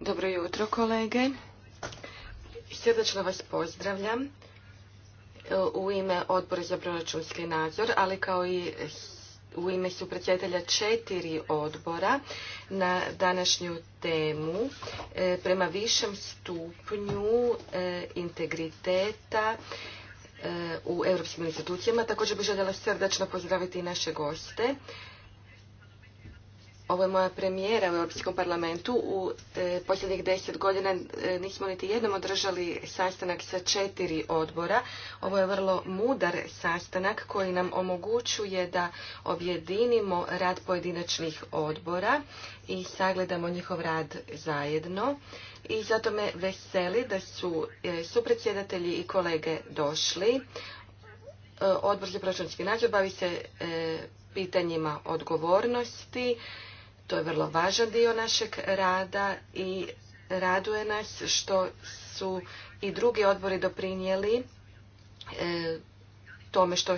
Dobro jutro, kolege. Srdačno vas pozdravljam e, u ime Odbora za proračunski nadzor, ali kao i u ime su predsjedatelja četiri odbora na današnju temu e, prema višem stupnju e, integriteta u europskim institucijama. Također bih željela srdačno pozdraviti i naše goste. Ovo je moja premijera u Europskom parlamentu. U e, posljednjih deset godina e, nismo niti jednom održali sastanak sa četiri odbora. Ovo je vrlo mudar sastanak koji nam omogućuje da objedinimo rad pojedinačnih odbora i sagledamo njihov rad zajedno. I zato me veseli da su e, supredsjedatelji i kolege došli. E, Odbor za proračunski nadzor bavi se pitanjima odgovornosti, to je vrlo važan dio našeg rada i raduje nas što su i drugi odbori doprinijeli e, tome što,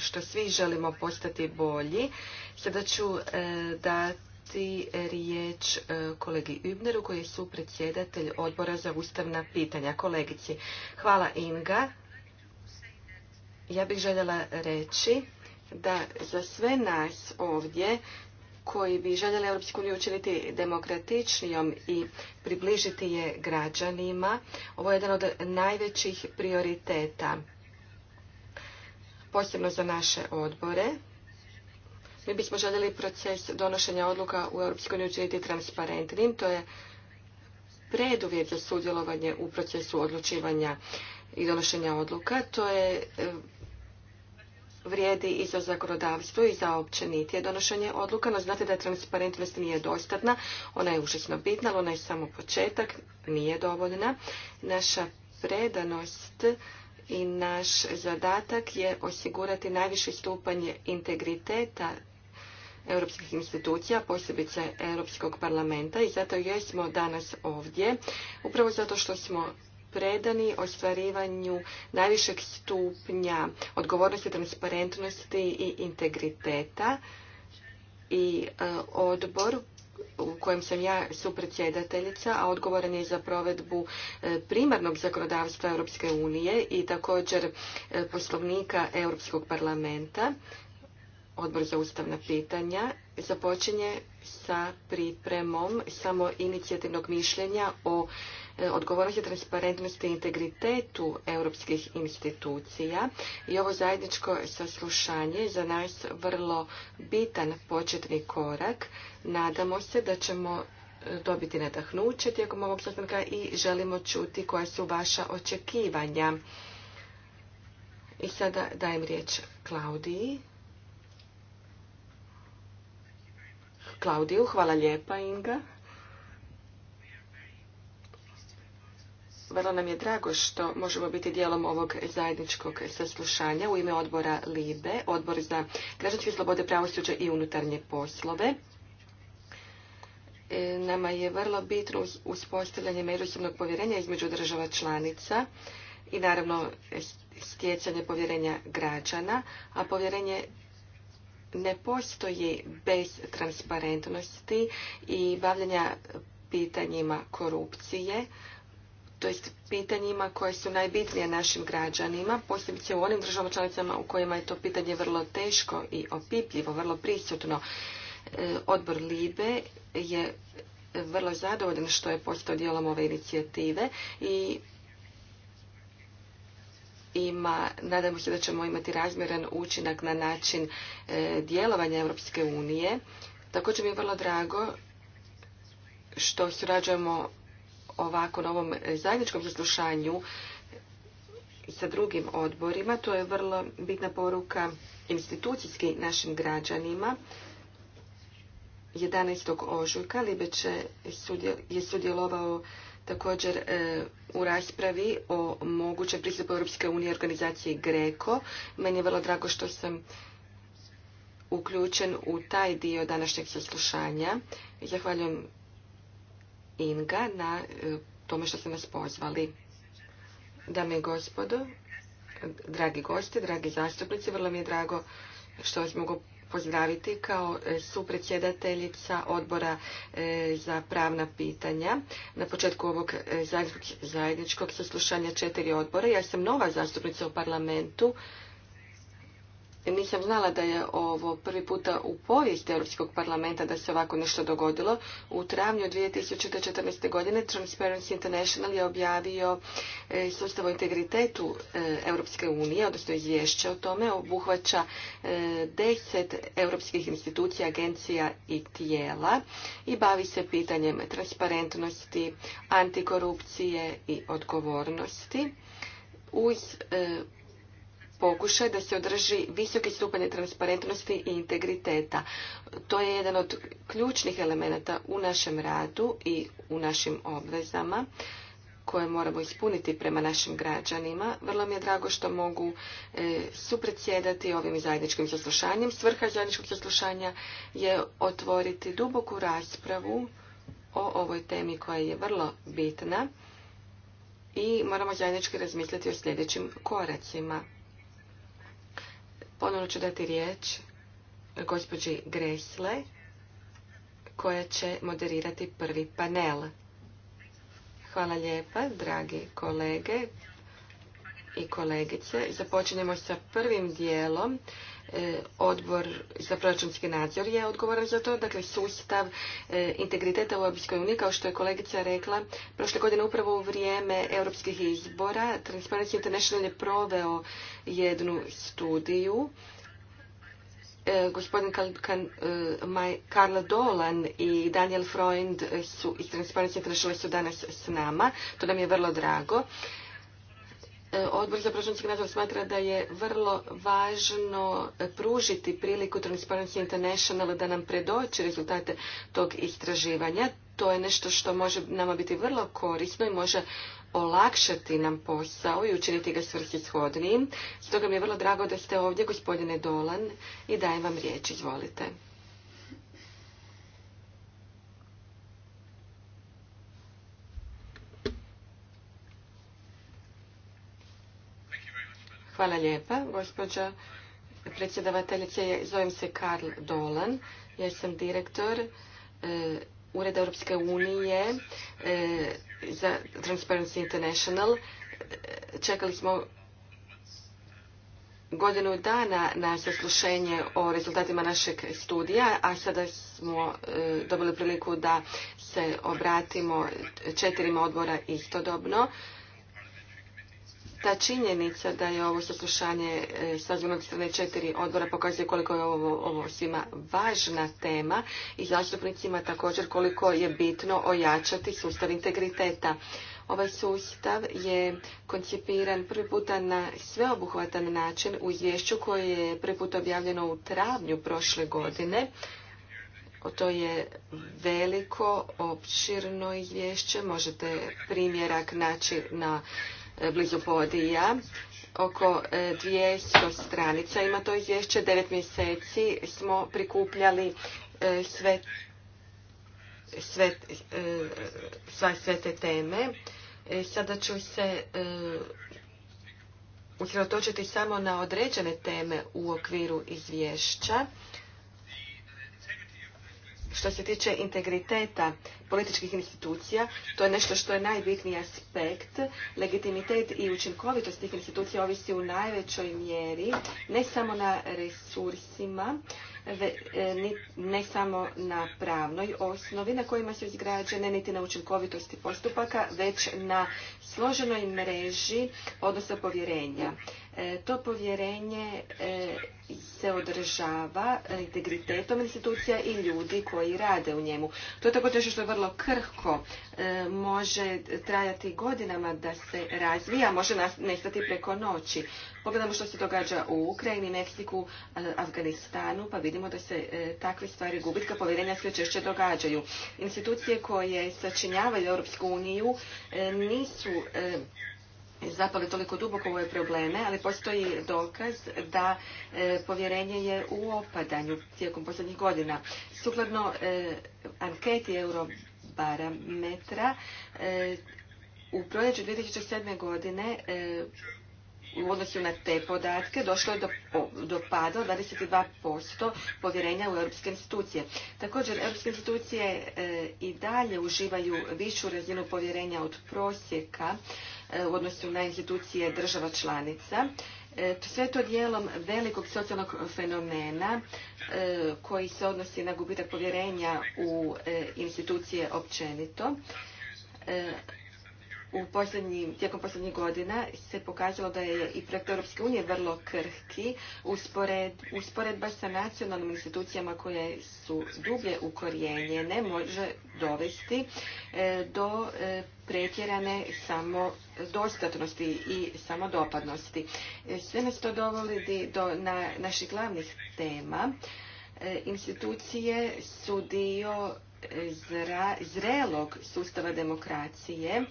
što svi želimo postati bolji. Sada ću e, dati riječ e, kolegi Übneru koji je supredsjedatelj odbora za ustavna pitanja. Kolegici, hvala Inga. Ja bih željela reći da za sve nas ovdje koji bi željeli Europsku uniju učiniti demokratičnijom i približiti je građanima. Ovo je jedan od najvećih prioriteta, posebno za naše odbore. Mi bismo željeli proces donošenja odluka u EU učiniti transparentnim. To je preduvjet za sudjelovanje u procesu odlučivanja i donošenja odluka. To je vrijedi i za zakonodavstvo i za općenitije donošenje odluka, no znate da transparentnost nije dostatna, ona je užasno bitna, ali ona je samo početak, nije dovoljna. Naša predanost i naš zadatak je osigurati najviši stupanj integriteta europskih institucija, posebice Europskog parlamenta i zato jesmo danas ovdje, upravo zato što smo predani ostvarivanju najvišeg stupnja odgovornosti, transparentnosti i integriteta i e, odbor u kojem sam ja supredsjedateljica, a odgovoran je za provedbu e, primarnog zakonodavstva Europske unije i također e, poslovnika Europskog parlamenta, odbor za ustavna pitanja, započinje sa pripremom samo inicijativnog mišljenja o E, odgovornosti, transparentnosti i integritetu europskih institucija i ovo zajedničko saslušanje je za nas vrlo bitan početni korak. Nadamo se da ćemo e, dobiti nadahnuće tijekom ovog sastanka i želimo čuti koja su vaša očekivanja. I sada dajem riječ Klaudiji. Klaudiju, hvala lijepa Inga. Vrlo nam je drago što možemo biti dijelom ovog zajedničkog saslušanja u ime odbora LIBE, odbor za građanske slobode, pravosuđe i unutarnje poslove. E, nama je vrlo bitno uspostavljanje međusobnog povjerenja između država članica i naravno stjecanje povjerenja građana, a povjerenje ne postoji bez transparentnosti i bavljenja pitanjima korupcije, to pitanjima koje su najbitnije našim građanima, posebice u onim državama članicama u kojima je to pitanje vrlo teško i opipljivo, vrlo prisutno. E, odbor Libe je vrlo zadovoljan što je postao dijelom ove inicijative i ima, nadamo se da ćemo imati razmjeran učinak na način e, djelovanja Europske unije. Također mi je vrlo drago što surađujemo ovako na ovom zajedničkom zaslušanju sa drugim odborima. To je vrlo bitna poruka institucijski našim građanima. 11. ožujka Libe je sudjelovao također e, u raspravi o mogućem pristupu Europske unije organizaciji GRECO. Meni je vrlo drago što sam uključen u taj dio današnjeg saslušanja. Zahvaljujem Inga na e, tome što ste nas pozvali. Dame i gospodo, dragi gosti, dragi zastupnici, vrlo mi je drago što vas mogu pozdraviti kao supredsjedateljica odbora e, za pravna pitanja. Na početku ovog e, zajedničkog saslušanja četiri odbora ja sam nova zastupnica u parlamentu nisam znala da je ovo prvi puta u povijesti Europskog parlamenta da se ovako nešto dogodilo. U travnju 2014. godine Transparency International je objavio e, sustav o integritetu e, Europske unije, odnosno izvješće o tome, obuhvaća e, deset europskih institucija, agencija i tijela i bavi se pitanjem transparentnosti, antikorupcije i odgovornosti uz pokušaj da se održi visoki stupanj transparentnosti i integriteta. To je jedan od ključnih elemenata u našem radu i u našim obvezama koje moramo ispuniti prema našim građanima. Vrlo mi je drago što mogu e, supredsjedati ovim zajedničkim saslušanjem. Svrha zajedničkog saslušanja je otvoriti duboku raspravu o ovoj temi koja je vrlo bitna i moramo zajednički razmisliti o sljedećim koracima. Ponovno ću dati riječ gospođi Gresle koja će moderirati prvi panel. Hvala lijepa, dragi kolege i kolegice. Započinjemo sa prvim dijelom. E, odbor za proračunski nadzor je odgovoran za to. Dakle, sustav e, integriteta u Europskoj uniji, kao što je kolegica rekla, prošle godine upravo u vrijeme europskih izbora Transparency International je proveo jednu studiju e, gospodin Karla Dolan i Daniel Freund su iz Transparency International su danas s nama. To nam je vrlo drago. E, Odbor za proračunski nadzor smatra da je vrlo važno pružiti priliku Transparency International da nam predoči rezultate tog istraživanja. To je nešto što može nama biti vrlo korisno i može olakšati nam posao i učiniti ga svrsishodnijim. Stoga mi je vrlo drago da ste ovdje, gospodine Dolan, i dajem vam riječ. Izvolite. Hvala lijepa, gospođa predsjedavateljice. Zovem se Karl Dolan, ja sam direktor e, Ureda Europske unije e, za Transparency International. E, čekali smo godinu dana na saslušenje o rezultatima našeg studija, a sada smo dobili priliku da se obratimo četirima odbora istodobno ta činjenica da je ovo saslušanje e, zvonog strane četiri odbora pokazuje koliko je ovo, ovo svima važna tema i zastupnicima također koliko je bitno ojačati sustav integriteta. Ovaj sustav je koncipiran prvi puta na sveobuhvatan način u izvješću koje je prvi put objavljeno u travnju prošle godine. To je veliko, opširno izvješće. Možete primjerak naći na E, blizu podija. Oko 200 e, stranica ima to izvješće. Devet mjeseci smo prikupljali e, sve, sve te teme. Sada ću se usredotočiti samo na određene teme u okviru izvješća. Što se tiče integriteta političkih institucija, to je nešto što je najbitniji aspekt. Legitimitet i učinkovitost tih institucija ovisi u najvećoj mjeri, ne samo na resursima, E, ne samo na pravnoj osnovi na kojima su izgrađene, niti na učinkovitosti postupaka, već na složenoj mreži odnosa povjerenja. E, to povjerenje e, se održava integritetom institucija i ljudi koji rade u njemu. To je tako nešto što je vrlo krhko, može trajati godinama da se razvija, može nestati preko noći. Pogledamo što se događa u Ukrajini, Meksiku, Afganistanu, pa vidimo da se e, takve stvari gubitka povjerenja sve češće događaju. Institucije koje sačinjavaju Europsku uniju e, nisu e, zapali toliko duboko ove probleme, ali postoji dokaz da povjerenje je u opadanju tijekom posljednjih godina. Sukladno anketi Eurobarametra, u proljeću 2007. godine u odnosu na te podatke došlo je do, pada od 22% povjerenja u europske institucije. Također, europske institucije e, i dalje uživaju višu razinu povjerenja od prosjeka e, u odnosu na institucije država članica. to e, sve to dijelom velikog socijalnog fenomena koji se odnosi na gubitak povjerenja u institucije općenito u tijekom posljednjih godina se pokazalo da je i projekt Europske unije vrlo krhki usporedba sa nacionalnim institucijama koje su dublje ukorijenjene može dovesti e, do e, pretjerane samodostatnosti i samodopadnosti. E, sve nas to dovodi do na, naših glavnih tema. Institucije su dio zrelog sustava demokracije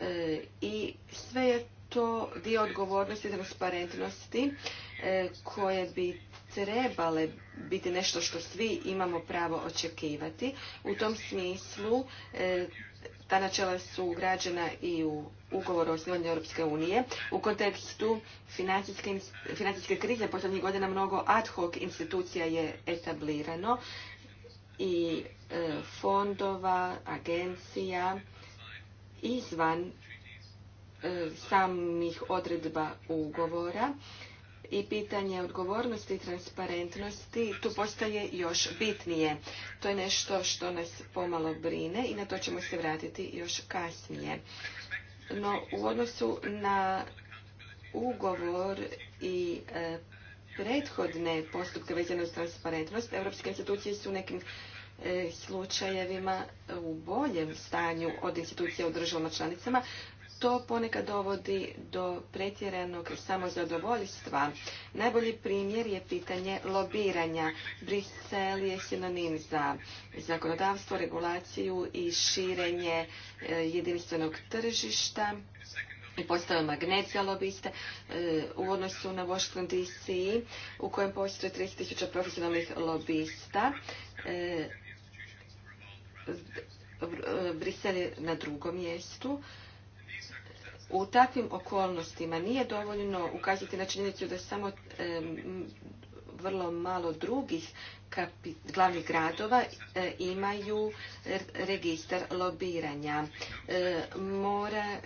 E, i sve je to dio odgovornosti i transparentnosti e, koje bi trebale biti nešto što svi imamo pravo očekivati. U tom smislu e, ta načela su ugrađena i u ugovor o osnivanju Europske unije. U kontekstu financijske krize posljednjih godina mnogo ad hoc institucija je etablirano i fondova, agencija, izvan e, samih odredba ugovora i pitanje odgovornosti i transparentnosti tu postaje još bitnije. To je nešto što nas pomalo brine i na to ćemo se vratiti još kasnije. No u odnosu na ugovor i e, prethodne postupke vezane uz transparentnost, europske institucije su u nekim E, slučajevima u boljem stanju od institucija u državama članicama, to ponekad dovodi do pretjeranog samozadovoljstva. Najbolji primjer je pitanje lobiranja. Brisel je sinonim za zakonodavstvo, regulaciju i širenje e, jedinstvenog tržišta i postao magnet lobiste e, u odnosu na Washington DC u kojem postoje 30.000 profesionalnih lobista. Brisel je na drugom mjestu. U takvim okolnostima nije dovoljno ukazati na činjenicu da samo vrlo malo drugih kapi, glavnih gradova e, imaju registar lobiranja. E, mora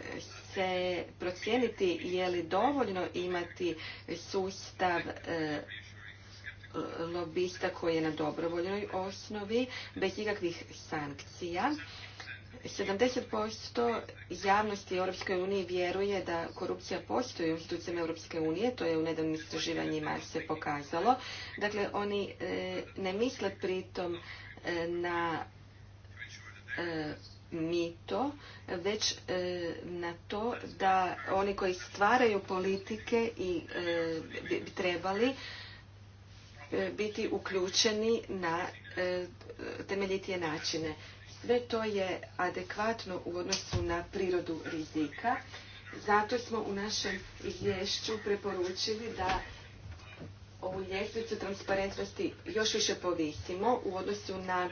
se procijeniti je li dovoljno imati sustav e, lobista koji je na dobrovoljnoj osnovi, bez ikakvih sankcija. 70% javnosti Europske unije vjeruje da korupcija postoji u institucijama Europske unije, to je u nedavnim istraživanjima se pokazalo. Dakle, oni e, ne misle pritom e, na e, mito, već na to da oni koji stvaraju politike i bi trebali E, biti uključeni na e, temeljitije načine. Sve to je adekvatno u odnosu na prirodu rizika. Zato smo u našem izvješću preporučili da ovu ljestvicu transparentnosti još više povisimo u odnosu na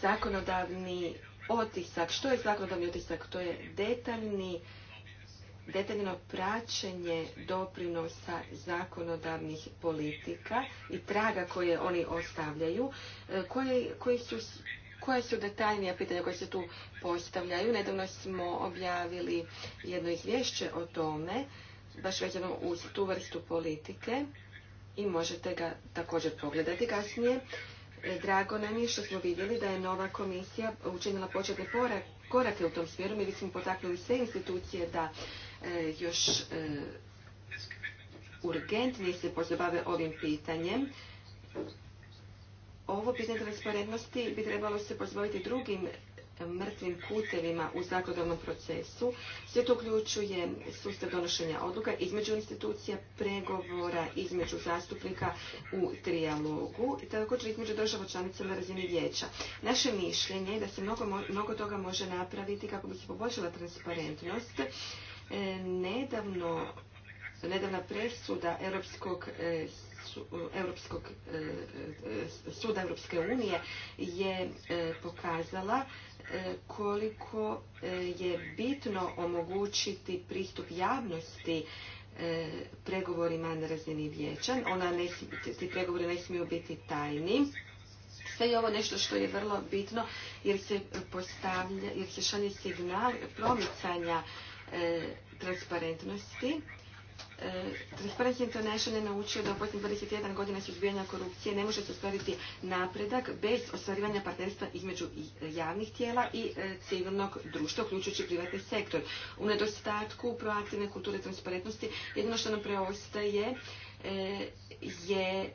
zakonodavni otisak. Što je zakonodavni otisak? To je detaljni detaljno praćenje doprinosa zakonodavnih politika i traga koje oni ostavljaju, e, koje, su, koja su detaljnija pitanja koja se tu postavljaju. Nedavno smo objavili jedno izvješće o tome, baš vezano uz tu vrstu politike i možete ga također pogledati kasnije. E, drago nam je što smo vidjeli da je nova komisija učinila početne korake u tom smjeru. Mi bismo potaknuli sve institucije da E, još e, urgentnije se pozabave ovim pitanjem. Ovo pitanje transparentnosti bi trebalo se pozvojiti drugim mrtvim putevima u zakonodavnom procesu. Sve to uključuje sustav donošenja odluka između institucija, pregovora između zastupnika u trijalogu i također između država članica na razini vijeća. Naše mišljenje je da se mnogo, mnogo toga može napraviti kako bi se poboljšala transparentnost E, nedavno nedavna presuda Europskog e, e, Europskog suda Europske unije je pokazala koliko je bitno omogućiti pristup javnosti pregovorima na razini vijeća. Ona ne, ti pregovori ne smiju biti tajni. Sve je ovo nešto što je vrlo bitno jer se postavlja, jer se šalje signal promicanja E, transparentnosti. E, Transparency International je naučio da u posljednjih 21 godina suzbijanja korupcije ne može se ostvariti napredak bez ostvarivanja partnerstva između e, javnih tijela i civilnog društva, uključujući privatni sektor. U nedostatku proaktivne kulture transparentnosti jedino što nam preostaje je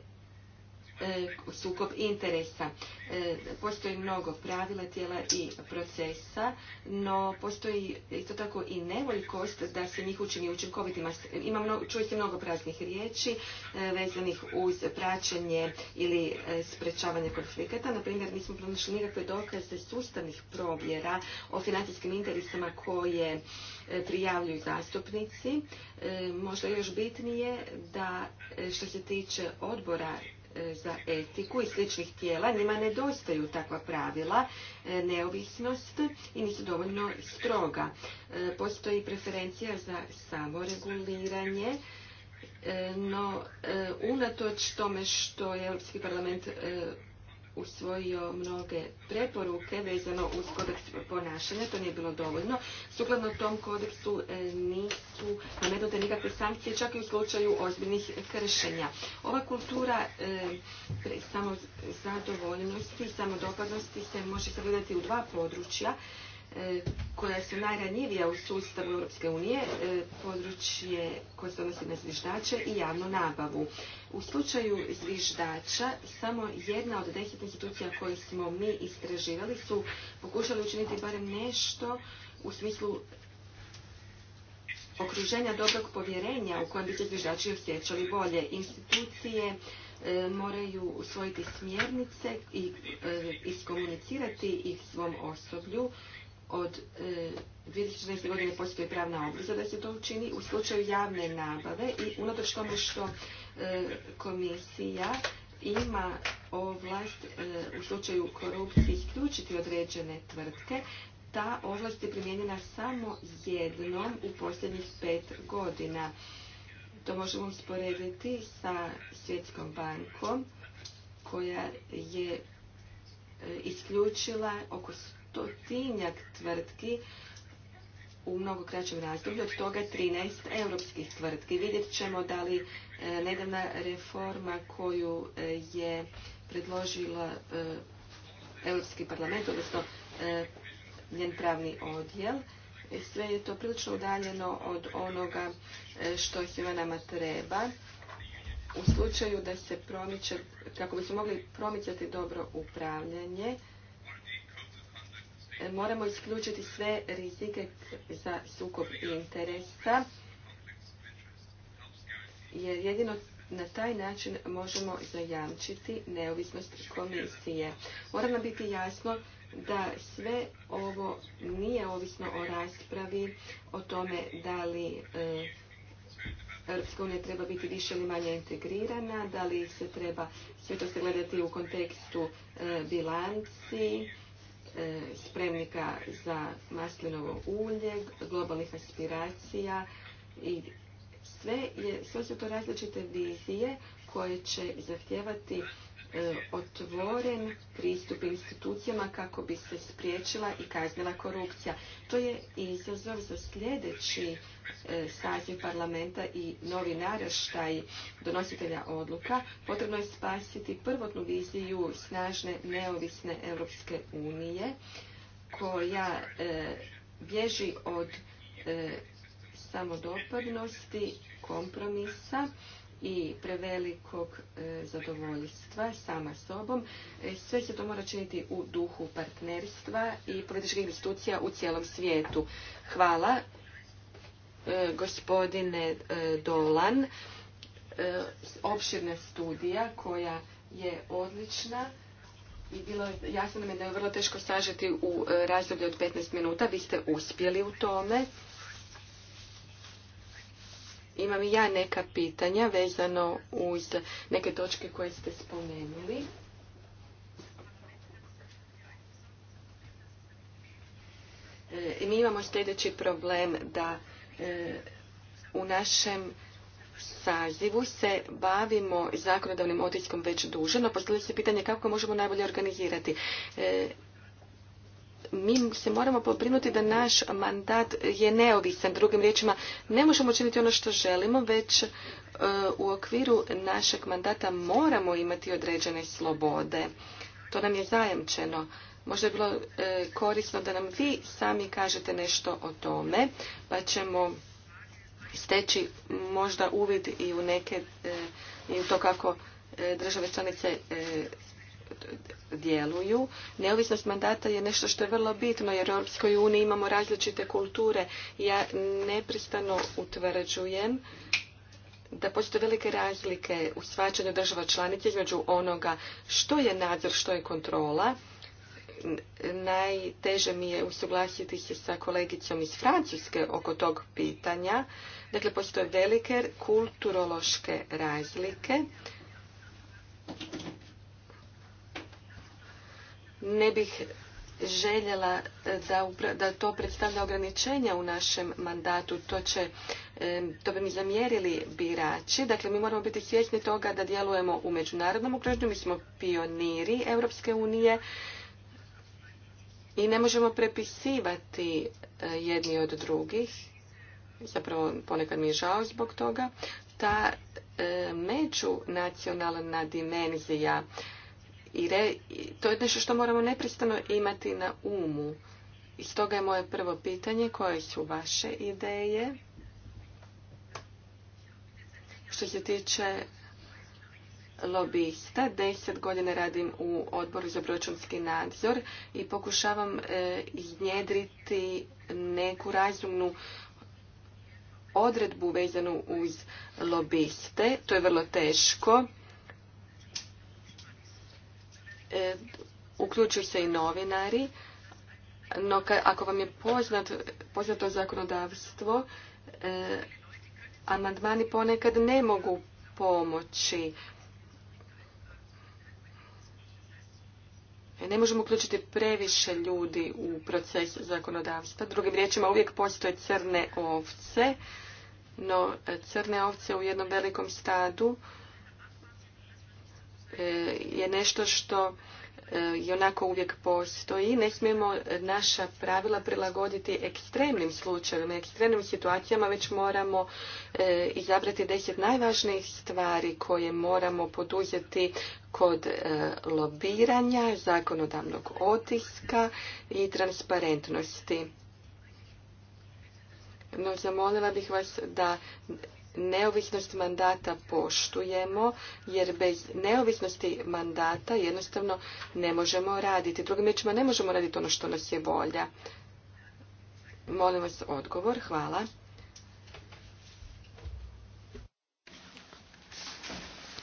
E, sukob interesa. E, postoji mnogo pravila, tijela i procesa, no postoji isto tako i nevoljkost da se njih učini učinkovitima. Ima čuje se mnogo praznih riječi e, vezanih uz praćenje ili sprečavanje konflikata. Na nismo pronašli nikakve dokaze sustavnih provjera o financijskim interesima koje prijavljuju zastupnici. Možda još bitnije da što se tiče odbora E, za etiku i sličnih tijela, njima nedostaju takva pravila, e, neovisnost i nisu dovoljno stroga. E, postoji preferencija za samoreguliranje, no unatoč tome što je Europski parlament usvojio mnoge preporuke vezano uz kodeks ponašanja, to nije bilo dovoljno. Sukladno tom kodeksu e, nisu nametnute nikakve sankcije, čak i u slučaju ozbiljnih kršenja. Ova kultura e, samozadovoljnosti i samodopadnosti se može sagledati u dva područja. E, koja su najranjivija u sustavu Europske unije, e, područje koje se odnosi na zviždače i javnu nabavu. U slučaju zviždača, samo jedna od deset institucija koje smo mi istraživali su pokušali učiniti barem nešto u smislu okruženja dobrog povjerenja u kojem bi se zviždači osjećali bolje. Institucije e, moraju usvojiti smjernice i iskomunicirati ih svom osoblju od 2014. E, godine postoji pravna obveza da se to učini u slučaju javne nabave i unatoč tome što e, komisija ima ovlast e, u slučaju korupcije isključiti određene tvrtke, ta ovlast je primijenjena samo jednom u posljednjih pet godina. To možemo usporediti sa Svjetskom bankom koja je isključila oko stotinjak tvrtki u mnogo kraćem razdoblju, od toga 13 europskih tvrtki. Vidjet ćemo da li e, nedavna reforma koju e, je predložila e, Europski parlament, odnosno njen pravni odjel, sve je to prilično udaljeno od onoga što svima nama treba u slučaju da se promiče, kako bi se mogli promicati dobro upravljanje, E, moramo isključiti sve rizike za sukob interesa, jer jedino na taj način možemo zajamčiti neovisnost komisije. Mora nam biti jasno da sve ovo nije ovisno o raspravi, o tome da li e, unija treba biti više ili manje integrirana, da li se treba sve to se gledati u kontekstu e, bilanci, Eh, spremnika za maslinovo ulje, globalnih aspiracija i sve, su to različite vizije koje će zahtijevati E, otvoren pristup institucijama kako bi se spriječila i kaznila korupcija. To je izazov za sljedeći e, saziv parlamenta i novi naraštaj donositelja odluka. Potrebno je spasiti prvotnu viziju snažne neovisne Europske unije koja e, bježi od samodopadnosti, kompromisa i prevelikog e, zadovoljstva sama sobom. E, sve se to mora činiti u duhu partnerstva i političkih institucija u cijelom svijetu. Hvala e, gospodine Dolan. Opširna studija koja je odlična i bilo jasno nam je da je vrlo teško sažeti u razdoblju od 15 minuta. Vi ste uspjeli u tome imam i ja neka pitanja vezano uz neke točke koje ste spomenuli. E, mi imamo sljedeći problem da e, u našem sazivu se bavimo zakonodavnim otiskom već duže, no postavlja se pitanje kako možemo najbolje organizirati. E, mi se moramo pobrinuti da naš mandat je neovisan. Drugim riječima, ne možemo činiti ono što želimo, već e, u okviru našeg mandata moramo imati određene slobode. To nam je zajamčeno. Možda je bilo e, korisno da nam vi sami kažete nešto o tome, pa ćemo steći možda uvid i u neke e, i u to kako države članice djeluju. Neovisnost mandata je nešto što je vrlo bitno jer u Europskoj uniji imamo različite kulture. Ja nepristano utvrđujem da postoje velike razlike u svačanju država članica između onoga što je nadzor, što je kontrola. Najteže mi je usuglasiti se sa kolegicom iz Francuske oko tog pitanja. Dakle, postoje velike kulturološke razlike ne bih željela eh, da, to predstavlja ograničenja u našem mandatu. To, će, to bi mi zamjerili birači. Dakle, mi moramo biti svjesni toga da djelujemo u međunarodnom okruženju. Mi smo pioniri Europske unije i ne možemo prepisivati eh, jedni od drugih. Zapravo, ponekad mi je žao zbog toga. Ta eh, međunacionalna dimenzija i to je nešto što moramo neprestano imati na umu. I stoga je moje prvo pitanje koje su vaše ideje što se tiče lobista. Deset godina radim u odboru za proračunski nadzor i pokušavam e, iznjedriti neku razumnu odredbu vezanu uz lobiste. To je vrlo teško E, uključuju se i novinari, no ako vam je poznato zakonodavstvo, e, amandmani ponekad ne mogu pomoći. E, ne možemo uključiti previše ljudi u proces zakonodavstva. Drugim riječima, uvijek postoje crne ovce, no crne ovce u jednom velikom stadu E, je nešto što e, i onako uvijek postoji. Ne smijemo naša pravila prilagoditi ekstremnim slučajevima, ekstremnim situacijama, već moramo e, izabrati deset najvažnijih stvari koje moramo poduzeti kod lobiranja, zakonodavnog otiska i transparentnosti. No, zamolila bih vas da neovisnost mandata poštujemo, jer bez neovisnosti mandata jednostavno ne možemo raditi. Drugim riječima ne možemo raditi ono što nas je volja. Molim vas odgovor. Hvala.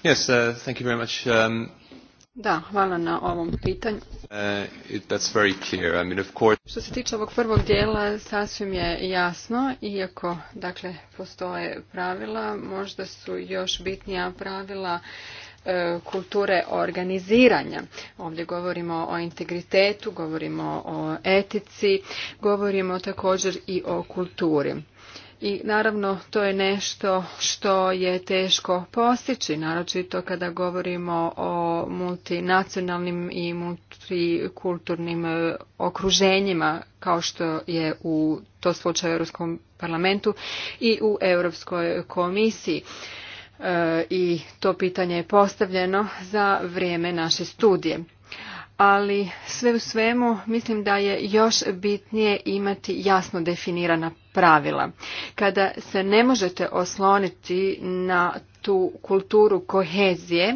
Yes, uh, thank you very much. Um, da, hvala na ovom pitanju. Uh, Što se tiče ovog prvog dijela, sasvim je jasno, iako dakle, postoje pravila, možda su još bitnija pravila e, kulture organiziranja. Ovdje govorimo o integritetu, govorimo o etici, govorimo također i o kulturi i naravno to je nešto što je teško postići, naročito kada govorimo o multinacionalnim i multikulturnim e, okruženjima kao što je u to slučaju u Europskom parlamentu i u Europskoj komisiji. E, I to pitanje je postavljeno za vrijeme naše studije ali sve u svemu mislim da je još bitnije imati jasno definirana pravila. Kada se ne možete osloniti na tu kulturu kohezije,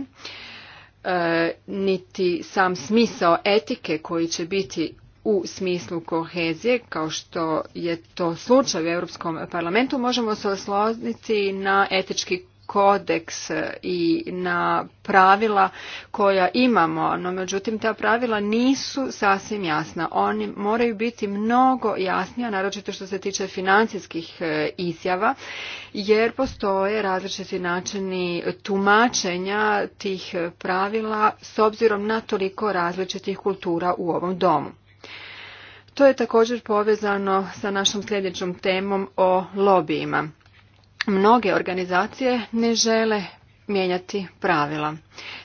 e, niti sam smisao etike koji će biti u smislu kohezije, kao što je to slučaj u Europskom parlamentu, možemo se osloniti na etički kodeks i na pravila koja imamo, no međutim ta pravila nisu sasvim jasna. Oni moraju biti mnogo jasnija, naročito što se tiče financijskih e, izjava, jer postoje različiti načini tumačenja tih pravila s obzirom na toliko različitih kultura u ovom domu. To je također povezano sa našom sljedećom temom o lobijima mnoge organizacije ne žele mijenjati pravila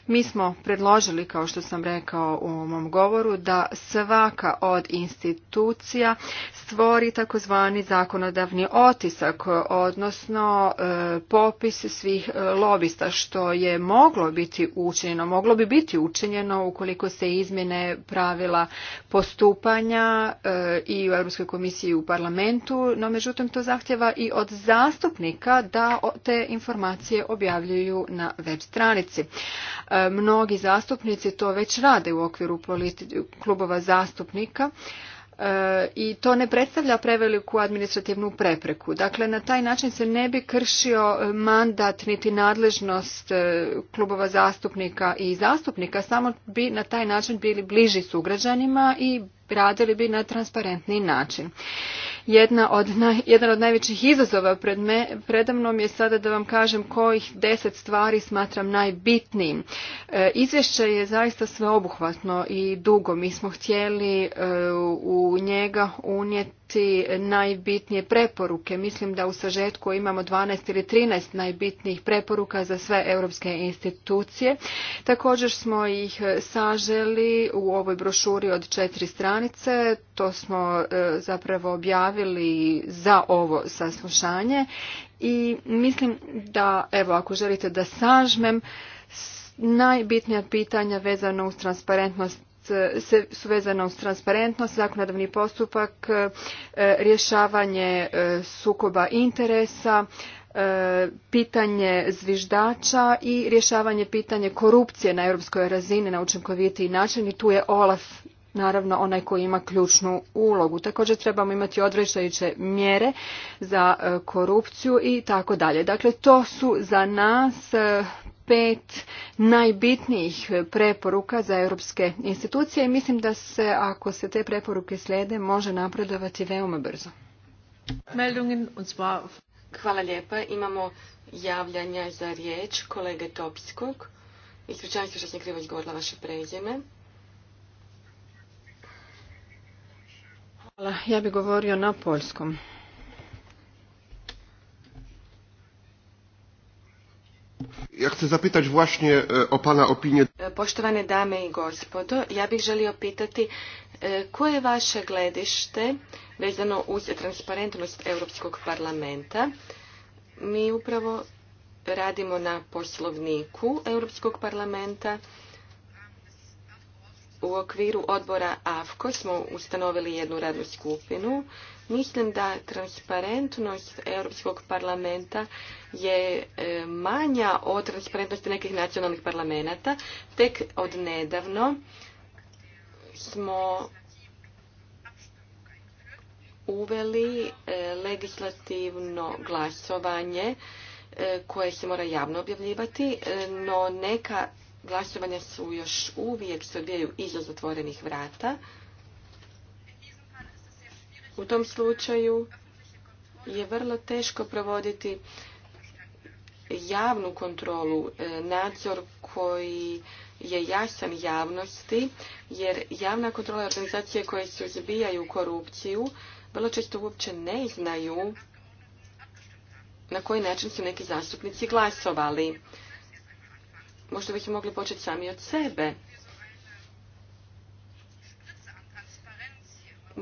mi smo predložili, kao što sam rekao u mom govoru, da svaka od institucija stvori takozvani zakonodavni otisak, odnosno e, popis svih e, lobista, što je moglo biti učinjeno, moglo bi biti učinjeno ukoliko se izmjene pravila postupanja e, i u Europskoj komisiji i u parlamentu, no međutim to zahtjeva i od zastupnika da te informacije objavljuju na web stranici. E, mnogi zastupnici to već rade u okviru klubova zastupnika e, i to ne predstavlja preveliku administrativnu prepreku. Dakle, na taj način se ne bi kršio mandat niti nadležnost e, klubova zastupnika i zastupnika, samo bi na taj način bili bliži sugrađanima i radili bi na transparentni način jedan od najvećih izazova pred mnom je sada da vam kažem kojih deset stvari smatram najbitnijim. E, izvješće je zaista sveobuhvatno i dugo. Mi smo htjeli e, u njega unijeti dati najbitnije preporuke. Mislim da u sažetku imamo 12 ili 13 najbitnijih preporuka za sve europske institucije. Također smo ih saželi u ovoj brošuri od četiri stranice. To smo e, zapravo objavili za ovo saslušanje i mislim da, evo, ako želite da sažmem, najbitnija pitanja vezano uz transparentnost su vezana uz transparentnost, zakonodavni postupak, e, rješavanje e, sukoba interesa, e, pitanje zviždača i rješavanje pitanje korupcije na europskoj razini na učinkovitiji način i tu je Olaf naravno onaj koji ima ključnu ulogu. Također trebamo imati odvraćajuće mjere za korupciju i tako dalje. Dakle, to su za nas pet najbitnijih preporuka za europske institucije i mislim da se ako se te preporuke slijede može napredovati veoma brzo. Hvala lijepa. Imamo javljanja za riječ kolege Topskog. Ispričavam se što sam krivo izgovorila vaše prezime. Hvala. Ja bih govorio na poljskom. Ja chcę zapytać właśnie e, o pana opinię. E, poštovane dame i gospodo, ja bih želio pitati e, koje je vaše gledište vezano uz transparentnost Europskog parlamenta. Mi upravo radimo na poslovniku Europskog parlamenta. U okviru odbora AFKO smo ustanovili jednu radnu skupinu Mislim da transparentnost Europskog parlamenta je e, manja od transparentnosti nekih nacionalnih parlamenta. Tek od nedavno smo uveli e, legislativno glasovanje e, koje se mora javno objavljivati, no neka glasovanja su još uvijek se odvijaju iza zatvorenih vrata. U tom slučaju je vrlo teško provoditi javnu kontrolu, e, nadzor koji je jasan javnosti, jer javna kontrola organizacije koje se uzbijaju korupciju vrlo često uopće ne znaju na koji način su neki zastupnici glasovali. Možda bih mogli početi sami od sebe.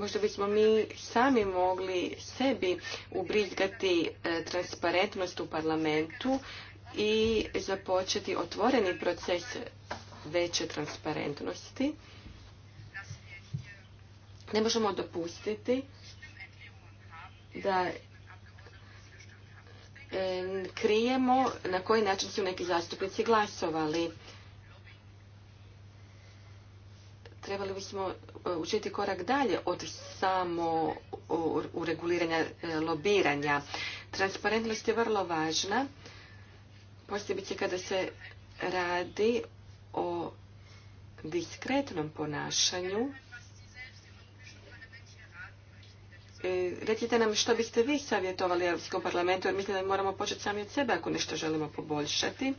Možda bismo mi sami mogli sebi ubrizgati e, transparentnost u parlamentu i započeti otvoreni proces veće transparentnosti. Ne možemo dopustiti da e, krijemo na koji način su neki zastupnici glasovali. trebali bismo e, učiniti korak dalje od samo ureguliranja e, lobiranja. Transparentnost je vrlo važna, posebice kada se radi o diskretnom ponašanju. E, recite nam što biste vi savjetovali Europskom parlamentu, jer mislim da moramo početi sami od sebe ako nešto želimo poboljšati.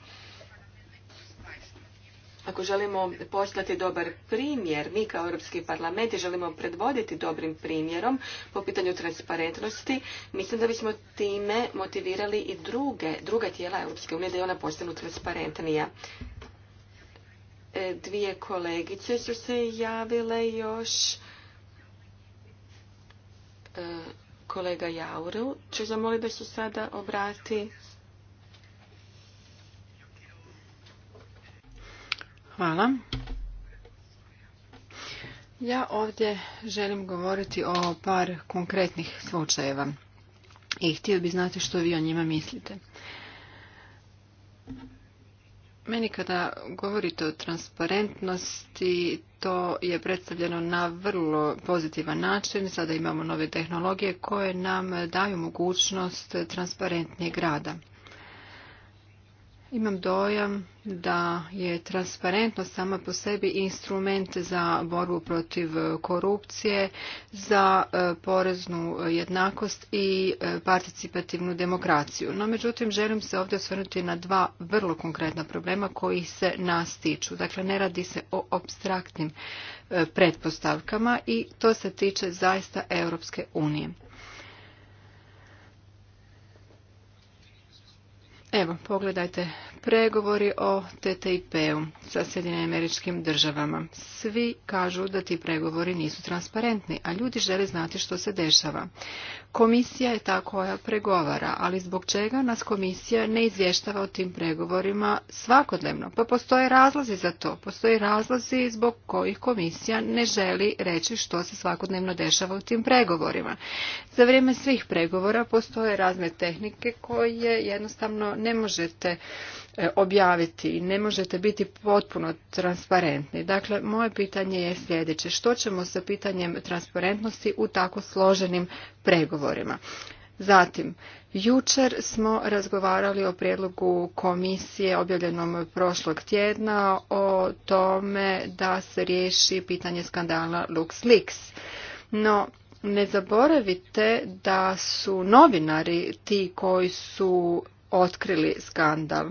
Ako želimo poslati dobar primjer, mi kao Europski parlament i želimo predvoditi dobrim primjerom po pitanju transparentnosti, mislim da bismo time motivirali i druge, druga tijela Europske unije da i ona postanu transparentnija. E, dvije kolegice su se javile još. E, kolega Jauru će zamoliti da se sada obrati. Hvala. Ja ovdje želim govoriti o par konkretnih slučajeva i htio bi znati što vi o njima mislite. Meni kada govorite o transparentnosti, to je predstavljeno na vrlo pozitivan način. Sada imamo nove tehnologije koje nam daju mogućnost transparentnijeg rada. Imam dojam da je transparentnost sama po sebi instrument za borbu protiv korupcije, za e, poreznu jednakost i e, participativnu demokraciju. No, međutim, želim se ovdje osvrnuti na dva vrlo konkretna problema koji se nas tiču. Dakle, ne radi se o abstraktnim e, pretpostavkama i to se tiče zaista Europske unije. Evo, pogledajte pregovori o TTIP-u sa Sjedinim američkim državama. Svi kažu da ti pregovori nisu transparentni, a ljudi žele znati što se dešava. Komisija je ta koja pregovara, ali zbog čega nas komisija ne izvještava o tim pregovorima svakodnevno? Pa postoje razlozi za to. Postoje razlozi zbog kojih komisija ne želi reći što se svakodnevno dešava u tim pregovorima. Za vrijeme svih pregovora postoje razne tehnike koje jednostavno ne možete E, objaviti i ne možete biti potpuno transparentni. Dakle, moje pitanje je sljedeće. Što ćemo sa pitanjem transparentnosti u tako složenim pregovorima? Zatim, jučer smo razgovarali o prijedlogu komisije objavljenom prošlog tjedna o tome da se riješi pitanje skandala LuxLeaks. No, ne zaboravite da su novinari ti koji su otkrili skandal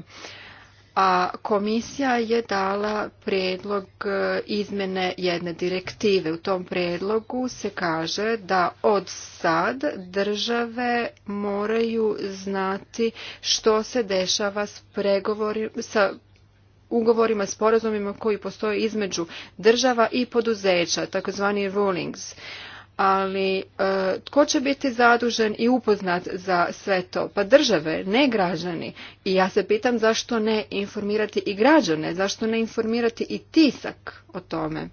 a komisija je dala predlog e, izmjene jedne direktive. U tom predlogu se kaže da od sad države moraju znati što se dešava s pregovorima, sa ugovorima, sporazumima koji postoje između država i poduzeća, takozvani rulings ali e, tko će biti zadužen i upoznat za sve to? Pa države, ne građani. I ja se pitam zašto ne informirati i građane, zašto ne informirati i tisak o tome.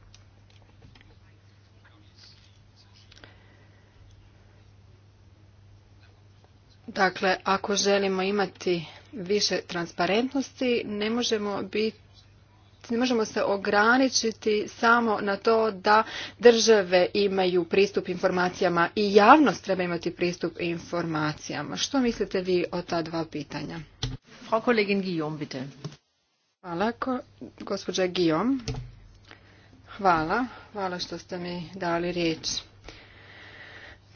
Dakle, ako želimo imati više transparentnosti, ne možemo biti ne možemo se ograničiti samo na to da države imaju pristup informacijama i javnost treba imati pristup informacijama. Što mislite vi o ta dva pitanja? Frau Hvala, gospođa Guillaume. Hvala, hvala što ste mi dali riječ.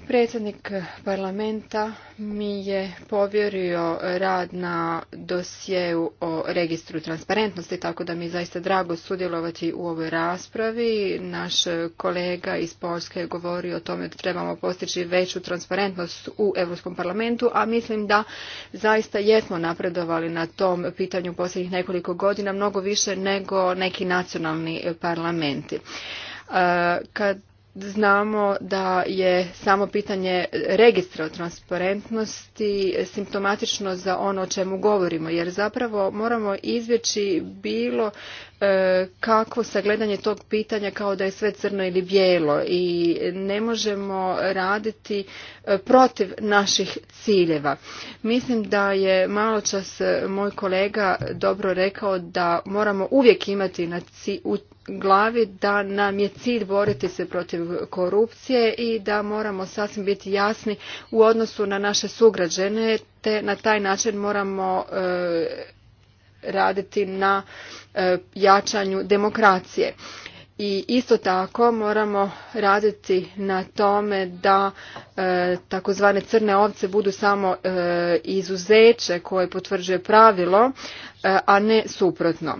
Predsjednik parlamenta mi je povjerio rad na dosjeu o registru transparentnosti, tako da mi je zaista drago sudjelovati u ovoj raspravi. Naš kolega iz Polske je govorio o tome da trebamo postići veću transparentnost u Europskom parlamentu, a mislim da zaista jesmo napredovali na tom pitanju posljednjih nekoliko godina, mnogo više nego neki nacionalni parlamenti. E, kad znamo da je samo pitanje registra o transparentnosti simptomatično za ono o čemu govorimo jer zapravo moramo izbjeći bilo e, kako sagledanje tog pitanja kao da je sve crno ili bijelo i ne možemo raditi e, protiv naših ciljeva. Mislim da je malo čas moj kolega dobro rekao da moramo uvijek imati na glavi da nam je cilj boriti se protiv korupcije i da moramo sasvim biti jasni u odnosu na naše sugrađane te na taj način moramo e, raditi na e, jačanju demokracije. I isto tako moramo raditi na tome da e, takozvane crne ovce budu samo izuzeće koje potvrđuje pravilo, a ne suprotno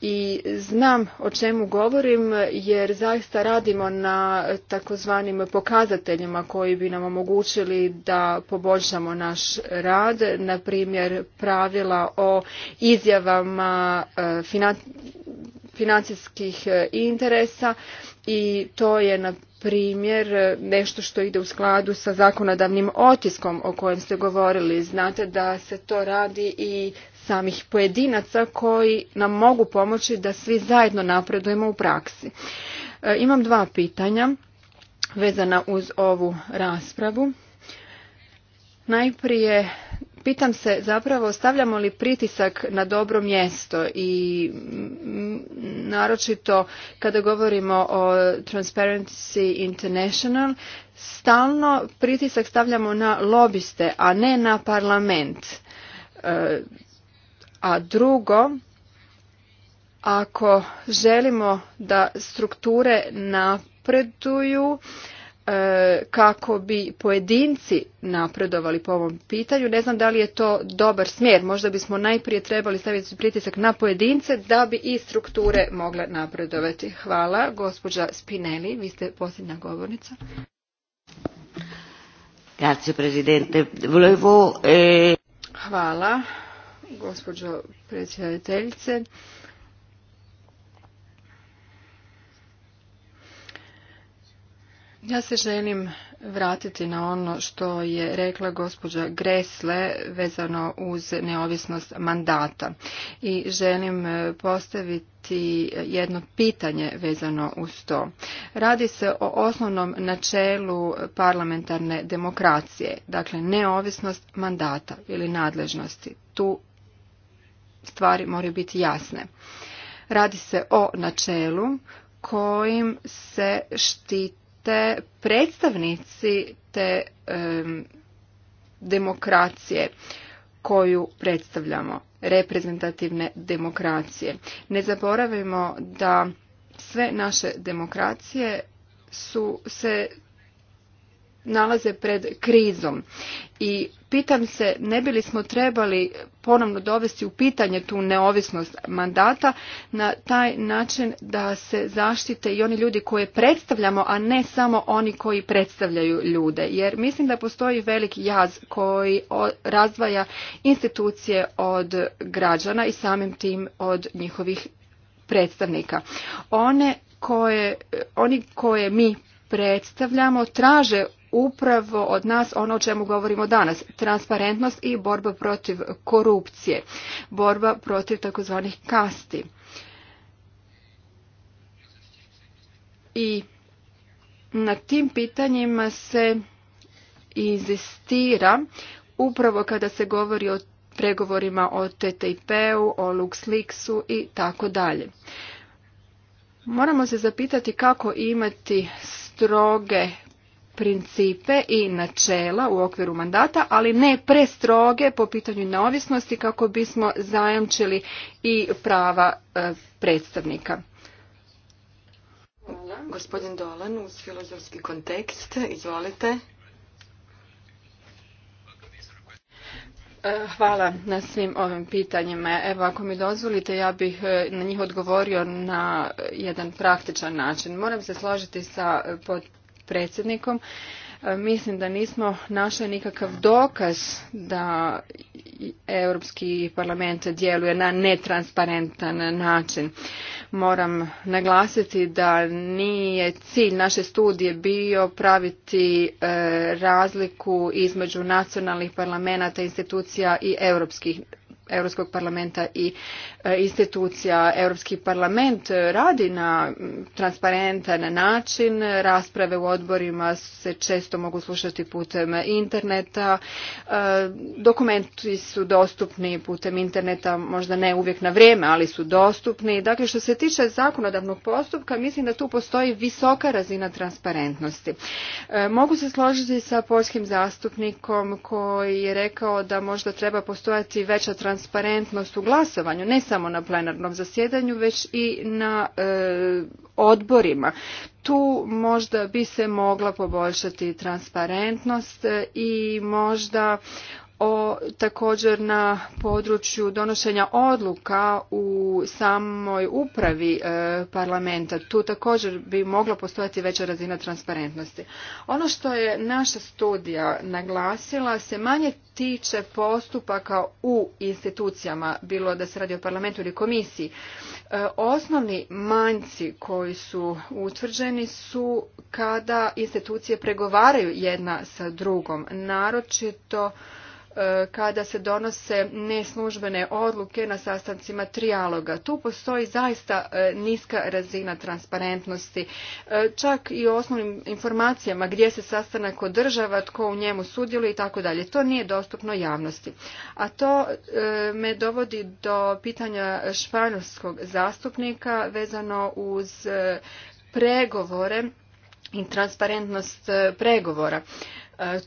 i znam o čemu govorim jer zaista radimo na takozvanim pokazateljima koji bi nam omogućili da poboljšamo naš rad, na primjer pravila o izjavama e, financijskih e, interesa i to je na primjer nešto što ide u skladu sa zakonodavnim otiskom o kojem ste govorili. Znate da se to radi i samih pojedinaca koji nam mogu pomoći da svi zajedno napredujemo u praksi. E, imam dva pitanja vezana uz ovu raspravu. Najprije pitam se zapravo stavljamo li pritisak na dobro mjesto i naročito kada govorimo o Transparency International stalno pritisak stavljamo na lobiste, a ne na parlament. E, a drugo, ako želimo da strukture napreduju, e, kako bi pojedinci napredovali po ovom pitanju. Ne znam da li je to dobar smjer. Možda bismo najprije trebali staviti pritisak na pojedince da bi i strukture mogle napredovati. Hvala. Gospođa Spinelli, vi ste posljednja govornica. Eh, Hvala gospođo predsjedateljice. Ja se želim vratiti na ono što je rekla gospođa Gresle vezano uz neovisnost mandata i želim e, postaviti jedno pitanje vezano uz to. Radi se o osnovnom načelu parlamentarne demokracije, dakle neovisnost mandata ili nadležnosti. Tu stvari moraju biti jasne. Radi se o načelu kojim se štite predstavnici te demokracije koju predstavljamo, reprezentativne demokracije. Ne zaboravimo da sve naše demokracije su se nalaze pred krizom i pitam se ne bi li smo trebali ponovno dovesti u pitanje tu neovisnost mandata na taj način da se zaštite i oni ljudi koje predstavljamo, a ne samo oni koji predstavljaju ljude. Jer mislim da postoji velik jaz koji razdvaja institucije od građana i samim tim od njihovih predstavnika. One koje, oni koje mi predstavljamo traže upravo od nas ono o čemu govorimo danas, transparentnost i borba protiv korupcije, borba protiv takozvanih kasti. I na tim pitanjima se inzistira upravo kada se govori o pregovorima o TTIP-u, o LuxLeaksu i tako dalje. Moramo se zapitati kako imati stroge principe i načela u okviru mandata, ali ne prestroge po pitanju neovisnosti kako bismo zajamčili i prava e, predstavnika. Hvala. Gospodin Dolan, uz filozofski kontekst, izvolite. E, hvala na svim ovim pitanjima. Evo, ako mi dozvolite, ja bih e, na njih odgovorio na jedan praktičan način. Moram se složiti sa pod predsjednikom, e, mislim da nismo našli nikakav dokaz da Europski parlament djeluje na netransparentan način. Moram naglasiti da nije cilj naše studije bio praviti e, razliku između nacionalnih parlamenta, institucija i Europskog parlamenta i E, institucija Europski parlament e, radi na transparentan način, rasprave u odborima se često mogu slušati putem interneta, e, dokumenti su dostupni putem interneta, možda ne uvijek na vrijeme, ali su dostupni. Dakle, što se tiče zakonodavnog postupka, mislim da tu postoji visoka razina transparentnosti. Mogu se složiti sa poljskim zastupnikom koji je rekao da možda treba postojati veća transparentnost u glasovanju, ne samo samo na plenarnom zasjedanju već i na e, odborima tu možda bi se mogla poboljšati transparentnost e, i možda o također na području donošenja odluka u samoj upravi e, parlamenta. Tu također bi mogla postojati veća razina transparentnosti. Ono što je naša studija naglasila se manje tiče postupaka u institucijama, bilo da se radi o parlamentu ili komisiji. E, osnovni manjci koji su utvrđeni su kada institucije pregovaraju jedna sa drugom, naročito E, kada se donose neslužbene odluke na sastancima trijaloga. Tu postoji zaista e, niska razina transparentnosti. E, čak i o osnovnim informacijama gdje se sastanak održava, tko u njemu sudjeluje i tako dalje. To nije dostupno javnosti. A to me dovodi do pitanja španjolskog zastupnika vezano uz pregovore i transparentnost pregovora.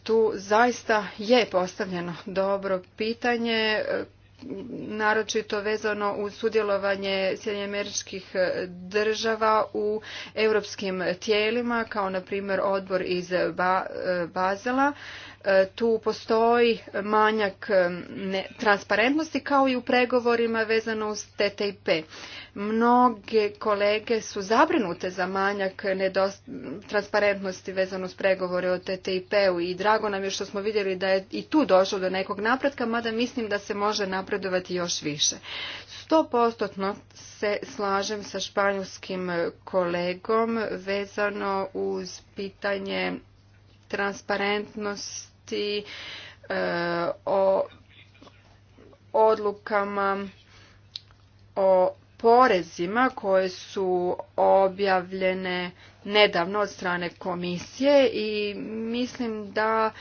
Tu zaista je postavljeno dobro pitanje naročito vezano uz sudjelovanje Sjedinje američkih država u europskim tijelima kao na primjer odbor iz Bazela E, tu postoji manjak e, transparentnosti kao i u pregovorima vezano uz TTIP. Mnoge kolege su zabrinute za manjak transparentnosti vezano uz pregovore o TTIP-u i drago nam je što smo vidjeli da je i tu došlo do nekog napretka, mada mislim da se može napredovati još više. 100% se slažem sa španjolskim kolegom vezano uz pitanje transparentnosti govoriti e, o odlukama o porezima koje su objavljene nedavno od strane komisije i mislim da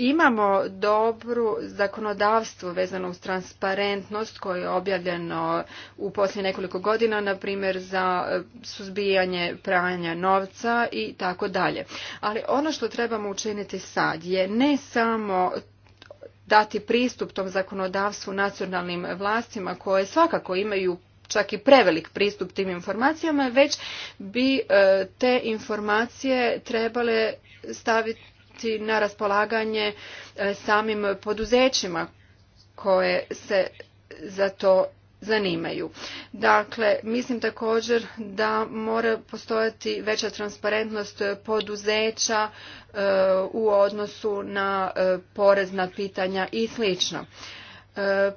Imamo dobru zakonodavstvo vezano uz transparentnost koje je objavljeno u poslije nekoliko godina, na primjer za e, suzbijanje pranja novca i tako dalje. Ali ono što trebamo učiniti sad je ne samo dati pristup tom zakonodavstvu nacionalnim vlastima koje svakako imaju čak i prevelik pristup tim informacijama, već bi e, te informacije trebale staviti na raspolaganje e, samim poduzećima koje se za to zanimaju. Dakle, mislim također da mora postojati veća transparentnost poduzeća e, u odnosu na e, porezna pitanja i sl.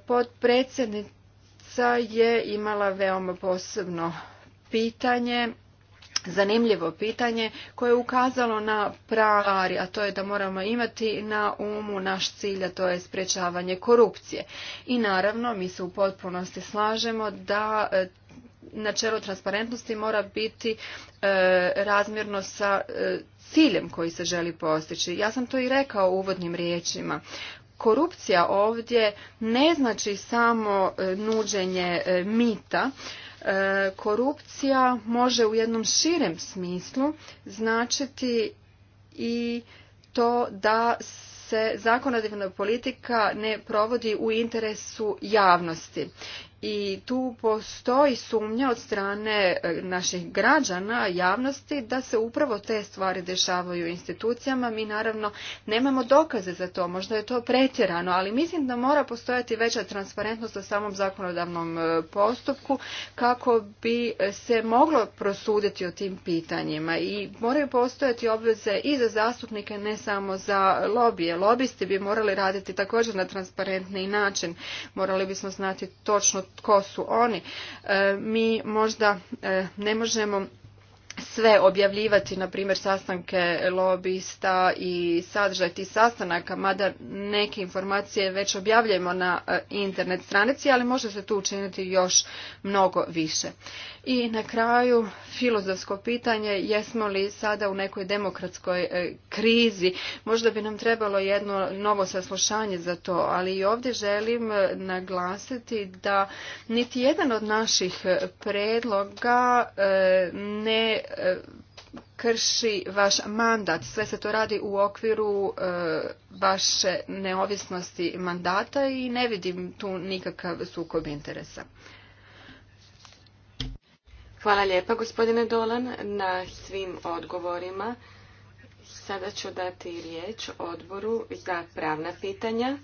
Podpredsjednica je imala veoma posebno pitanje zanimljivo pitanje koje je ukazalo na pravari a to je da moramo imati na umu naš cilj, a to je sprječavanje korupcije. I naravno, mi se u potpunosti slažemo da e, načelo transparentnosti mora biti e, razmjerno sa e, ciljem koji se želi postići. Ja sam to i rekao u uvodnim riječima. Korupcija ovdje ne znači samo nuđenje mita, E, korupcija može u jednom širem smislu značiti i to da se zakonodavna politika ne provodi u interesu javnosti i tu postoji sumnja od strane e, naših građana, javnosti, da se upravo te stvari dešavaju institucijama. Mi naravno nemamo dokaze za to, možda je to pretjerano, ali mislim da mora postojati veća transparentnost u samom zakonodavnom e, postupku kako bi e, se moglo prosuditi o tim pitanjima i moraju postojati obveze i za zastupnike, ne samo za lobije. Lobisti bi morali raditi također na transparentni način. Morali bismo znati točno tko su oni. E, mi možda e, ne možemo sve objavljivati, na primjer, sastanke lobista i sadržaj tih sastanaka, mada neke informacije već objavljujemo na e, internet stranici, ali može se tu učiniti još mnogo više. I na kraju, filozofsko pitanje, jesmo li sada u nekoj demokratskoj e, krizi? Možda bi nam trebalo jedno novo saslušanje za to, ali i ovdje želim e, naglasiti da niti jedan od naših predloga ne krši vaš mandat. Sve se to radi u okviru e, vaše neovisnosti mandata i ne vidim tu nikakav sukob interesa. Hvala lijepa gospodine Dolan na svim odgovorima. Sada ću dati riječ odboru za pravna pitanja.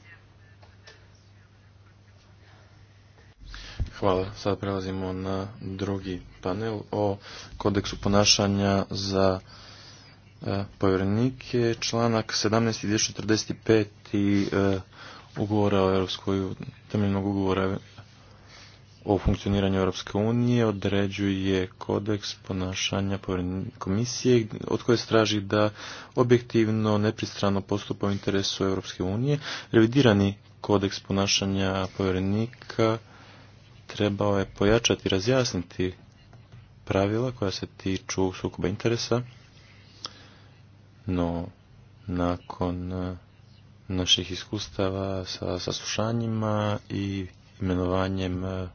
Hvala. Sada prelazimo na drugi panel o kodeksu ponašanja za e, povjerenike. Članak 17 i e, ugovora o Europskoj, temeljnog ugovora o funkcioniranju Europske unije određuje kodeks ponašanja komisije od koje straži da objektivno, nepristrano postupa u interesu Europske unije. Revidirani kodeks ponašanja povjerenika trebao je pojačati i razjasniti pravila koja se tiču sukoba interesa, no nakon e, naših iskustava sa saslušanjima i imenovanjem e,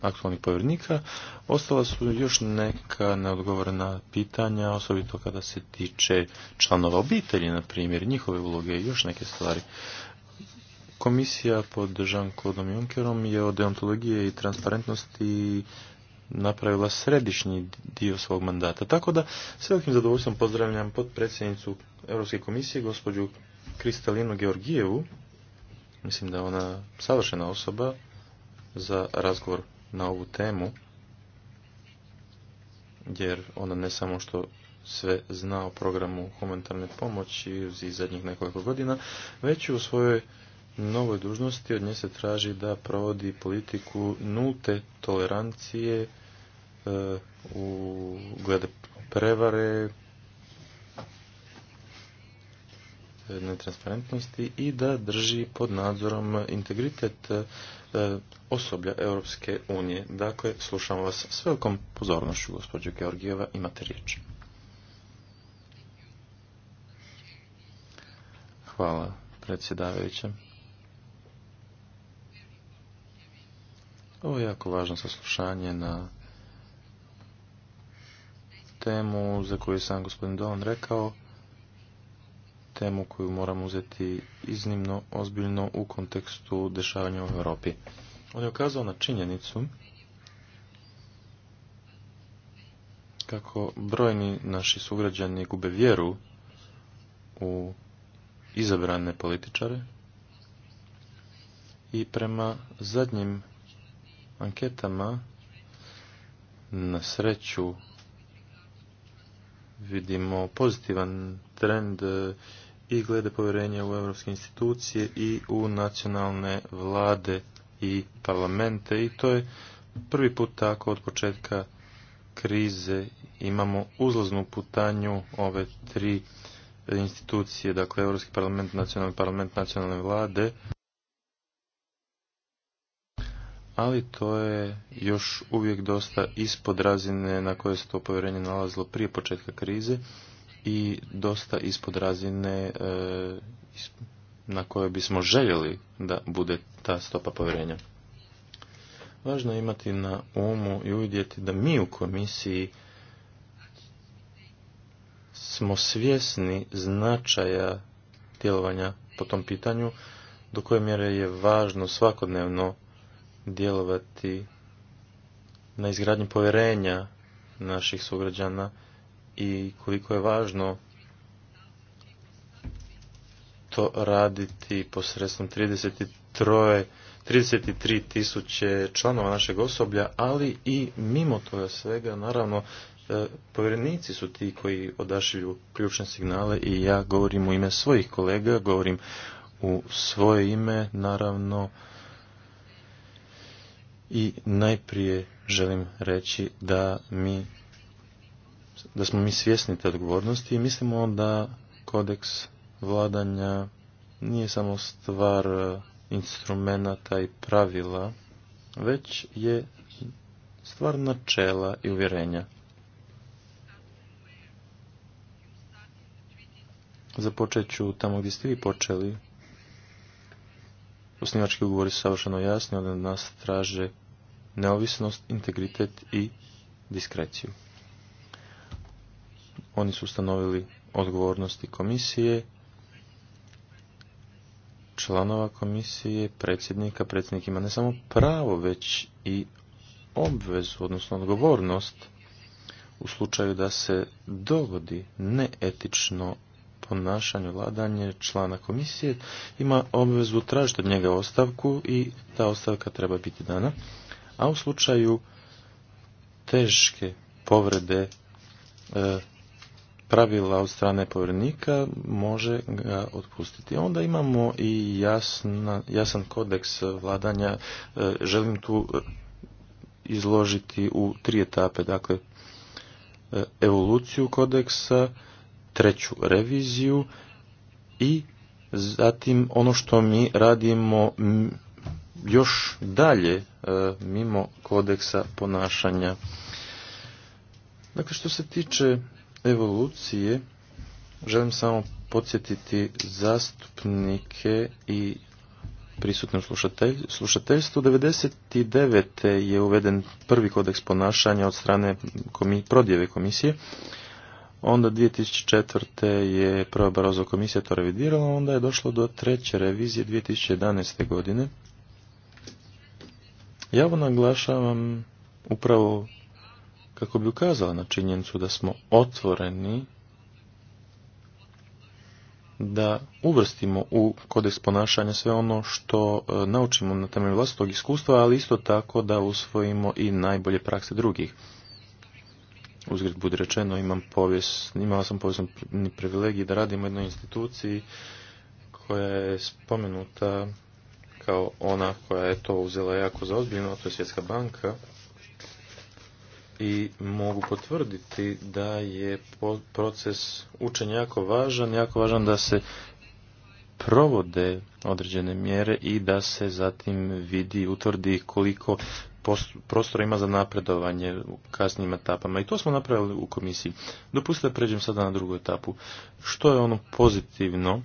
aktualnih povjernika, ostala su još neka neodgovorna pitanja, osobito kada se tiče članova obitelji, na primjer, njihove uloge i još neke stvari. Komisija pod Jean-Claude Junckerom je od deontologije i transparentnosti napravila središnji dio svog mandata. Tako da s velikim zadovoljstvom pozdravljam potpredsjednicu Europske komisije, gospođu Kristalinu Georgijevu. Mislim da je ona savršena osoba za razgovor na ovu temu, jer ona ne samo što sve zna o programu humanitarne pomoći iz zadnjih nekoliko godina, već u svojoj novoj dužnosti od nje se traži da provodi politiku nulte tolerancije e, u glede prevare netransparentnosti i da drži pod nadzorom integritet e, osoblja Europske unije. Dakle, slušamo vas s velikom pozornošću, gospođo Georgijeva, imate riječ. Hvala predsjedavajuća. Ovo je jako važno saslušanje na temu za koju sam gospodin Don rekao, temu koju moramo uzeti iznimno ozbiljno u kontekstu dešavanja u Europi. On je ukazao na činjenicu kako brojni naši sugrađani gube vjeru u izabrane političare i prema zadnjim anketama na sreću vidimo pozitivan trend e, i glede povjerenja u europske institucije i u nacionalne vlade i parlamente i to je prvi put tako od početka krize imamo uzlaznu putanju ove tri institucije, dakle Europski parlament, nacionalni parlament, nacionalne vlade ali to je još uvijek dosta ispod razine na kojoj se to povjerenje nalazilo prije početka krize i dosta ispod razine e, na kojoj bismo željeli da bude ta stopa povjerenja. Važno je imati na umu i uvidjeti da mi u komisiji smo svjesni značaja djelovanja po tom pitanju, do koje mjere je važno svakodnevno djelovati na izgradnju povjerenja naših sugrađana i koliko je važno to raditi posredstvom 33 tisuće članova našeg osoblja, ali i mimo toga svega, naravno, e, povjerenici su ti koji odašilju ključne signale i ja govorim u ime svojih kolega, govorim u svoje ime, naravno, i najprije želim reći da mi da smo mi svjesni te odgovornosti i mislimo da kodeks vladanja nije samo stvar e, instrumenta i pravila, već je stvar načela i uvjerenja. Započet ću tamo gdje ste vi počeli. Osnivački ugovori su savršeno jasni, od nas traže neovisnost, integritet i diskreciju. Oni su ustanovili odgovornosti komisije, članova komisije, predsjednika. Predsjednik ima ne samo pravo, već i obvezu, odnosno odgovornost u slučaju da se dogodi neetično ponašanje, vladanje člana komisije, ima obvezu tražiti od njega ostavku i ta ostavka treba biti dana a u slučaju teške povrede e, pravila od strane povjerenika može ga otpustiti. Onda imamo i jasna, jasan kodeks vladanja. E, želim tu e, izložiti u tri etape. Dakle, evoluciju kodeksa, treću reviziju i zatim ono što mi radimo još dalje e, mimo kodeksa ponašanja. Dakle, što se tiče evolucije, želim samo podsjetiti zastupnike i prisutne u slušatelj, slušateljstvu. je uveden prvi kodeks ponašanja od strane komi, prodjeve komisije. Onda 2004. je prva Barozo komisija to revidirala, onda je došlo do treće revizije 2011. godine. Ja ovo naglašavam upravo kako bi ukazala na činjenicu da smo otvoreni da uvrstimo u kodeks ponašanja sve ono što e, naučimo na temelju vlastitog iskustva, ali isto tako da usvojimo i najbolje prakse drugih. Uzgred budi rečeno, imam povijest, imala sam povijesno privilegiju da radim u jednoj instituciji koja je spomenuta kao ona koja je to uzela jako za ozbiljno, to je Svjetska banka. I mogu potvrditi da je proces učenja jako važan, jako važan da se provode određene mjere i da se zatim vidi, utvrdi koliko prostora ima za napredovanje u kasnijim etapama. I to smo napravili u komisiji. Dopustite da pređem sada na drugu etapu. Što je ono pozitivno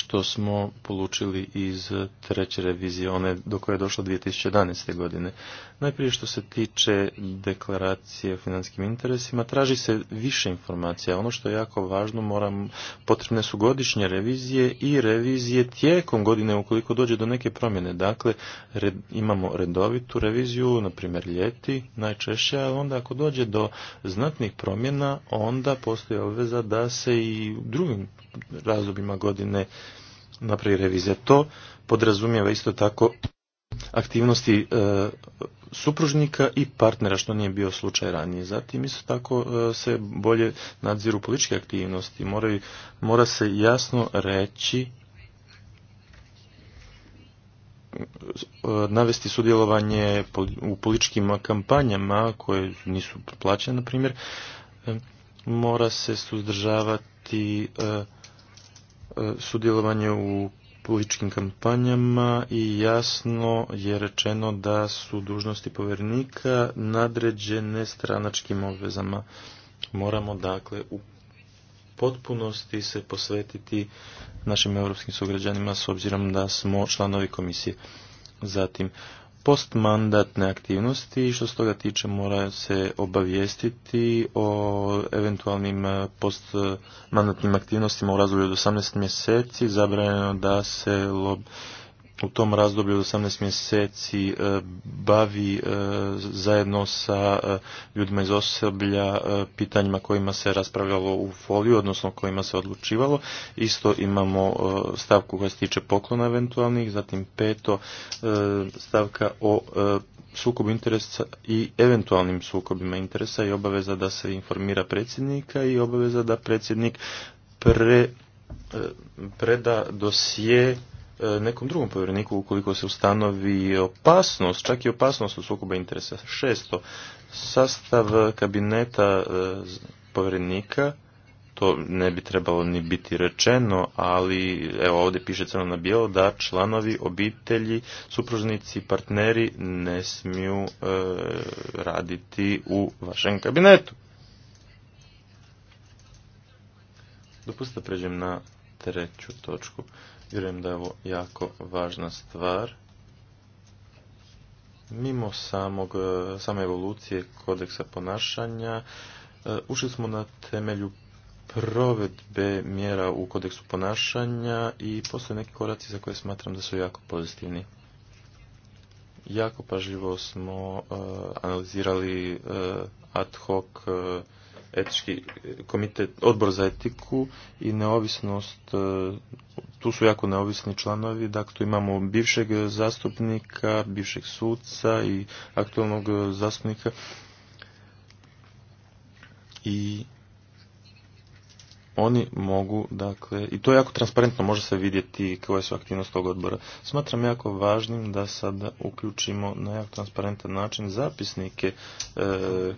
što smo polučili iz treće revizije, one do koje je došlo 2011. godine. Najprije što se tiče deklaracije o financijskim interesima, traži se više informacija. Ono što je jako važno, moram, potrebne su godišnje revizije i revizije tijekom godine ukoliko dođe do neke promjene. Dakle, imamo redovitu reviziju, na primjer ljeti, najčešće, ali onda ako dođe do znatnih promjena, onda postoji obveza da se i u drugim razdobljima godine napravi revizija. To podrazumijeva isto tako aktivnosti e, supružnika i partnera, što nije bio slučaj ranije. Zatim isto tako e, se bolje nadziru političke aktivnosti. mora se jasno reći e, navesti sudjelovanje u političkim kampanjama koje nisu plaćene, na primjer, mora se suzdržavati E, sudjelovanje u političkim kampanjama i jasno je rečeno da su dužnosti povjernika nadređene stranačkim obvezama. Moramo dakle u potpunosti se posvetiti našim europskim sugrađanima s obzirom da smo članovi komisije. Zatim, postmandatne aktivnosti i što se toga tiče mora se obavijestiti o eventualnim eh, postmandatnim aktivnostima u razvoju od 18 mjeseci zabranjeno da se lob, u tom razdoblju od 18 mjeseci e, bavi e, zajedno sa e, ljudima iz osoblja pitanjima kojima se raspravljalo u foliju, odnosno kojima se odlučivalo. Isto imamo stavku koja se tiče poklona eventualnih, zatim peto stavka o sukobu interesa i eventualnim sukobima interesa i obaveza da se informira predsjednika i obaveza da predsjednik pre, preda dosije E, nekom drugom povjereniku ukoliko se ustanovi opasnost, čak i opasnost u sukoba interesa. Šesto, sastav kabineta e, povjerenika, to ne bi trebalo ni biti rečeno, ali evo ovdje piše crno na bijelo da članovi obitelji, supružnici, partneri ne smiju e, raditi u vašem kabinetu. Dopustite da pređem na treću točku. Vjerujem da je ovo jako važna stvar. Mimo samog, e, same evolucije kodeksa ponašanja, e, ušli smo na temelju provedbe mjera u kodeksu ponašanja i postoje neki koraci za koje smatram da su jako pozitivni. Jako pažljivo smo e, analizirali ad hoc etički e, komitet, odbor za etiku i neovisnost, e, tu su jako neovisni članovi, dakle tu imamo bivšeg zastupnika, bivšeg suca i aktualnog zastupnika i oni mogu, dakle, i to je jako transparentno, može se vidjeti koja su aktivnost tog odbora. Smatram jako važnim da sada uključimo na jako transparentan način zapisnike e,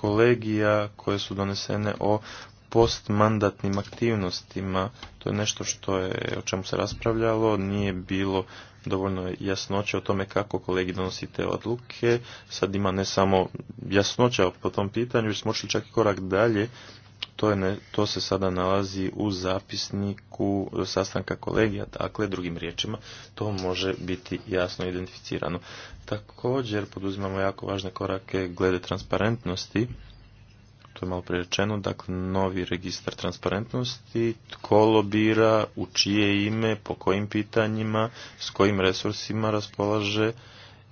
kolegija koje su donesene o postmandatnim aktivnostima. To je nešto što je, o čemu se raspravljalo, nije bilo dovoljno jasnoće o tome kako kolegi donosite te odluke. Sad ima ne samo jasnoća po tom pitanju, već smo čak i korak dalje to, je ne, to se sada nalazi u zapisniku sastanka kolegija, dakle drugim riječima to može biti jasno identificirano. Također poduzimamo jako važne korake glede transparentnosti, to je malo rečeno, dakle novi registar transparentnosti, tko lobira, u čije ime, po kojim pitanjima, s kojim resursima raspolaže,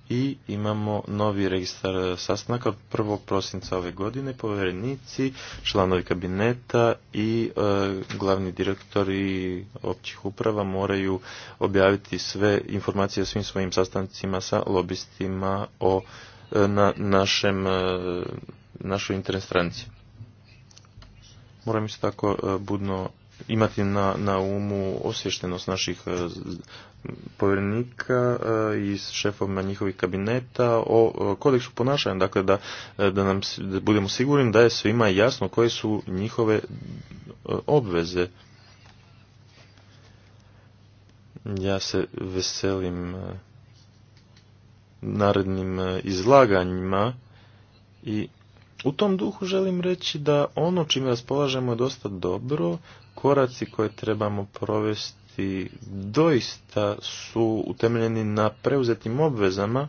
i imamo novi registar sastanaka od 1. prosinca ove godine, povjerenici, članovi kabineta i e, glavni direktori općih uprava moraju objaviti sve informacije o svim svojim sastancima sa lobistima o e, na našem e, našoj internet stranici. Moram isto tako budno imati na, na umu osviještenost naših povjerenika eh, i s šefovima njihovih kabineta o kodeksu ponašanja, dakle da, eh, da nam da budemo sigurni da je svima jasno koje su njihove eh, obveze. Ja se veselim narednim izlaganjima i u tom duhu želim reći da ono čime raspolažemo je dosta dobro, koraci koje trebamo provesti doista su utemeljeni na preuzetim obvezama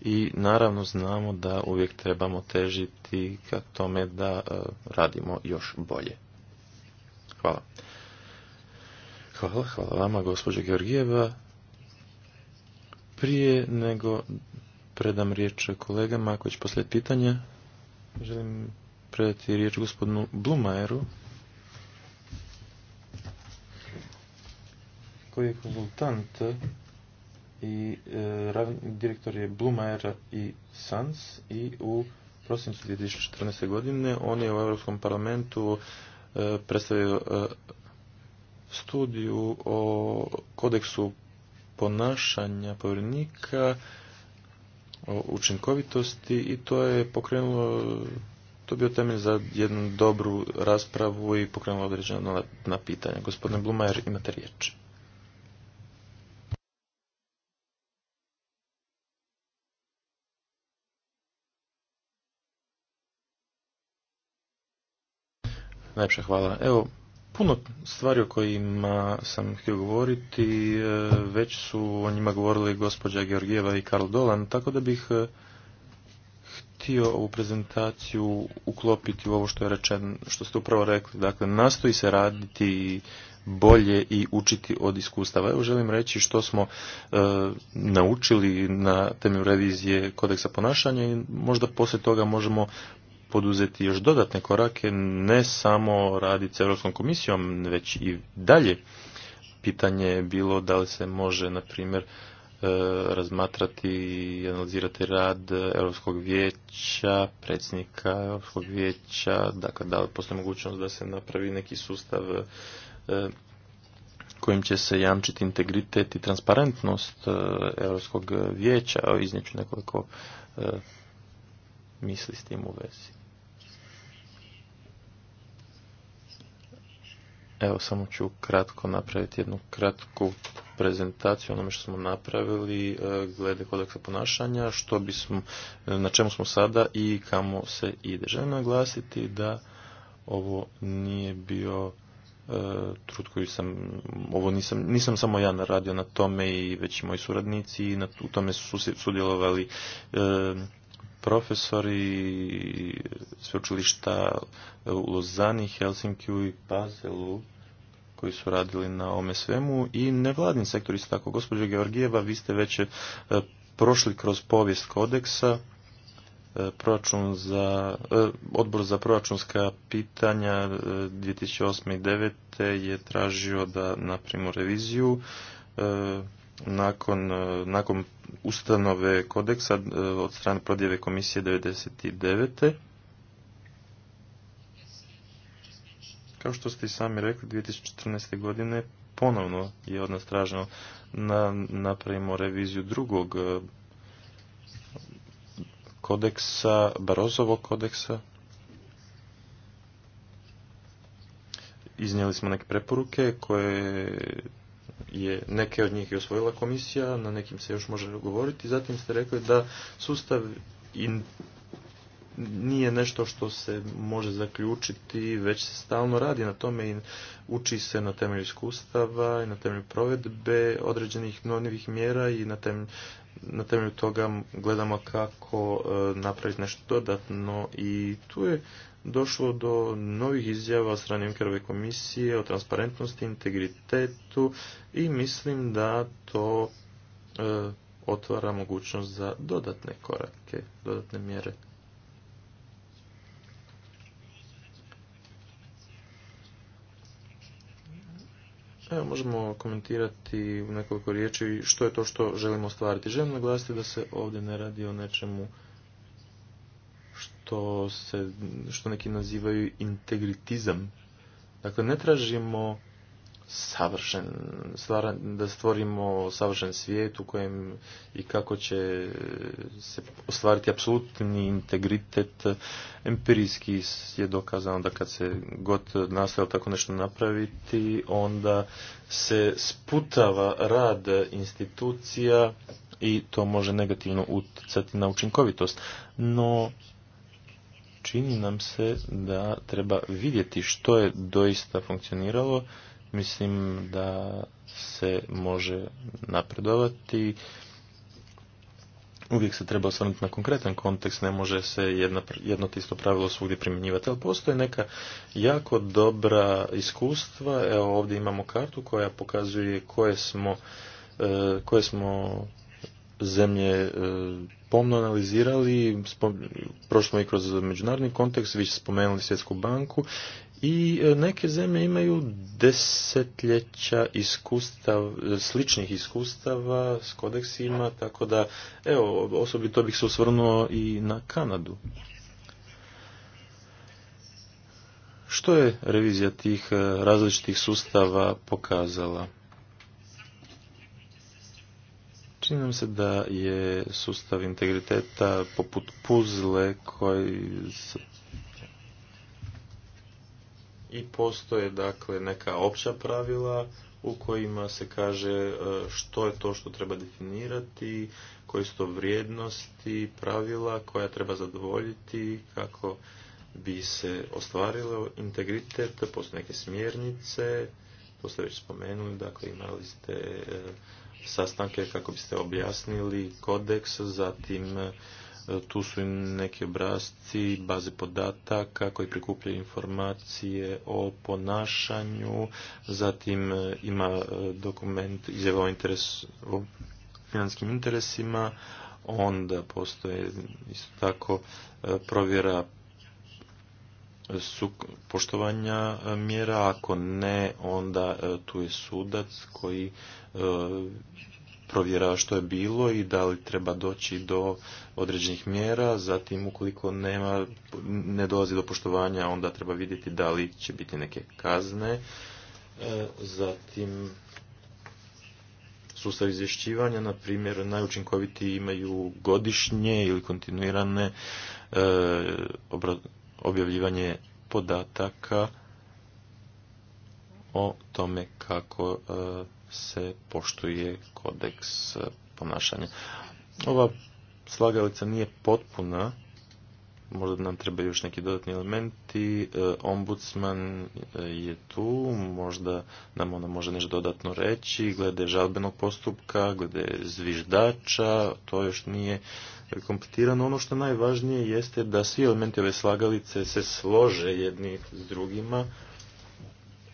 i naravno znamo da uvijek trebamo težiti ka tome da e, radimo još bolje. Hvala. Hvala, hvala vama gospođe Georgijeva. Prije nego predam riječ kolegama ako će pitanja, želim predati riječ gospodinu Blumajeru. koji je konzultant i e, direktor je Blumajera i Sans i u prosincu 2014. godine on je u Europskom parlamentu e, predstavio e, studiju o kodeksu ponašanja povjerenika o učinkovitosti i to je pokrenulo to bio temelj za jednu dobru raspravu i pokrenulo određeno na, na pitanje. Gospodine Blumajer, imate riječ. Najpše hvala. Evo, puno stvari o kojima sam htio govoriti, e, već su o njima govorili gospođa Georgijeva i Karl Dolan, tako da bih e, htio ovu prezentaciju uklopiti u ovo što je rečeno, što ste upravo rekli. Dakle, nastoji se raditi bolje i učiti od iskustava. Evo želim reći što smo e, naučili na temelju revizije kodeksa ponašanja i možda poslije toga možemo poduzeti još dodatne korake, ne samo raditi s Europskom komisijom, već i dalje. Pitanje je bilo da li se može, na primjer, e, razmatrati i analizirati rad Europskog vijeća, predsjednika Europskog vijeća, dakle da li postoji mogućnost da se napravi neki sustav e, kojim će se jamčiti integritet i transparentnost e, Europskog vijeća, ću nekoliko misli s tim u vezi. Evo, samo ću kratko napraviti jednu kratku prezentaciju onome što smo napravili e, glede kodeksa ponašanja, što bismo, e, na čemu smo sada i kamo se ide. Želim naglasiti da ovo nije bio e, trud koji sam, ovo nisam, nisam samo ja naradio na tome i već i moji suradnici i na, u tome su sudjelovali e, profesori sveučilišta u Lozani, Helsinkiju i Pazelu koji su radili na ome svemu i nevladin sektor isto tako. Gospođo Georgijeva, vi ste već e, prošli kroz povijest kodeksa, e, proračun za, e, odbor za proračunska pitanja 2008. i 2009. je tražio da napravimo reviziju nakon, nakon ustanove kodeksa od strane prodjeve komisije 99. Kao što ste i sami rekli, 2014. godine ponovno je od nas traženo na, napravimo reviziju drugog e, kodeksa, Barozovog kodeksa. Iznijeli smo neke preporuke koje je neke od njih je osvojila komisija, na nekim se još može govoriti. Zatim ste rekli da sustav i nije nešto što se može zaključiti, već se stalno radi na tome i uči se na temelju iskustava i na temelju provedbe određenih novih mjera i na temelju, na temelju toga gledamo kako e, napraviti nešto dodatno i tu je došlo do novih izjava od strane komisije o transparentnosti, integritetu i mislim da to e, otvara mogućnost za dodatne korake, dodatne mjere. Evo možemo komentirati u nekoliko riječi što je to što želimo ostvariti. Želim naglasiti da se ovdje ne radi o nečemu što, se, što neki nazivaju integritizam. Dakle, ne tražimo savršen, da stvorimo savršen svijet u kojem i kako će se ostvariti apsolutni integritet. Empirijski je dokazano da kad se god nastavio tako nešto napraviti, onda se sputava rad institucija i to može negativno utjecati na učinkovitost. No, čini nam se da treba vidjeti što je doista funkcioniralo mislim da se može napredovati. Uvijek se treba osvrnuti na konkretan kontekst, ne može se jedna, jedno tisto pravilo svugdje primjenjivati, ali postoje neka jako dobra iskustva. Evo ovdje imamo kartu koja pokazuje koje smo, e, koje smo zemlje e, pomno analizirali, prošlo i kroz međunarodni kontekst, vi ste spomenuli Svjetsku banku i e, neke zemlje imaju desetljeća iskustav, sličnih iskustava s kodeksima, tako da, evo, osobito bih se osvrnuo i na Kanadu. Što je revizija tih e, različitih sustava pokazala? Čini nam se da je sustav integriteta poput puzle koji i postoje dakle neka opća pravila u kojima se kaže e, što je to što treba definirati, koje su to vrijednosti, pravila koja treba zadovoljiti, kako bi se ostvarilo integritet, postoje neke smjernice, to ste već spomenuli, dakle imali ste e, sastanke kako biste objasnili kodeks, zatim tu su im neki obrazci, baze podataka koji prikupljaju informacije o ponašanju, zatim e, ima e, dokument izjava o, interes, o financijskim interesima, onda postoje isto tako e, provjera poštovanja mjera, ako ne, onda tu je sudac koji provjerava što je bilo i da li treba doći do određenih mjera, zatim ukoliko nema, ne dolazi do poštovanja, onda treba vidjeti da li će biti neke kazne, e, zatim sustav izvješćivanja, na primjer, najučinkovitiji imaju godišnje ili kontinuirane e, objavljivanje podataka o tome kako e, se poštuje kodeks ponašanja. Ova slagalica nije potpuna, možda nam treba još neki dodatni elementi. E, ombudsman e, je tu, možda nam ona može nešto dodatno reći, glede žalbenog postupka, glede zviždača, to još nije kompletirano. Ono što najvažnije jeste da svi elementi ove slagalice se slože jedni s drugima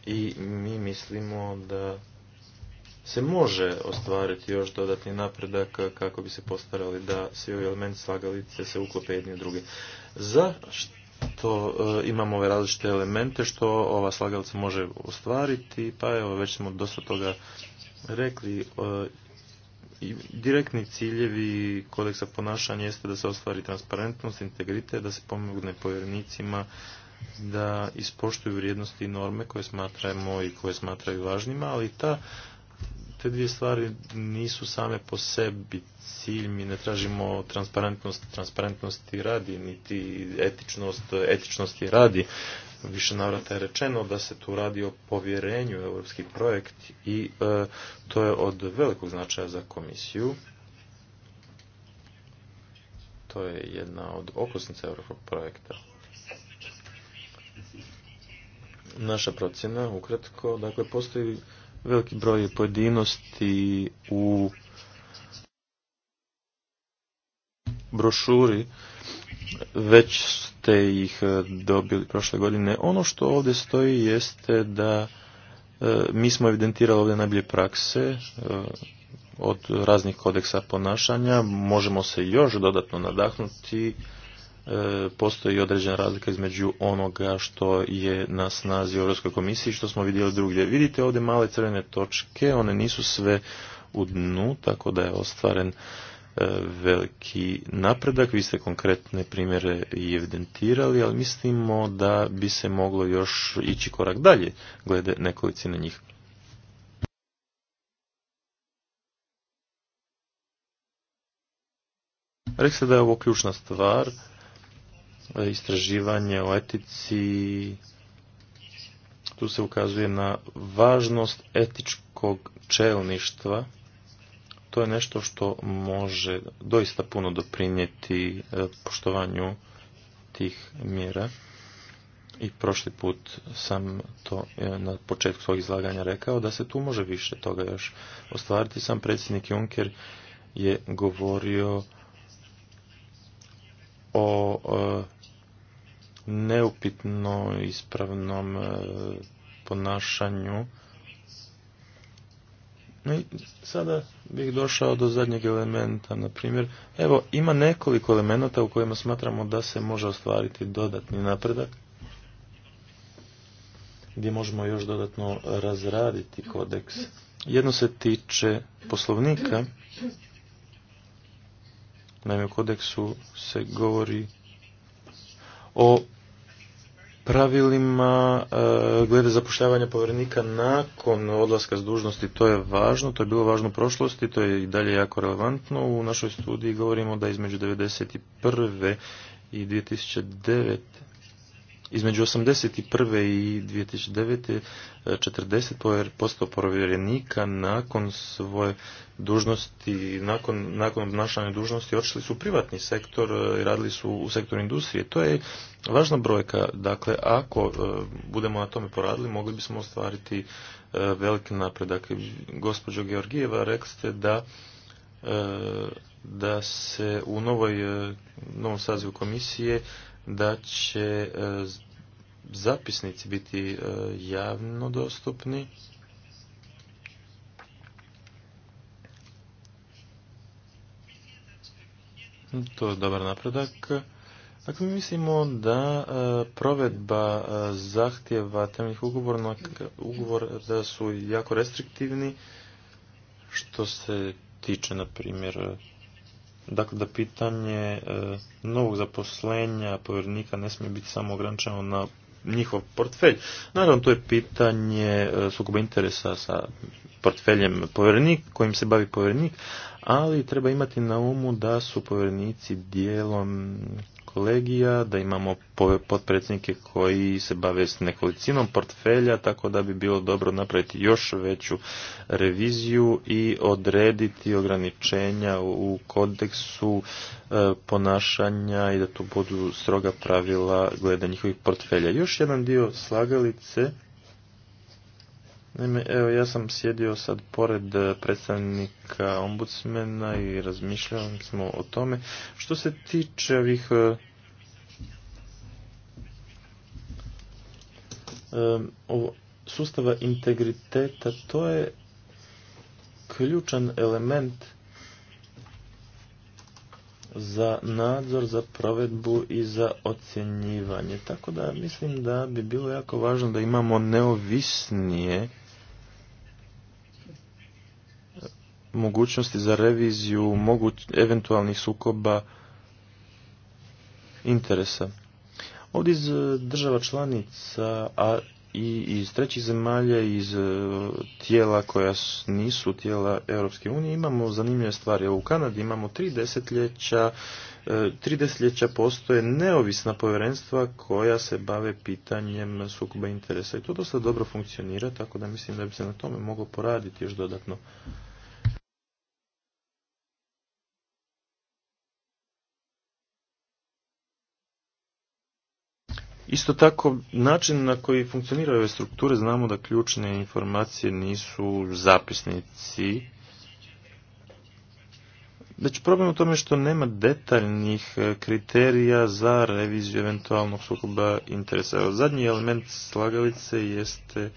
i mi mislimo da se može ostvariti još dodatni napredak kako bi se postarali da svi ovi elementi slagalice se uklope jedni u druge. Za što e, imamo ove različite elemente što ova slagalica može ostvariti, pa evo već smo dosta toga rekli e, direktni ciljevi kodeksa ponašanja jeste da se ostvari transparentnost, integritet, da se pomogne povjernicima da ispoštuju vrijednosti i norme koje smatramo i koje smatraju važnima, ali ta te dvije stvari nisu same po sebi cilj, mi ne tražimo transparentnost, transparentnosti radi, niti etičnost, etičnosti radi. Više navrata je rečeno da se tu radi o povjerenju u europski projekt i e, to je od velikog značaja za komisiju. To je jedna od okosnica europskog projekta. Naša procjena, ukratko, dakle, postoji veliki broj pojedinosti u brošuri već ste ih e, dobili prošle godine. Ono što ovdje stoji jeste da e, mi smo evidentirali ovdje najbolje prakse e, od raznih kodeksa ponašanja. Možemo se još dodatno nadahnuti E, postoji određena razlika između onoga što je na snazi u Europskoj komisiji što smo vidjeli drugdje. Vidite ovdje male crvene točke, one nisu sve u dnu, tako da je ostvaren e, veliki napredak. Vi ste konkretne primjere i evidentirali, ali mislimo da bi se moglo još ići korak dalje glede na njih. Rekli ste da je ovo ključna stvar istraživanje o etici. Tu se ukazuje na važnost etičkog čelništva. To je nešto što može doista puno doprinijeti e, poštovanju tih mjera. I prošli put sam to e, na početku svog izlaganja rekao da se tu može više toga još ostvariti. Sam predsjednik Juncker je govorio o e, neupitno ispravnom e, ponašanju. i sada bih došao do zadnjeg elementa, na primjer, evo ima nekoliko elemenata u kojima smatramo da se može ostvariti dodatni napredak, gdje možemo još dodatno razraditi kodeks. Jedno se tiče poslovnika, naime u kodeksu se govori o pravilima e, glede zapošljavanja povjerenika nakon odlaska s dužnosti, to je važno, to je bilo važno u prošlosti, to je i dalje jako relevantno. U našoj studiji govorimo da između 1991. i 2009 između 81. i 2009. 40% e, povjerenika nakon svoje dužnosti, nakon, nakon obnašanja dužnosti otišli su u privatni sektor e, i radili su u sektoru industrije. To je važna brojka. Dakle, ako e, budemo na tome poradili, mogli bismo ostvariti veliki napredak. Gospođo Georgijeva, rekli ste da da se u novoj, novom sazivu komisije da će e, zapisnici biti e, javno dostupni. To je dobar napredak. Dakle, mi mislimo da e, provedba zahtjeva temeljnih ugovora ugovor da su jako restriktivni što se tiče, na primjer, Dakle, da pitanje e, novog zaposlenja povjernika ne smije biti samo ograničeno na njihov portfelj. Naravno, to je pitanje e, sukoba interesa sa portfeljem povjernik, kojim se bavi povjernik, ali treba imati na umu da su povjernici dijelom kolegija, da imamo potpredsjednike koji se bave s nekolicinom portfelja, tako da bi bilo dobro napraviti još veću reviziju i odrediti ograničenja u kodeksu e, ponašanja i da tu budu stroga pravila gleda njihovih portfelja. Još jedan dio slagalice evo, ja sam sjedio sad pored e, predstavnika ombudsmena i razmišljali smo o tome. Što se tiče ovih e, e, sustava integriteta, to je ključan element za nadzor, za provedbu i za ocjenjivanje. Tako da mislim da bi bilo jako važno da imamo neovisnije mogućnosti za reviziju moguć, eventualnih sukoba interesa. Ovdje iz eh, država članica, a i iz trećih zemalja, iz eh, tijela koja nisu tijela Europske unije, imamo zanimljive stvari. U Kanadi imamo tri desetljeća, eh, tri desetljeća postoje neovisna povjerenstva koja se bave pitanjem sukoba interesa. I to dosta dobro funkcionira, tako da mislim da bi se na tome moglo poraditi još dodatno. Isto tako, način na koji funkcioniraju ove strukture, znamo da ključne informacije nisu zapisnici, već problem u tome što nema detaljnih e, kriterija za reviziju eventualnog sukoba interesa. Zadnji element slagalice jeste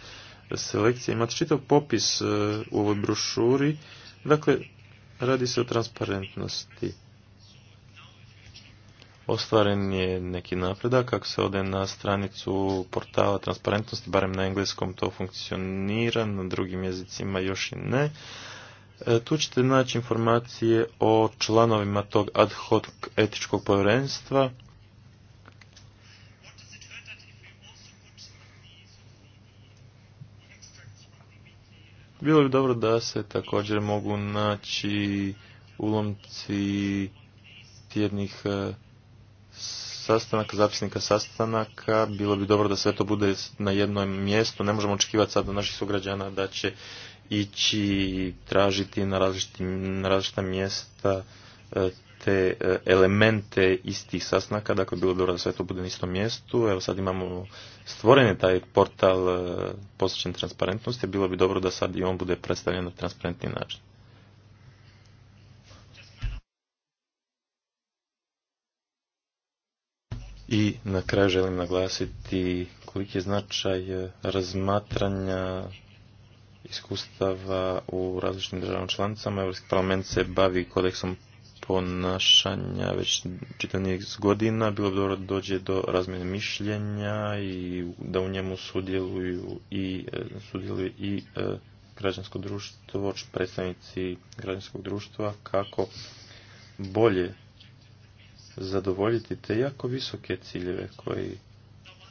selekcija. Imate čitav popis e, u ovoj brošuri, dakle, radi se o transparentnosti. Ostvaren je neki napredak, ako se ode na stranicu portala transparentnosti, barem na engleskom to funkcionira, na drugim jezicima još i ne. E, tu ćete naći informacije o članovima tog ad hoc etičkog povjerenstva. Bilo bi dobro da se također mogu naći ulomci tjednih e, sastanaka, zapisnika sastanaka, bilo bi dobro da sve to bude na jednom mjestu. Ne možemo očekivati sad od naših sugrađana da će ići tražiti na, različita mjesta e, te e, elemente istih sastanaka, dakle bilo bi dobro da sve to bude na istom mjestu. Evo sad imamo stvoren je taj portal e, posvećen transparentnosti, bilo bi dobro da sad i on bude predstavljen na transparentni način. I na kraju želim naglasiti koliki je značaj e, razmatranja iskustava u različitim državama članicama. Europski parlament se bavi kodeksom ponašanja već čitav godina. Bilo bi dobro da dođe do razmjene mišljenja i da u njemu sudjeluju i, e, sudjeluju i e, građansko društvo, predstavnici građanskog društva, kako bolje zadovoljiti te jako visoke ciljeve koji,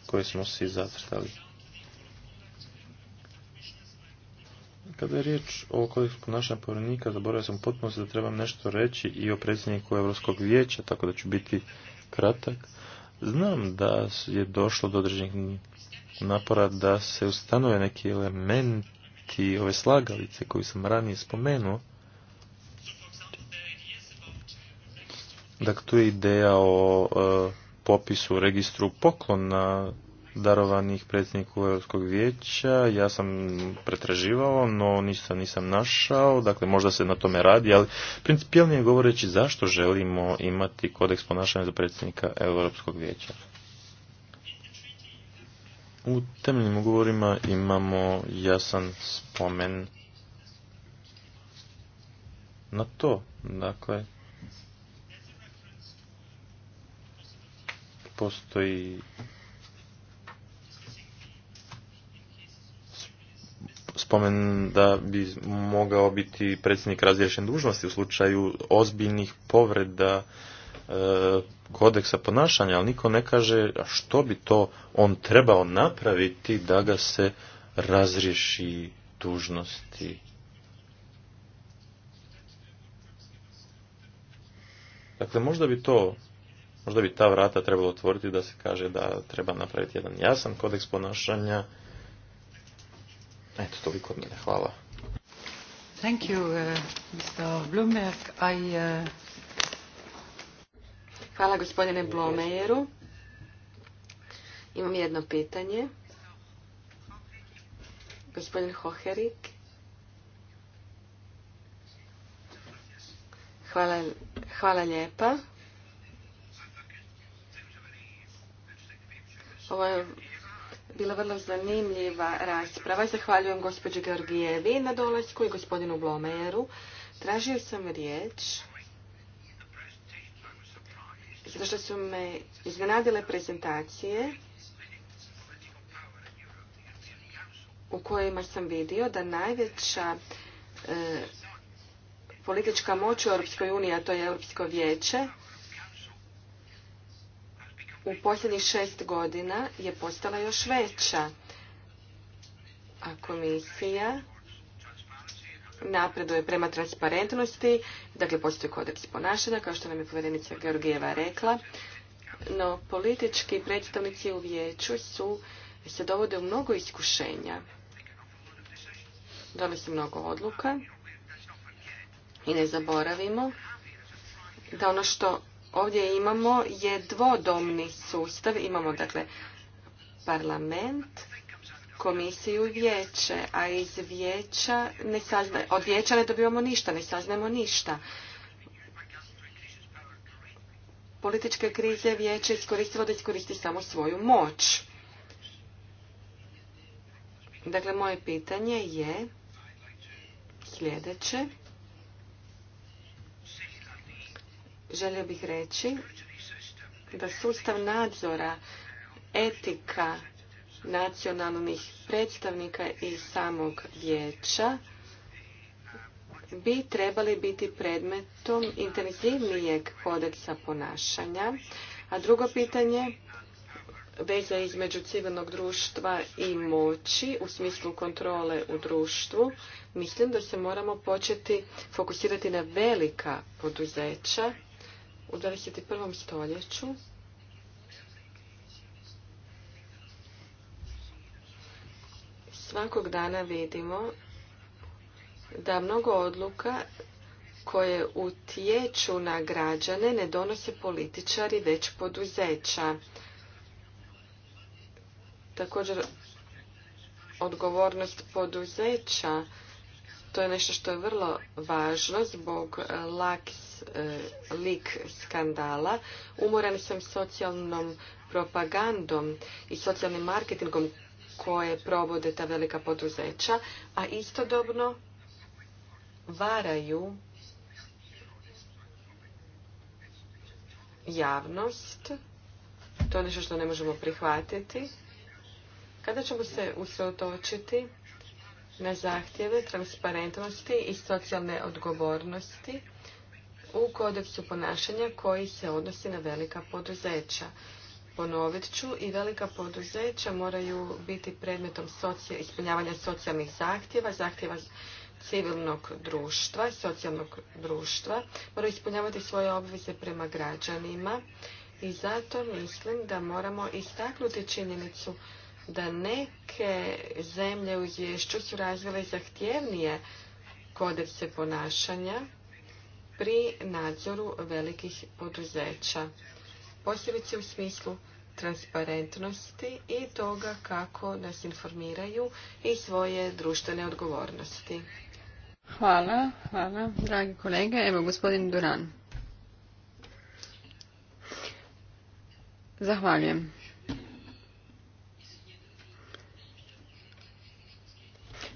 koje smo si zacrtali. Kada je riječ o kodeksu našem povrnika, zaboravio sam potpuno da trebam nešto reći i o predsjedniku Europskog vijeća, tako da ću biti kratak. Znam da je došlo do određenih napora da se ustanove neki elementi ove slagalice koju sam ranije spomenuo, Dakle, tu je ideja o e, popisu, registru poklona darovanih predsjedniku Europskog vijeća. Ja sam pretraživao, no ništa nisam našao. Dakle, možda se na tome radi, ali principijalnije govoreći zašto želimo imati kodeks ponašanja za predsjednika Europskog vijeća. U temeljnim ugovorima imamo jasan spomen na to. Dakle, postoji spomen da bi mogao biti predsjednik razriješen dužnosti u slučaju ozbiljnih povreda e, kodeksa ponašanja, ali niko ne kaže što bi to on trebao napraviti da ga se razriješi dužnosti. Dakle, možda bi to Možda bi ta vrata trebalo otvoriti da se kaže da treba napraviti jedan jasan kodeks ponašanja. Eto, toliko od mene. Hvala. Thank you, uh, Mr. Blumberg. I, uh... Hvala gospodine Blomejeru. Imam jedno pitanje. Gospodin Hoherik. Hvala, hvala lijepa. Ovo je bila vrlo zanimljiva rasprava. Zahvaljujem gospođi Georgijevi na dolazku i gospodinu Blomeru. Tražio sam riječ zato što su me iznenadile prezentacije u kojima sam vidio da najveća e, politička moć u Europskoj uniji, a to je Europsko vijeće, u posljednjih šest godina je postala još veća. A komisija napreduje prema transparentnosti, dakle postoji kodeks ponašanja, kao što nam je povjerenica Georgijeva rekla, no politički predstavnici u vijeću su se dovode u mnogo iskušenja. Donose mnogo odluka i ne zaboravimo da ono što ovdje imamo je dvodomni sustav. Imamo dakle parlament, komisiju i vijeće, a iz vijeća ne sazna, od vijeća ne dobivamo ništa, ne saznajemo ništa. Političke krize vijeće iskoristilo da iskoristi samo svoju moć. Dakle, moje pitanje je sljedeće. želio bih reći da sustav nadzora etika nacionalnih predstavnika i samog vijeća bi trebali biti predmetom intenzivnijeg kodeksa ponašanja. A drugo pitanje, veza između civilnog društva i moći u smislu kontrole u društvu, mislim da se moramo početi fokusirati na velika poduzeća u 21. stoljeću svakog dana vidimo da mnogo odluka koje utječu na građane ne donose političari već poduzeća. Također odgovornost poduzeća to je nešto što je vrlo važno zbog e, e, lik skandala. Umoran sam socijalnom propagandom i socijalnim marketingom koje provode ta velika poduzeća, a istodobno varaju javnost. To je nešto što ne možemo prihvatiti. Kada ćemo se usredotočiti na zahtjeve transparentnosti i socijalne odgovornosti u kodeksu ponašanja koji se odnosi na velika poduzeća. Ponovit ću, i velika poduzeća moraju biti predmetom ispunjavanja socijalnih zahtjeva, zahtjeva civilnog društva, socijalnog društva, moraju ispunjavati svoje obveze prema građanima i zato mislim da moramo istaknuti činjenicu da neke zemlje u izvješću su razvile zahtjevnije kodekse ponašanja pri nadzoru velikih poduzeća, posebice u smislu transparentnosti i toga kako nas informiraju i svoje društvene odgovornosti. Hvala, hvala, dragi kolege. Evo, gospodin Duran. Zahvaljujem.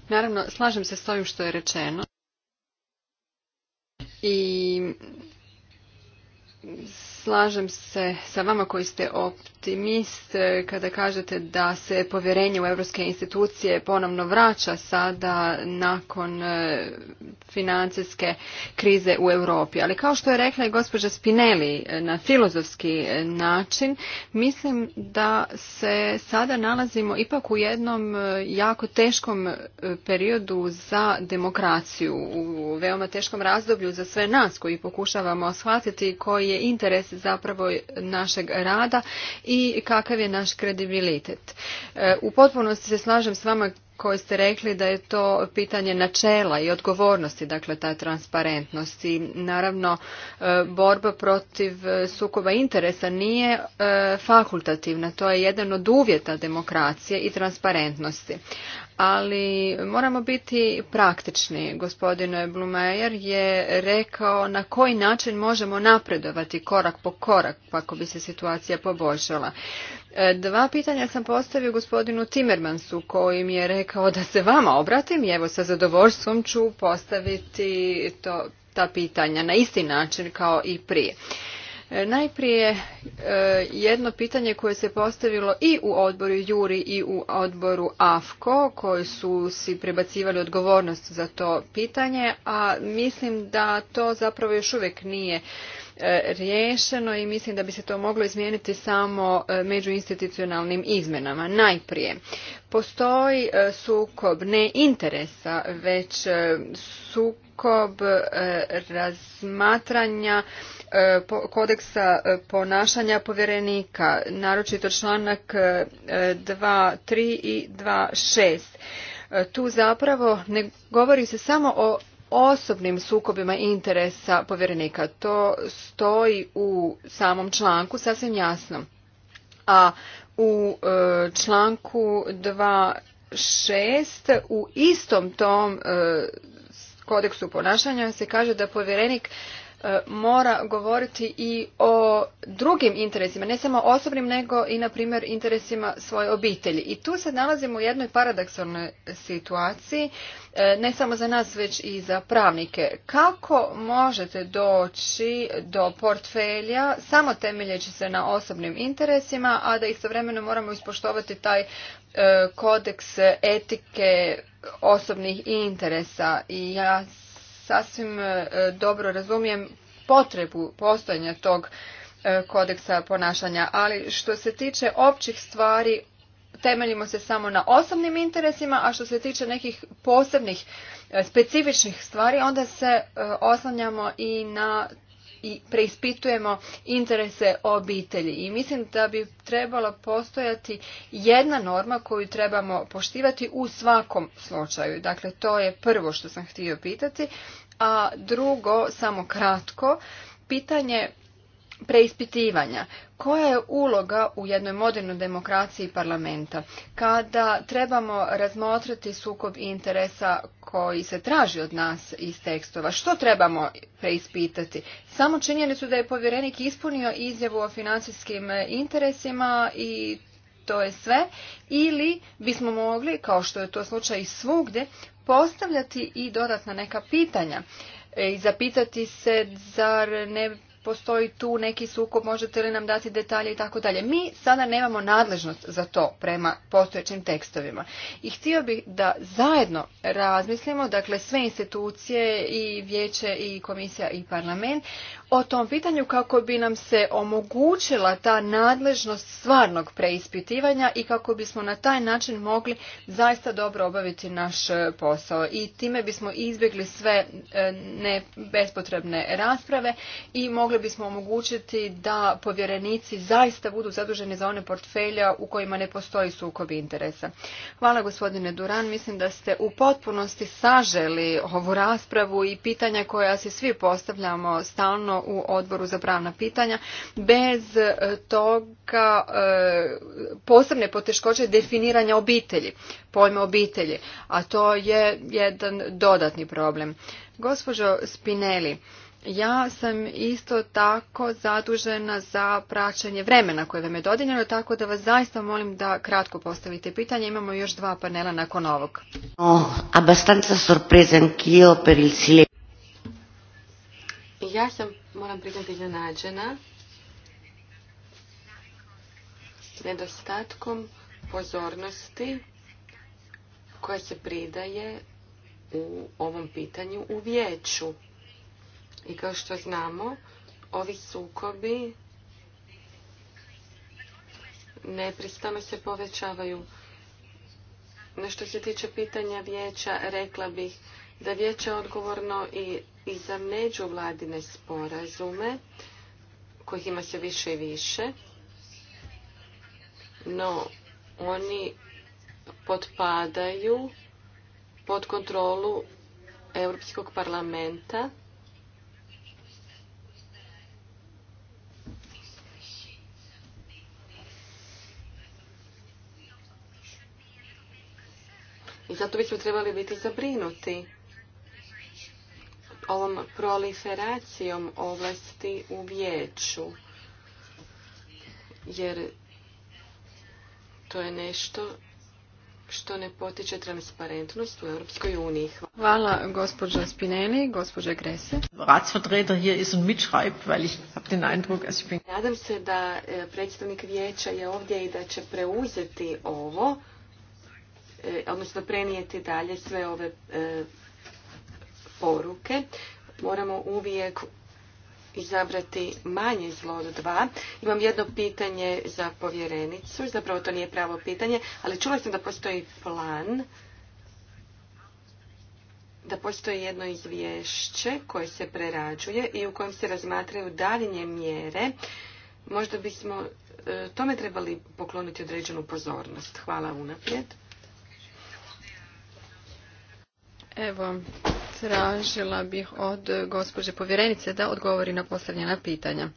Naravno, slažem se s ovim što je rečeno. I Slažem se sa vama koji ste optimist e, kada kažete da se povjerenje u europske institucije ponovno vraća sada nakon e, financijske krize u Europi. Ali kao što je rekla i gospođa Spinelli e, na filozofski način, mislim da se sada nalazimo ipak u jednom jako teškom periodu za demokraciju, u veoma teškom razdoblju za sve nas koji pokušavamo shvatiti koji je interes zapravo našeg rada i kakav je naš kredibilitet. E, u potpunosti se slažem s vama koji ste rekli da je to pitanje načela i odgovornosti, dakle ta transparentnost i naravno e, borba protiv sukoba interesa nije e, fakultativna, to je jedan od uvjeta demokracije i transparentnosti ali moramo biti praktični. Gospodin Blumejer je rekao na koji način možemo napredovati korak po korak kako bi se situacija poboljšala. E, dva pitanja sam postavio gospodinu Timmermansu koji mi je rekao da se vama obratim i evo sa zadovoljstvom ću postaviti to, ta pitanja na isti način kao i prije. Najprije e, jedno pitanje koje se postavilo i u odboru Juri i u odboru AFKO koji su si prebacivali odgovornost za to pitanje, a mislim da to zapravo još uvijek nije e, riješeno i mislim da bi se to moglo izmijeniti samo e, međuinstitucionalnim izmjenama. Najprije, postoji sukob ne interesa, već sukob razmatranja E, kodeksa e, ponašanja povjerenika, naročito članak e, tri i šest. Tu zapravo ne govori se samo o osobnim sukobima interesa povjerenika. To stoji u samom članku sasvim jasno. A u članku šest u istom tom kodeksu ponašanja se kaže da povjerenik E, mora govoriti i o drugim interesima, ne samo osobnim, nego i, na primjer, interesima svoje obitelji. I tu se nalazimo u jednoj paradoksalnoj situaciji, e, ne samo za nas, već i za pravnike. Kako možete doći do portfelja samo temeljeći se na osobnim interesima, a da istovremeno moramo ispoštovati taj e, kodeks etike osobnih interesa i ja sasvim e, dobro razumijem potrebu postojanja tog e, kodeksa ponašanja, ali što se tiče općih stvari, temeljimo se samo na osobnim interesima, a što se tiče nekih posebnih, e, specifičnih stvari, onda se oslanjamo i na i preispitujemo interese obitelji. I mislim da bi trebala postojati jedna norma koju trebamo poštivati u svakom slučaju. Dakle, to je prvo što sam htio pitati. A drugo, samo kratko, pitanje preispitivanja. Koja je uloga u jednoj modernoj demokraciji parlamenta kada trebamo razmotriti sukob interesa koji se traži od nas iz tekstova? Što trebamo preispitati? Samo činjenicu da je povjerenik ispunio izjavu o financijskim interesima i to je sve ili bismo mogli, kao što je to slučaj svugdje, postavljati i dodatna neka pitanja e, i zapitati se zar ne postoji tu neki sukob, možete li nam dati detalje i tako dalje. Mi sada nemamo nadležnost za to prema postojećim tekstovima. I htio bih da zajedno razmislimo, dakle sve institucije i vijeće i komisija i parlament, o tom pitanju kako bi nam se omogućila ta nadležnost stvarnog preispitivanja i kako bismo na taj način mogli zaista dobro obaviti naš e, posao. I time bismo izbjegli sve e, ne bespotrebne rasprave i mogli bismo omogućiti da povjerenici zaista budu zaduženi za one portfelja u kojima ne postoji sukob interesa. Hvala gospodine Duran, mislim da ste u potpunosti saželi ovu raspravu i pitanja koja se svi postavljamo stalno u odboru za pravna pitanja. Bez e, toga e, posebne poteškoće definiranja obitelji, pojma obitelji, a to je jedan dodatni problem. Gospođo Spinelli, ja sam isto tako zadužena za praćenje vremena koje vam je dodijeljeno, tako da vas zaista molim da kratko postavite pitanje. Imamo još dva panela nakon ovog. Oh, kio per il ja sam, moram priznati, iznenađena nedostatkom pozornosti koja se pridaje u ovom pitanju u vijeću. I kao što znamo, ovi sukobi nepristano se povećavaju. Na što se tiče pitanja vijeća, rekla bih da vijeće odgovorno i, i za međuvladine sporazume, kojih ima se više i više, no oni potpadaju pod kontrolu Europskog parlamenta, I zato bismo trebali biti zabrinuti ovom proliferacijom ovlasti u vijeću. Jer to je nešto što ne potiče transparentnost u Europskoj uniji. Hvala gospođa Spinelli, gospođa Grese. Ratsvertreter hier ist und mitschreibt, weil ich habe den Eindruck, Nadam se da e, predstavnik vijeća je ovdje i da će preuzeti ovo, e, odnosno prenijeti dalje sve ove e, poruke. Moramo uvijek izabrati manje zlo od dva. Imam jedno pitanje za povjerenicu, zapravo to nije pravo pitanje, ali čula sam da postoji plan, da postoji jedno izvješće koje se prerađuje i u kojem se razmatraju daljnje mjere. Možda bismo e, tome trebali pokloniti određenu pozornost. Hvala unaprijed. Evo, tražila bih od gospođe povjerenice da odgovori na postavljena pitanja.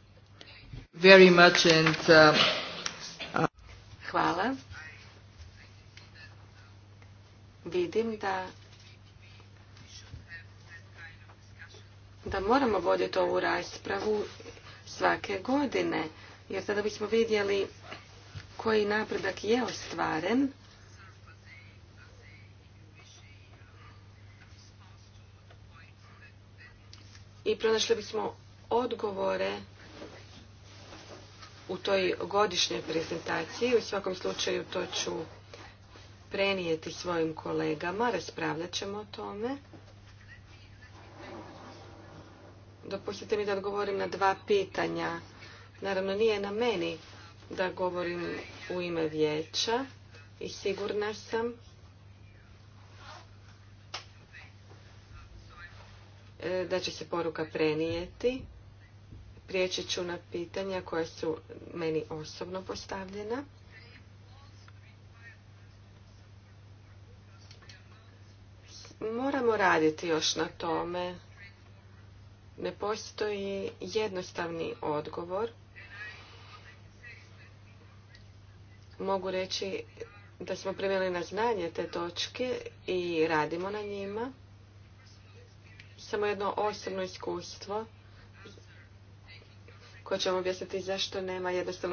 Very uh, Hvala. Vidim da da moramo voditi ovu raspravu svake godine, jer sada bismo vidjeli koji napredak je ostvaren i pronašli bismo odgovore u toj godišnjoj prezentaciji. U svakom slučaju to ću prenijeti svojim kolegama, raspravljat ćemo o tome. Dopustite mi da odgovorim na dva pitanja. Naravno, nije na meni da govorim u ime vijeća i sigurna sam E, da će se poruka prenijeti. Prijeći ću na pitanja koja su meni osobno postavljena. Moramo raditi još na tome. Ne postoji jednostavni odgovor. Mogu reći da smo primjeli na znanje te točke i radimo na njima samo jedno osobno iskustvo koje ćemo objasniti zašto nema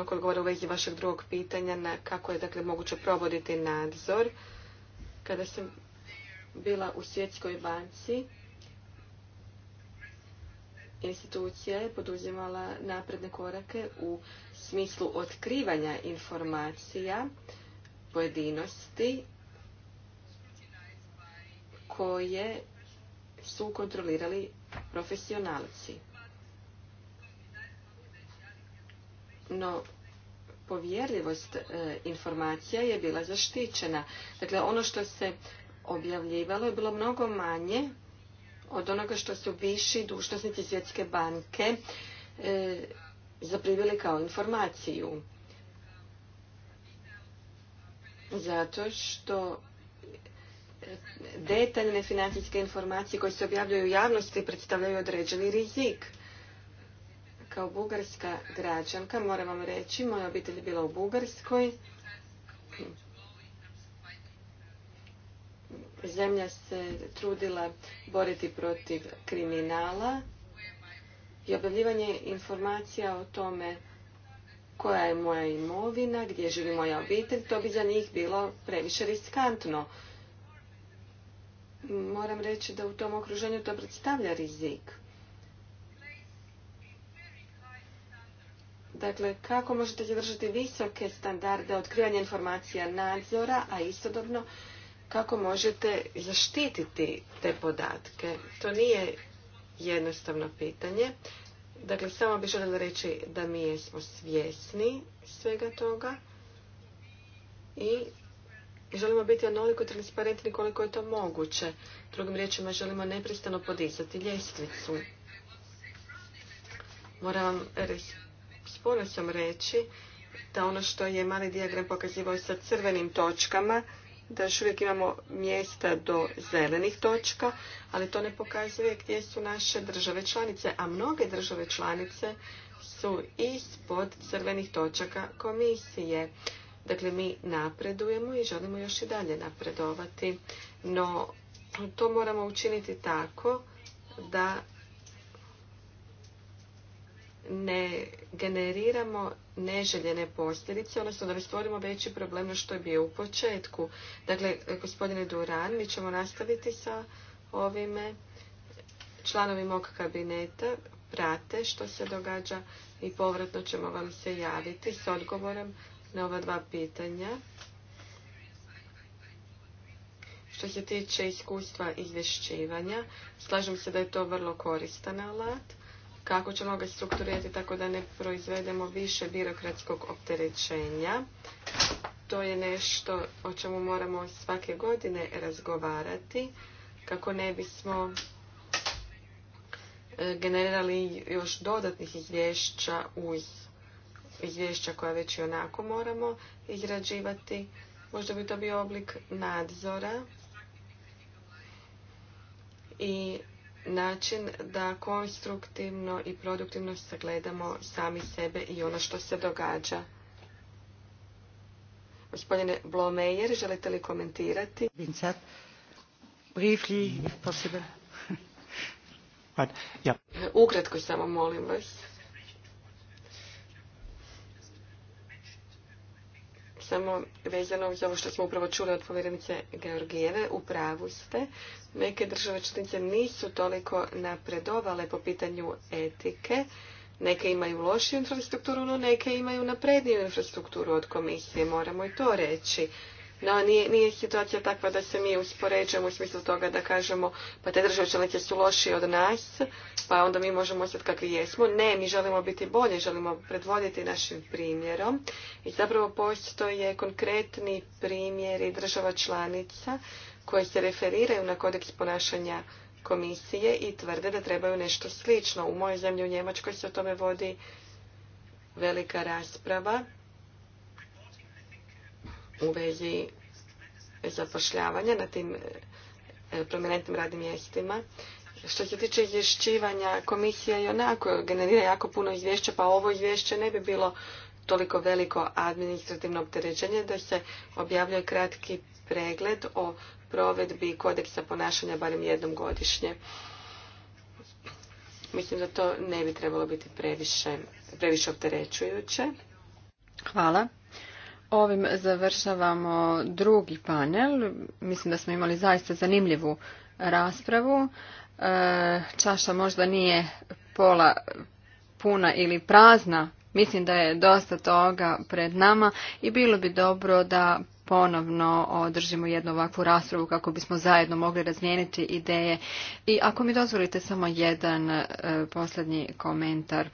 koje govore u vezi vašeg drugog pitanja na kako je dakle moguće provoditi nadzor. Kada sam bila u Svjetskoj banci, institucija je poduzimala napredne korake u smislu otkrivanja informacija pojedinosti koje su kontrolirali profesionalci. No, povjerljivost e, informacija je bila zaštićena. Dakle, ono što se objavljivalo je bilo mnogo manje od onoga što su viši dužnosnici Svjetske banke e, zaprivili kao informaciju. Zato što detaljne financijske informacije koje se objavljuju u javnosti predstavljaju određeni rizik. Kao bugarska građanka, moram vam reći, moja obitelj je bila u Bugarskoj. Zemlja se trudila boriti protiv kriminala i objavljivanje informacija o tome koja je moja imovina, gdje živi moja obitelj, to bi za njih bilo previše riskantno moram reći da u tom okruženju to predstavlja rizik. Dakle, kako možete zadržati visoke standarde otkrivanja informacija nadzora, a istodobno kako možete zaštititi te podatke? To nije jednostavno pitanje. Dakle, samo bih željela reći da mi jesmo svjesni svega toga i želimo biti onoliko transparentni koliko je to moguće. Drugim riječima želimo nepristano podizati ljestvicu. Moram sporo sam reći da ono što je mali dijagram pokazivao sa crvenim točkama, da još uvijek imamo mjesta do zelenih točka, ali to ne pokazuje gdje su naše države članice, a mnoge države članice su ispod crvenih točaka komisije. Dakle, mi napredujemo i želimo još i dalje napredovati, no to moramo učiniti tako da ne generiramo neželjene posljedice, odnosno da ne stvorimo veći problem na što je bio u početku. Dakle, gospodine Duran, mi ćemo nastaviti sa ovime. Članovi mog kabineta prate što se događa i povratno ćemo vam se javiti s odgovorom na ova dva pitanja. Što se tiče iskustva izvješćivanja, slažem se da je to vrlo koristan alat. Kako ćemo ga strukturirati tako da ne proizvedemo više birokratskog opterećenja? To je nešto o čemu moramo svake godine razgovarati kako ne bismo e, generirali još dodatnih izvješća uz izvješća koja već i onako moramo izrađivati. Možda bi to bio oblik nadzora i način da konstruktivno i produktivno sagledamo sami sebe i ono što se događa. Gospodine Blomejer, želite li komentirati? Briefly, if possible. Ukratko samo molim vas. samo vezano uz ovo što smo upravo čuli od povjerenice Georgijeve, u pravu ste. Neke države članice nisu toliko napredovale po pitanju etike. Neke imaju lošiju infrastrukturu, no neke imaju napredniju infrastrukturu od komisije. Moramo i to reći. No, nije, nije situacija takva da se mi uspoređujemo u smislu toga da kažemo pa te države članice su lošije od nas, pa onda mi možemo ostati kakvi jesmo. Ne, mi želimo biti bolji, želimo predvoditi našim primjerom. I zapravo postoje konkretni primjeri država članica koje se referiraju na kodeks ponašanja komisije i tvrde da trebaju nešto slično. U mojoj zemlji u Njemačkoj se o tome vodi velika rasprava u vezi zapošljavanja na tim e, prominentnim radnim mjestima. Što se tiče izvješćivanja, komisija i onako generira jako puno izvješća, pa ovo izvješće ne bi bilo toliko veliko administrativno opterećenje da se objavljuje kratki pregled o provedbi kodeksa ponašanja barem jednom godišnje. Mislim da to ne bi trebalo biti previše, previše opterećujuće. Hvala. Ovim završavamo drugi panel. Mislim da smo imali zaista zanimljivu raspravu. E, čaša možda nije pola puna ili prazna. Mislim da je dosta toga pred nama i bilo bi dobro da ponovno održimo jednu ovakvu raspravu kako bismo zajedno mogli razmijeniti ideje. I ako mi dozvolite samo jedan e, posljednji komentar.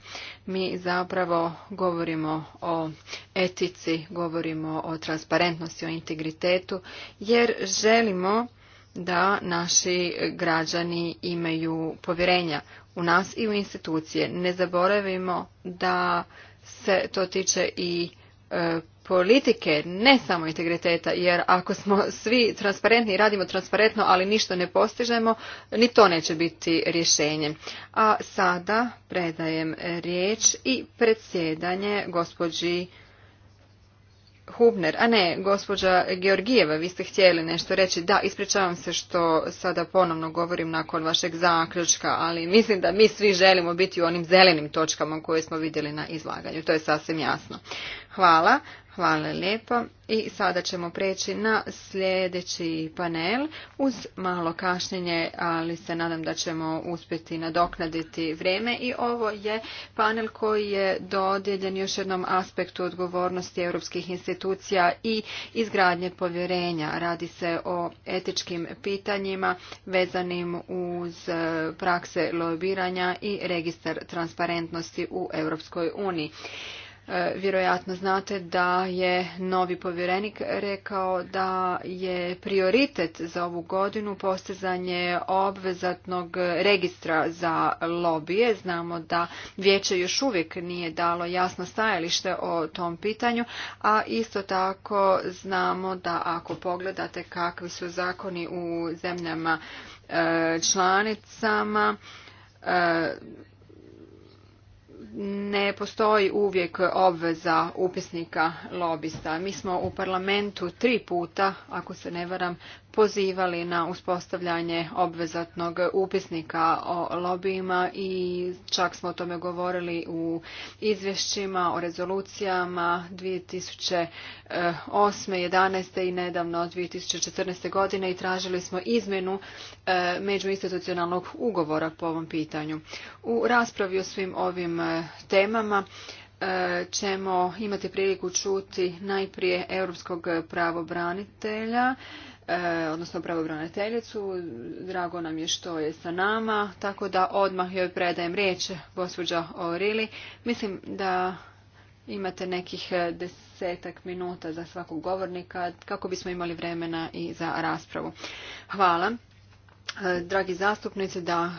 Mi zapravo govorimo o etici, govorimo o transparentnosti, o integritetu, jer želimo da naši građani imaju povjerenja u nas i u institucije. Ne zaboravimo da se to tiče i e, politike, ne samo integriteta, jer ako smo svi transparentni i radimo transparentno, ali ništa ne postižemo, ni to neće biti rješenje. A sada predajem riječ i predsjedanje gospođi Hubner, a ne, gospođa Georgijeva, vi ste htjeli nešto reći. Da, ispričavam se što sada ponovno govorim nakon vašeg zaključka, ali mislim da mi svi želimo biti u onim zelenim točkama koje smo vidjeli na izlaganju. To je sasvim jasno. Hvala. Hvala lijepo. I sada ćemo preći na sljedeći panel uz malo kašnjenje, ali se nadam da ćemo uspjeti nadoknaditi vrijeme. I ovo je panel koji je dodijeljen još jednom aspektu odgovornosti europskih institucija i izgradnje povjerenja. Radi se o etičkim pitanjima vezanim uz prakse lobiranja i registar transparentnosti u Europskoj uniji. E, vjerojatno znate da je novi povjerenik rekao da je prioritet za ovu godinu postizanje obvezatnog registra za lobije. Znamo da vijeće još uvijek nije dalo jasno stajalište o tom pitanju, a isto tako znamo da ako pogledate kakvi su zakoni u zemljama e, članicama, e, ne postoji uvijek obveza upisnika lobista. Mi smo u parlamentu tri puta, ako se ne varam, pozivali na uspostavljanje obvezatnog upisnika o lobijima i čak smo o tome govorili u izvješćima o rezolucijama 2008. 11. i nedavno 2014. godine i tražili smo izmjenu e, međuinstitucionalnog ugovora po ovom pitanju. U raspravi o svim ovim e, temama e, ćemo imati priliku čuti najprije europskog pravobranitelja E, odnosno pravobraniteljicu. Drago nam je što je sa nama, tako da odmah joj predajem riječ, gospođa Orili. Mislim da imate nekih e, desetak minuta za svakog govornika kako bismo imali vremena i za raspravu. Hvala. E, dragi zastupnici, da,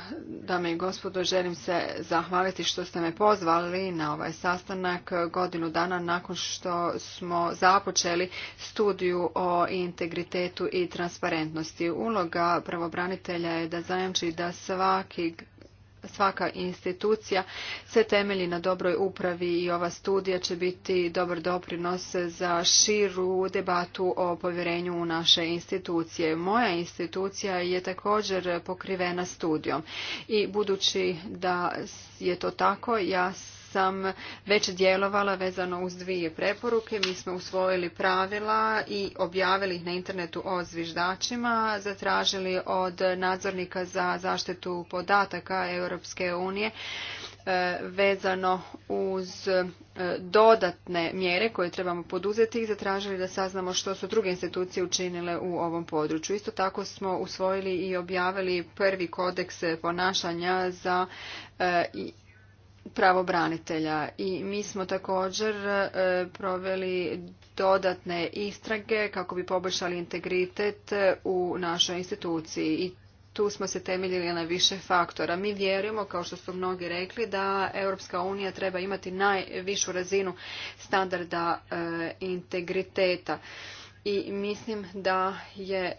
dame i gospodo, želim se zahvaliti što ste me pozvali na ovaj sastanak godinu dana nakon što smo započeli studiju o integritetu i transparentnosti. Uloga pravobranitelja je da zajamči da svaki svaka institucija se temelji na dobroj upravi i ova studija će biti dobar doprinos za širu debatu o povjerenju u naše institucije. Moja institucija je također pokrivena studijom i budući da je to tako, ja sam već djelovala vezano uz dvije preporuke. Mi smo usvojili pravila i objavili ih na internetu o zviždačima, zatražili od nadzornika za zaštitu podataka Europske unije e, vezano uz e, dodatne mjere koje trebamo poduzeti i zatražili da saznamo što su druge institucije učinile u ovom području. Isto tako smo usvojili i objavili prvi kodeks ponašanja za e, pravobranitelja i mi smo također e, proveli dodatne istrage kako bi poboljšali integritet e, u našoj instituciji i tu smo se temeljili na više faktora. Mi vjerujemo, kao što su mnogi rekli, da Europska unija treba imati najvišu razinu standarda e, integriteta i mislim da je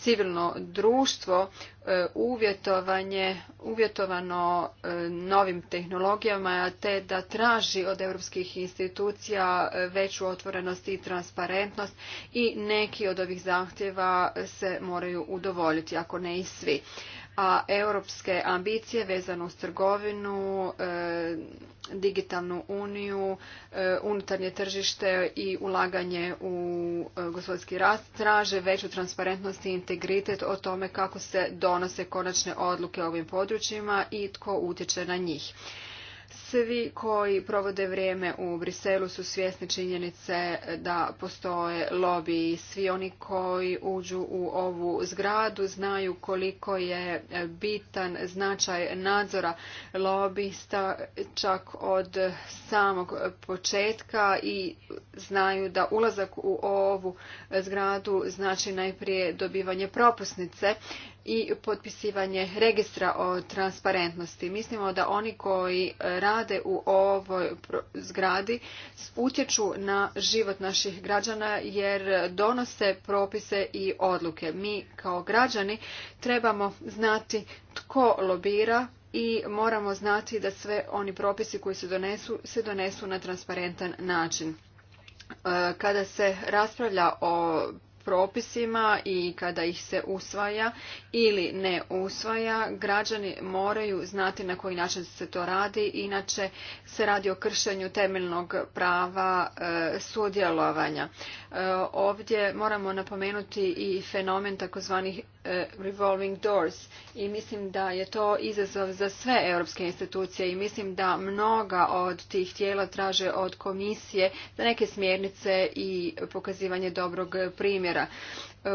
civilno društvo e, uvjetovanje, uvjetovano e, novim tehnologijama te da traži od europskih institucija e, veću otvorenost i transparentnost i neki od ovih zahtjeva se moraju udovoljiti, ako ne i svi a europske ambicije vezano uz trgovinu, e, digitalnu uniju, e, unutarnje tržište i ulaganje u e, gospodarski rast traže veću transparentnost i integritet o tome kako se donose konačne odluke o ovim područjima i tko utječe na njih. Svi koji provode vrijeme u Briselu su svjesni činjenice da postoje lobiji. Svi oni koji uđu u ovu zgradu znaju koliko je bitan značaj nadzora lobista čak od samog početka i znaju da ulazak u ovu zgradu znači najprije dobivanje propusnice i potpisivanje registra o transparentnosti. Mislimo da oni koji rade u ovoj zgradi utječu na život naših građana jer donose propise i odluke. Mi kao građani trebamo znati tko lobira i moramo znati da sve oni propisi koji se donesu se donesu na transparentan način. E, kada se raspravlja o propisima i kada ih se usvaja ili ne usvaja, građani moraju znati na koji način se to radi, inače se radi o kršenju temeljnog prava e, sudjelovanja. E, ovdje moramo napomenuti i fenomen takozvanih E, revolving doors i mislim da je to izazov za sve europske institucije i mislim da mnoga od tih tijela traže od komisije za neke smjernice i pokazivanje dobrog primjera.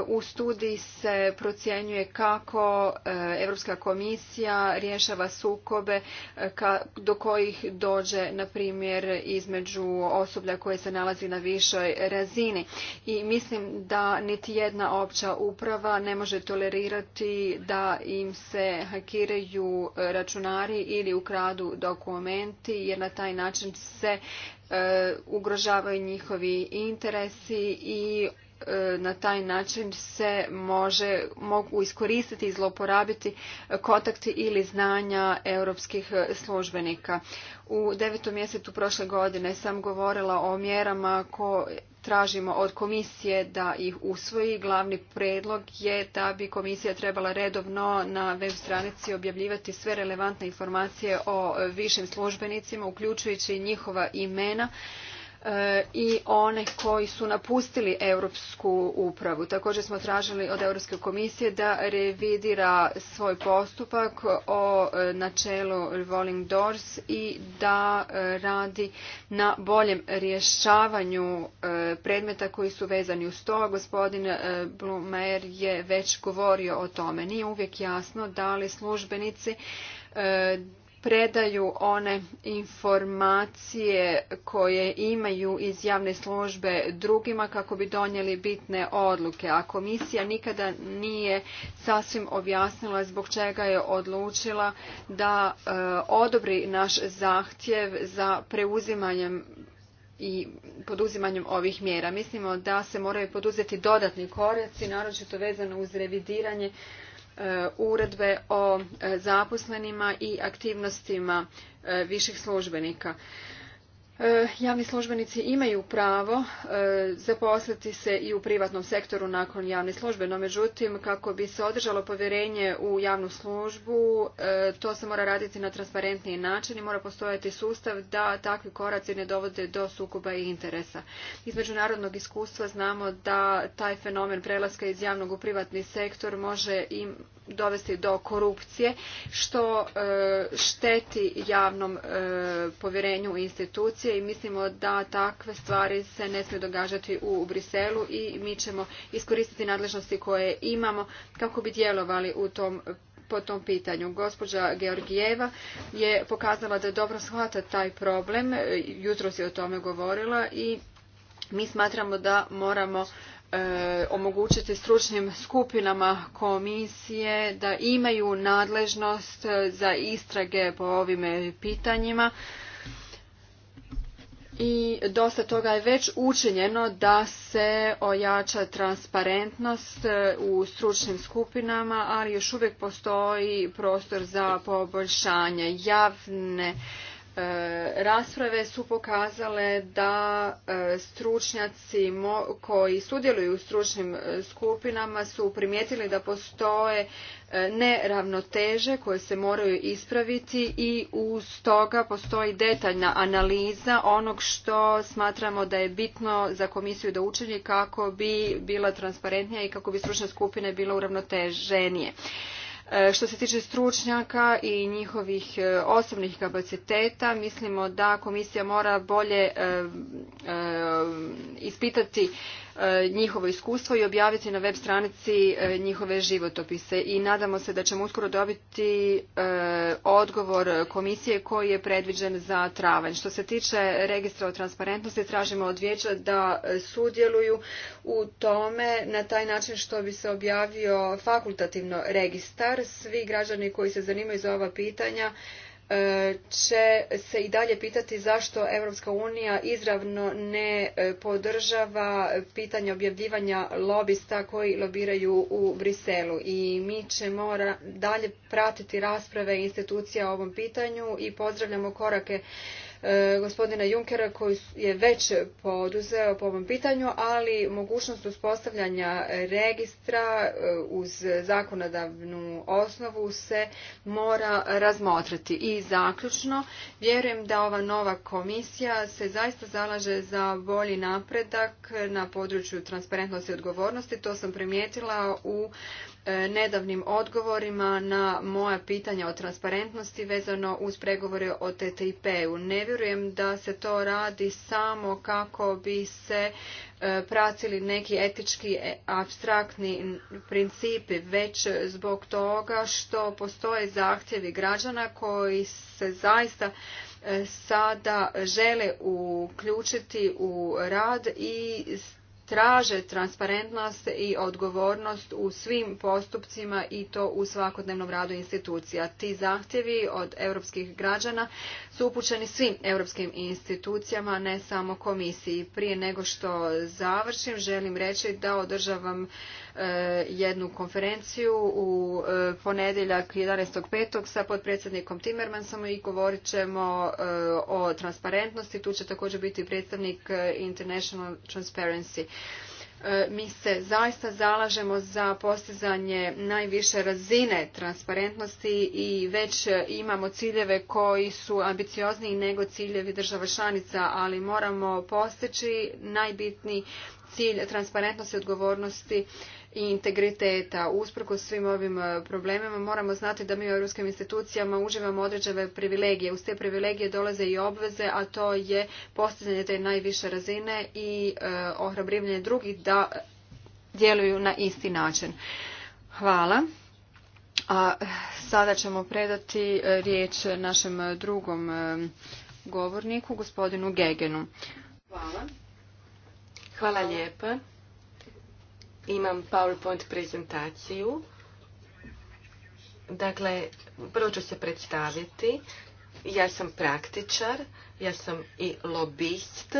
U studiji se procjenjuje kako Europska komisija rješava sukobe e, do kojih dođe, na primjer, između osoblja koje se nalazi na višoj razini. I mislim da niti jedna opća uprava ne može tolerirati da im se hakiraju računari ili ukradu dokumenti, jer na taj način se e, ugrožavaju njihovi interesi i E, na taj način se može, mogu iskoristiti i zloporabiti kontakti ili znanja europskih službenika. U devetom mjesecu prošle godine sam govorila o mjerama koje tražimo od komisije da ih usvoji. Glavni predlog je da bi komisija trebala redovno na web stranici objavljivati sve relevantne informacije o višim službenicima, uključujući njihova imena E, i one koji su napustili europsku upravu. Također smo tražili od Europske komisije da revidira svoj postupak o e, načelu revolving doors i da e, radi na boljem rješavanju predmeta koji su vezani uz to. Gospodin Blumer je već govorio o tome. Nije uvijek jasno da li službenici predaju one informacije koje imaju iz javne službe drugima kako bi donijeli bitne odluke. A komisija nikada nije sasvim objasnila zbog čega je odlučila da e, odobri naš zahtjev za preuzimanjem i poduzimanjem ovih mjera. Mislimo da se moraju poduzeti dodatni koraci, naročito vezano uz revidiranje E, uredbe o e, zaposlenima i aktivnostima e, viših službenika. E, javni službenici imaju pravo e, zaposliti se i u privatnom sektoru nakon javne službe, no međutim kako bi se održalo povjerenje u javnu službu, e, to se mora raditi na transparentniji način i mora postojati sustav da takvi koraci ne dovode do sukoba i interesa. Iz međunarodnog iskustva znamo da taj fenomen prelaska iz javnog u privatni sektor može im dovesti do korupcije što e, šteti javnom e, povjerenju u institucije i mislimo da takve stvari se ne smiju događati u Briselu i mi ćemo iskoristiti nadležnosti koje imamo kako bi djelovali u tom po tom pitanju. Gospođa Georgijeva je pokazala da dobro shvata taj problem, e, jutros je o tome govorila i mi smatramo da moramo E, omogućiti stručnim skupinama komisije da imaju nadležnost za istrage po ovim pitanjima i dosta toga je već učinjeno da se ojača transparentnost e, u stručnim skupinama, ali još uvijek postoji prostor za poboljšanje javne E, rasprave su pokazale da e, stručnjaci koji sudjeluju u stručnim e, skupinama su primijetili da postoje neravnoteže koje se moraju ispraviti i uz toga postoji detaljna analiza onog što smatramo da je bitno za komisiju da učini kako bi bila transparentnija i kako bi stručne skupine bile uravnoteženije. E, što se tiče stručnjaka i njihovih e, osobnih kapaciteta, mislimo da komisija mora bolje e, ispitati E, njihovo iskustvo i objaviti na web stranici e, njihove životopise. I nadamo se da ćemo uskoro dobiti e, odgovor komisije koji je predviđen za travanj. Što se tiče registra o transparentnosti, tražimo od vijeća da sudjeluju u tome na taj način što bi se objavio fakultativno registar. Svi građani koji se zanimaju za ova pitanja će se i dalje pitati zašto Europska unija izravno ne e, podržava pitanje objavljivanja lobista koji lobiraju u Briselu i mi ćemo dalje pratiti rasprave institucija o ovom pitanju i pozdravljamo korake E, gospodina Junkera koji je već poduzeo po ovom pitanju, ali mogućnost uspostavljanja registra e, uz zakonodavnu osnovu se mora razmotriti. I zaključno, vjerujem da ova nova komisija se zaista zalaže za bolji napredak na području transparentnosti i odgovornosti. To sam primijetila u E, nedavnim odgovorima na moja pitanja o transparentnosti vezano uz pregovore o TTIP-u. Ne vjerujem da se to radi samo kako bi se e, pratili neki etički e, abstraktni principi, već zbog toga što postoje zahtjevi građana koji se zaista sada žele uključiti u rad i traže transparentnost i odgovornost u svim postupcima i to u svakodnevnom radu institucija. Ti zahtjevi od europskih građana su upućeni svim europskim institucijama, ne samo komisiji. Prije nego što završim, želim reći da održavam E, jednu konferenciju u e, ponedjeljak 11.5. sa potpredsjednikom Timmermansom i govorit ćemo e, o transparentnosti. Tu će također biti predstavnik International Transparency. Mi se zaista zalažemo za postizanje najviše razine transparentnosti i već imamo ciljeve koji su ambiciozniji nego ciljevi država članica, ali moramo postići najbitniji cilj transparentnosti, odgovornosti i integriteta. Usprkos svim ovim e, problemima moramo znati da mi u europskim institucijama uživamo određene privilegije. Uz te privilegije dolaze i obveze, a to je postizanje te najviše razine i e, ohrabrivanje drugih da djeluju na isti način. Hvala. A sada ćemo predati e, riječ našem drugom govorniku, gospodinu Gegenu. Hvala. Hvala lijepa. Imam PowerPoint prezentaciju. Dakle, prvo ću se predstaviti. Ja sam praktičar, ja sam i lobist.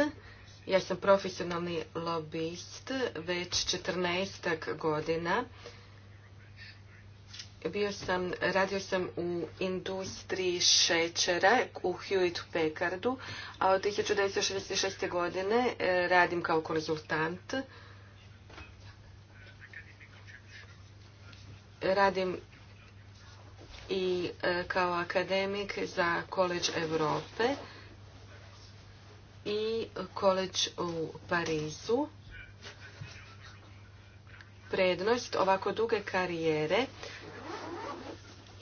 Ja sam profesionalni lobist već 14 godina bio sam, radio sam u industriji šećera u Hewitt pekardu a od 1966. godine e, radim kao konzultant. Radim i e, kao akademik za Koleđ Europe i koleđ u Parizu. Prednost ovako duge karijere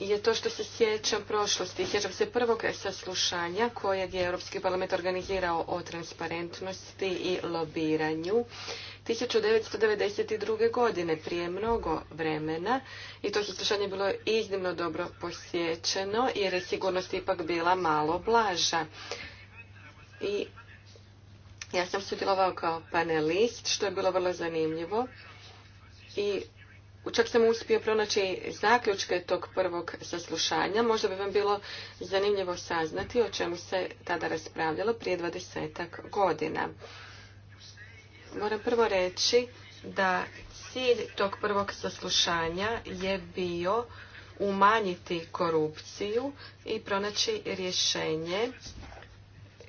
je to što se sjećam prošlosti. Sjećam se prvog saslušanja kojeg je Europski parlament organizirao o transparentnosti i lobiranju 1992. godine prije mnogo vremena i to saslušanje je bilo iznimno dobro posjećeno jer je sigurnost ipak bila malo blaža. I ja sam sudjelovao kao panelist što je bilo vrlo zanimljivo i čak sam uspio pronaći zaključke tog prvog saslušanja. Možda bi vam bilo zanimljivo saznati o čemu se tada raspravljalo prije dvadesetak godina. Moram prvo reći da cilj tog prvog saslušanja je bio umanjiti korupciju i pronaći rješenje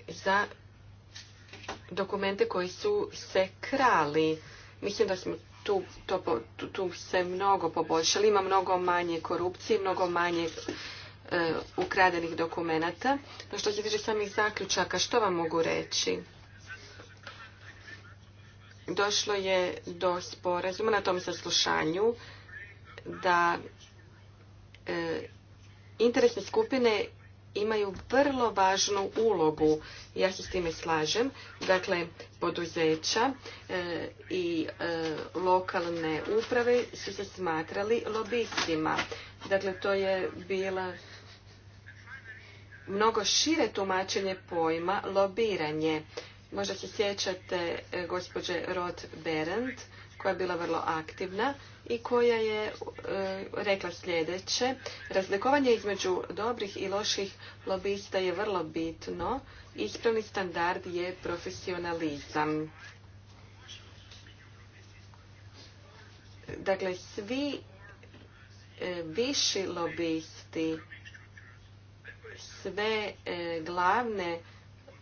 za dokumente koji su se krali. Mislim da smo tu, to, tu, se mnogo poboljšali, ima mnogo manje korupcije, mnogo manje e, ukradenih dokumenata. No što se tiče samih zaključaka, što vam mogu reći? Došlo je do sporazuma na tom saslušanju da e, interesne skupine imaju vrlo važnu ulogu. Ja se s time slažem. Dakle, poduzeća e, i e, lokalne uprave su se smatrali lobistima. Dakle, to je bila mnogo šire tumačenje pojma lobiranje. Možda se sjećate e, gospođe Rod Berendt koja je bila vrlo aktivna i koja je e, rekla sljedeće. Razlikovanje između dobrih i loših lobista je vrlo bitno. Ispravni standard je profesionalizam. Dakle, svi e, viši lobisti, sve e, glavne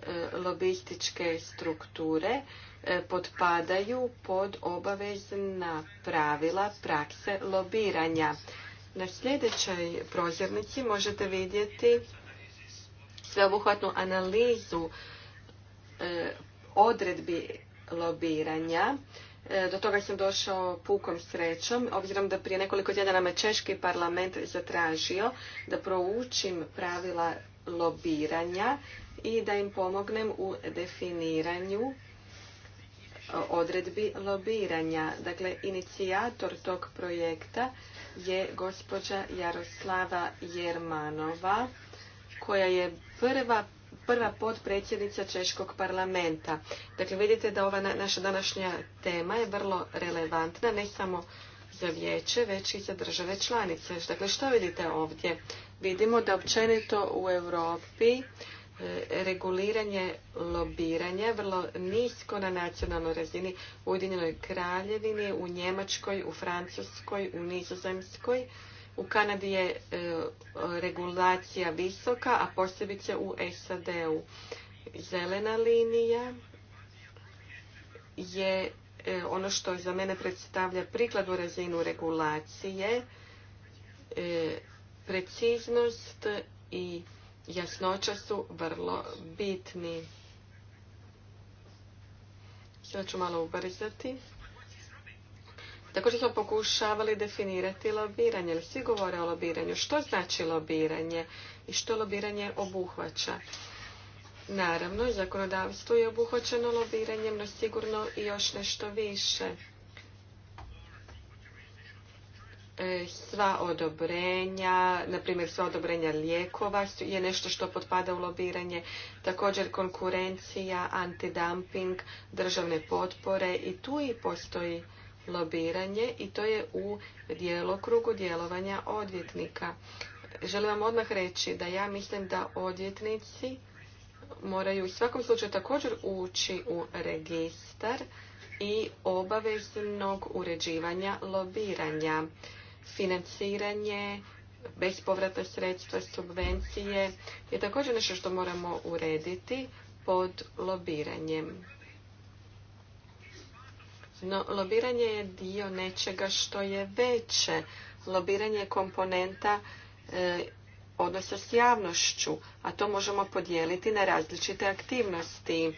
E, lobističke strukture e, potpadaju pod obavezna pravila prakse lobiranja. Na sljedećoj prozirnici možete vidjeti sveobuhvatnu analizu e, odredbi lobiranja. Do toga sam došao pukom srećom, obzirom da prije nekoliko tjedana me Češki parlament zatražio da proučim pravila lobiranja i da im pomognem u definiranju e, odredbi lobiranja. Dakle, inicijator tog projekta je gospođa Jaroslava Jermanova, koja je prva prva potpredsjednica Češkog parlamenta. Dakle, vidite da ova naša današnja tema je vrlo relevantna, ne samo za vijeće, već i za države članice. Dakle, što vidite ovdje? Vidimo da općenito u Europi E, reguliranje lobiranja vrlo nisko na nacionalnoj razini u Ujedinjenoj kraljevini, u Njemačkoj, u Francuskoj, u Nizozemskoj. U Kanadi je e, regulacija visoka, a posebice u SAD-u. Zelena linija je e, ono što za mene predstavlja prikladnu razinu regulacije, preciznost i jasnoća su vrlo bitni. Sada ću malo ubrzati. Također smo pokušavali definirati lobiranje, svi govore o lobiranju. Što znači lobiranje i što lobiranje obuhvaća? Naravno, zakonodavstvo je obuhvaćeno lobiranjem, no sigurno i još nešto više. E, sva odobrenja, na primjer sva odobrenja lijekova je nešto što potpada u lobiranje, također konkurencija, antidumping, državne potpore i tu i postoji lobiranje i to je u djelokrugu djelovanja odvjetnika. Želim vam odmah reći da ja mislim da odvjetnici moraju u svakom slučaju također ući u registar i obaveznog uređivanja lobiranja financiranje, bespovratna sredstva, subvencije je također nešto što moramo urediti pod lobiranjem. No, lobiranje je dio nečega što je veće. Lobiranje je komponenta e, odnosa s javnošću, a to možemo podijeliti na različite aktivnosti.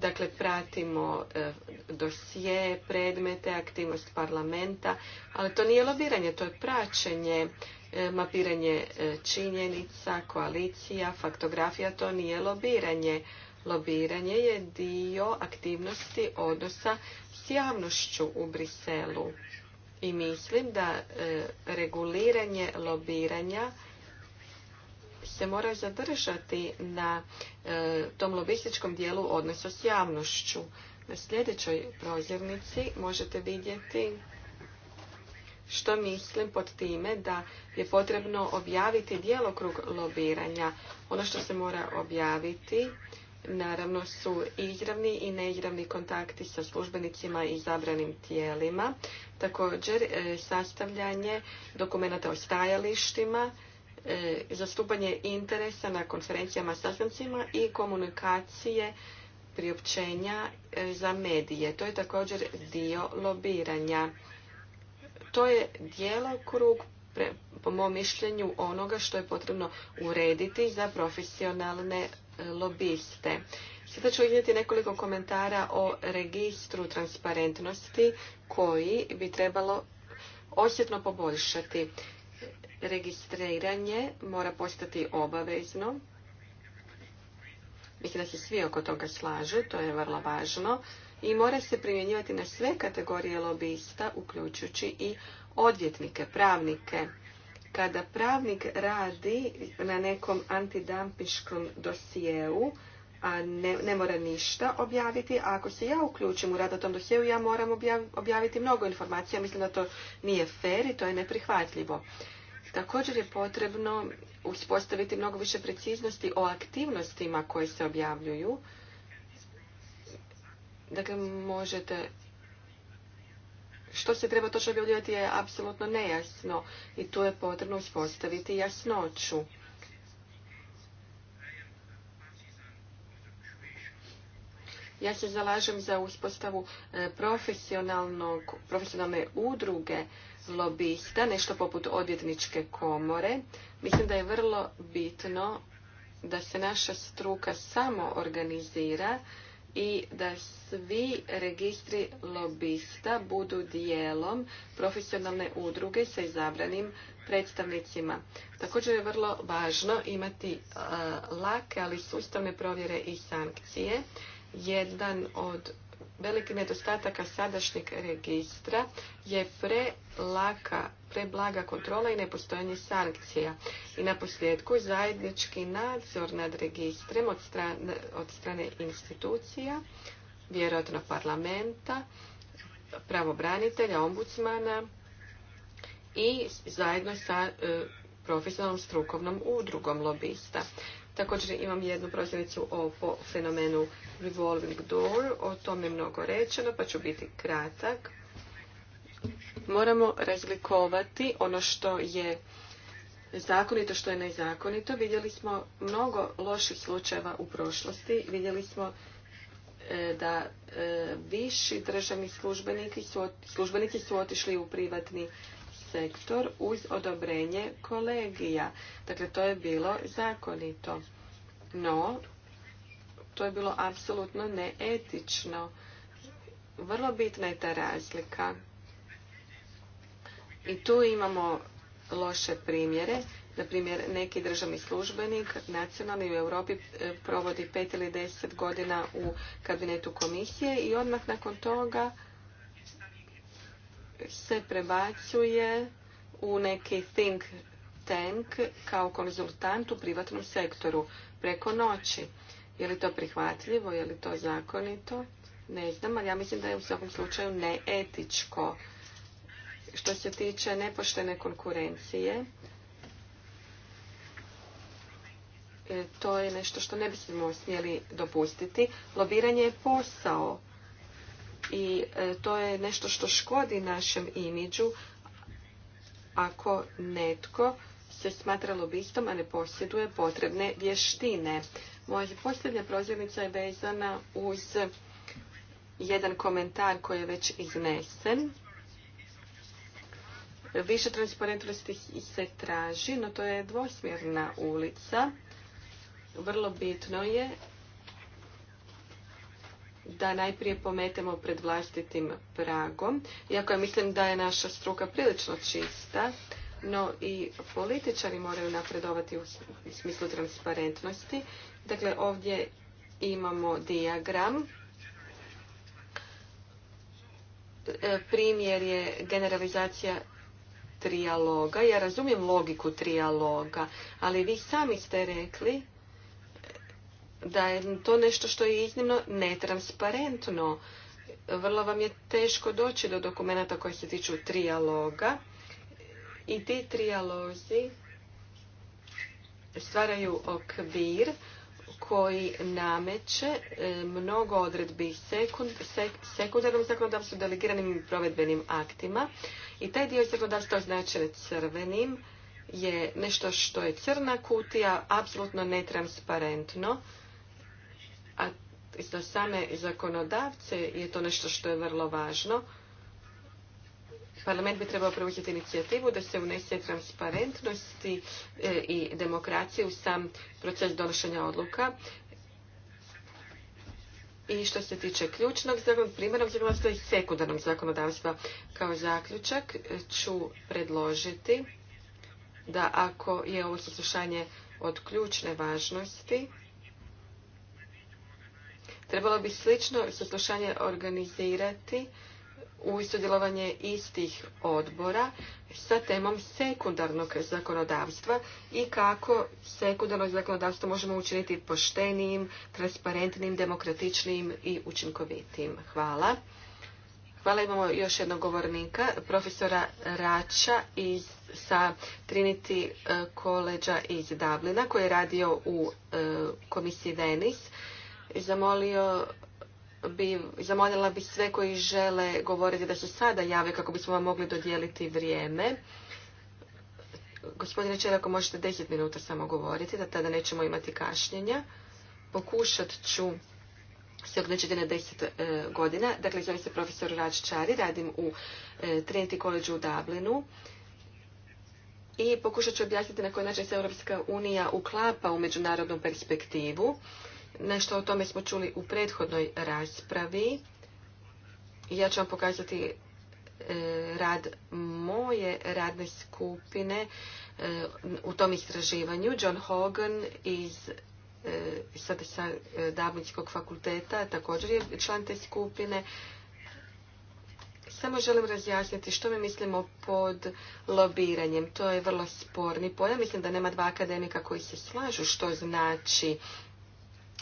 Dakle, pratimo e, dosije, predmete, aktivnost parlamenta, ali to nije lobiranje, to je praćenje, e, mapiranje e, činjenica, koalicija, faktografija, to nije lobiranje. Lobiranje je dio aktivnosti odnosa s javnošću u Briselu. I mislim da reguliranje lobiranja se mora zadržati na e, tom lobističkom dijelu odnosa s javnošću. Na sljedećoj prozirnici možete vidjeti što mislim pod time da je potrebno objaviti djelokrug lobiranja. Ono što se mora objaviti naravno su izravni i neizravni kontakti sa službenicima i zabranim tijelima. Također e, sastavljanje dokumenata o stajalištima E, zastupanje interesa na konferencijama, sastancima i komunikacije priopćenja e, za medije. To je također dio lobiranja. To je djelokrug, po mom mišljenju, onoga što je potrebno urediti za profesionalne e, lobiste. Sada ću iznijeti nekoliko komentara o registru transparentnosti koji bi trebalo osjetno poboljšati registriranje mora postati obavezno. Mislim da se svi oko toga slažu, to je vrlo važno. I mora se primjenjivati na sve kategorije lobista, uključujući i odvjetnike, pravnike. Kada pravnik radi na nekom antidampiškom dosijeu, a ne, ne mora ništa objaviti, a ako se ja uključim u rad na tom dosjeu, ja moram objaviti mnogo informacija. Mislim da to nije fer i to je neprihvatljivo. Također je potrebno uspostaviti mnogo više preciznosti o aktivnostima koje se objavljuju. Dakle, možete... Što se treba točno objavljivati je apsolutno nejasno i tu je potrebno uspostaviti jasnoću. Ja se zalažem za uspostavu e, profesionalne udruge lobista, nešto poput odvjetničke komore. Mislim da je vrlo bitno da se naša struka samo organizira i da svi registri lobista budu dijelom profesionalne udruge sa izabranim predstavnicima. Također je vrlo važno imati e, lake, ali sustavne provjere i sankcije. Jedan od veliki nedostataka sadašnjeg registra je prelaka, preblaga kontrola i nepostojanje sankcija. I na posljedku zajednički nadzor nad registrem od strane, od strane institucija, vjerojatno parlamenta, pravobranitelja, ombudsmana i zajedno sa e, profesionalnom strukovnom udrugom lobista. Također imam jednu prosjenicu o po fenomenu revolving door, o tome je mnogo rečeno, pa ću biti kratak. Moramo razlikovati ono što je zakonito, što je nezakonito. Vidjeli smo mnogo loših slučajeva u prošlosti. Vidjeli smo e, da e, viši državni službenici su, službenici su otišli u privatni sektor uz odobrenje kolegija. Dakle, to je bilo zakonito. No, to je bilo apsolutno neetično. Vrlo bitna je ta razlika. I tu imamo loše primjere. Na primjer, neki državni službenik nacionalni u Europi e, provodi pet ili deset godina u kabinetu komisije i odmah nakon toga se prebacuje u neki think tank kao konzultant u privatnom sektoru preko noći. Je li to prihvatljivo, je li to zakonito? Ne znam, ali ja mislim da je u svakom slučaju neetičko. Što se tiče nepoštene konkurencije, e, to je nešto što ne bismo smjeli dopustiti. Lobiranje je posao i e, to je nešto što škodi našem imidžu ako netko se smatra lobistom, a ne posjeduje potrebne vještine. Moja posljednja prozirnica je vezana uz jedan komentar koji je već iznesen. Više transparentnosti se traži, no to je dvosmjerna ulica. Vrlo bitno je da najprije pometemo pred vlastitim pragom, iako ja mislim da je naša struka prilično čista, no i političari moraju napredovati u smislu transparentnosti. Dakle, ovdje imamo diagram. E, primjer je generalizacija trijaloga. Ja razumijem logiku trijaloga, ali vi sami ste rekli da je to nešto što je iznimno netransparentno. Vrlo vam je teško doći do dokumenta koji se tiču trijaloga i ti trijalozi stvaraju okvir koji nameće e, mnogo odredbi sekund, sekundarnom zakonodavstvu, delegiranim i provedbenim aktima. I taj dio zakonodavstva označen crvenim je nešto što je crna kutija, apsolutno netransparentno a za same zakonodavce je to nešto što je vrlo važno. Parlament bi trebao preuzeti inicijativu da se unese transparentnosti e, i demokracije u sam proces donošenja odluka. I što se tiče ključnog primarnog zakonodavstva i sekundarnog zakonodavstva, kao zaključak e, ću predložiti da ako je ovo saslušanje od ključne važnosti, Trebalo bi slično saslušanje organizirati u sudjelovanje istih odbora sa temom sekundarnog zakonodavstva i kako sekundarno zakonodavstvo možemo učiniti poštenijim, transparentnim, demokratičnijim i učinkovitim. Hvala. Hvala, imamo još jednog govornika, profesora Rača iz, sa Trinity eh, College iz Dublina koji je radio u eh, komisiji Venice. Zamolio bi, zamolila bih sve koji žele govoriti da se sada jave kako bismo vam mogli dodijeliti vrijeme. Gospodine Čele, ako možete 10 minuta samo govoriti, da tada nećemo imati kašnjenja. Pokušat ću se ograničiti na 10 godina. Dakle, zove se profesor Rač Čari, radim u e, Trinity College u Dublinu. I pokušat ću objasniti na koji način se Europska unija uklapa u međunarodnu perspektivu. Nešto o tome smo čuli u prethodnoj raspravi. Ja ću vam pokazati e, rad moje radne skupine e, u tom istraživanju. John Hogan iz e, sa Dablinskog fakulteta također je član te skupine. Samo želim razjasniti što mi mislimo pod lobiranjem. To je vrlo sporni pojam. Mislim da nema dva akademika koji se slažu što znači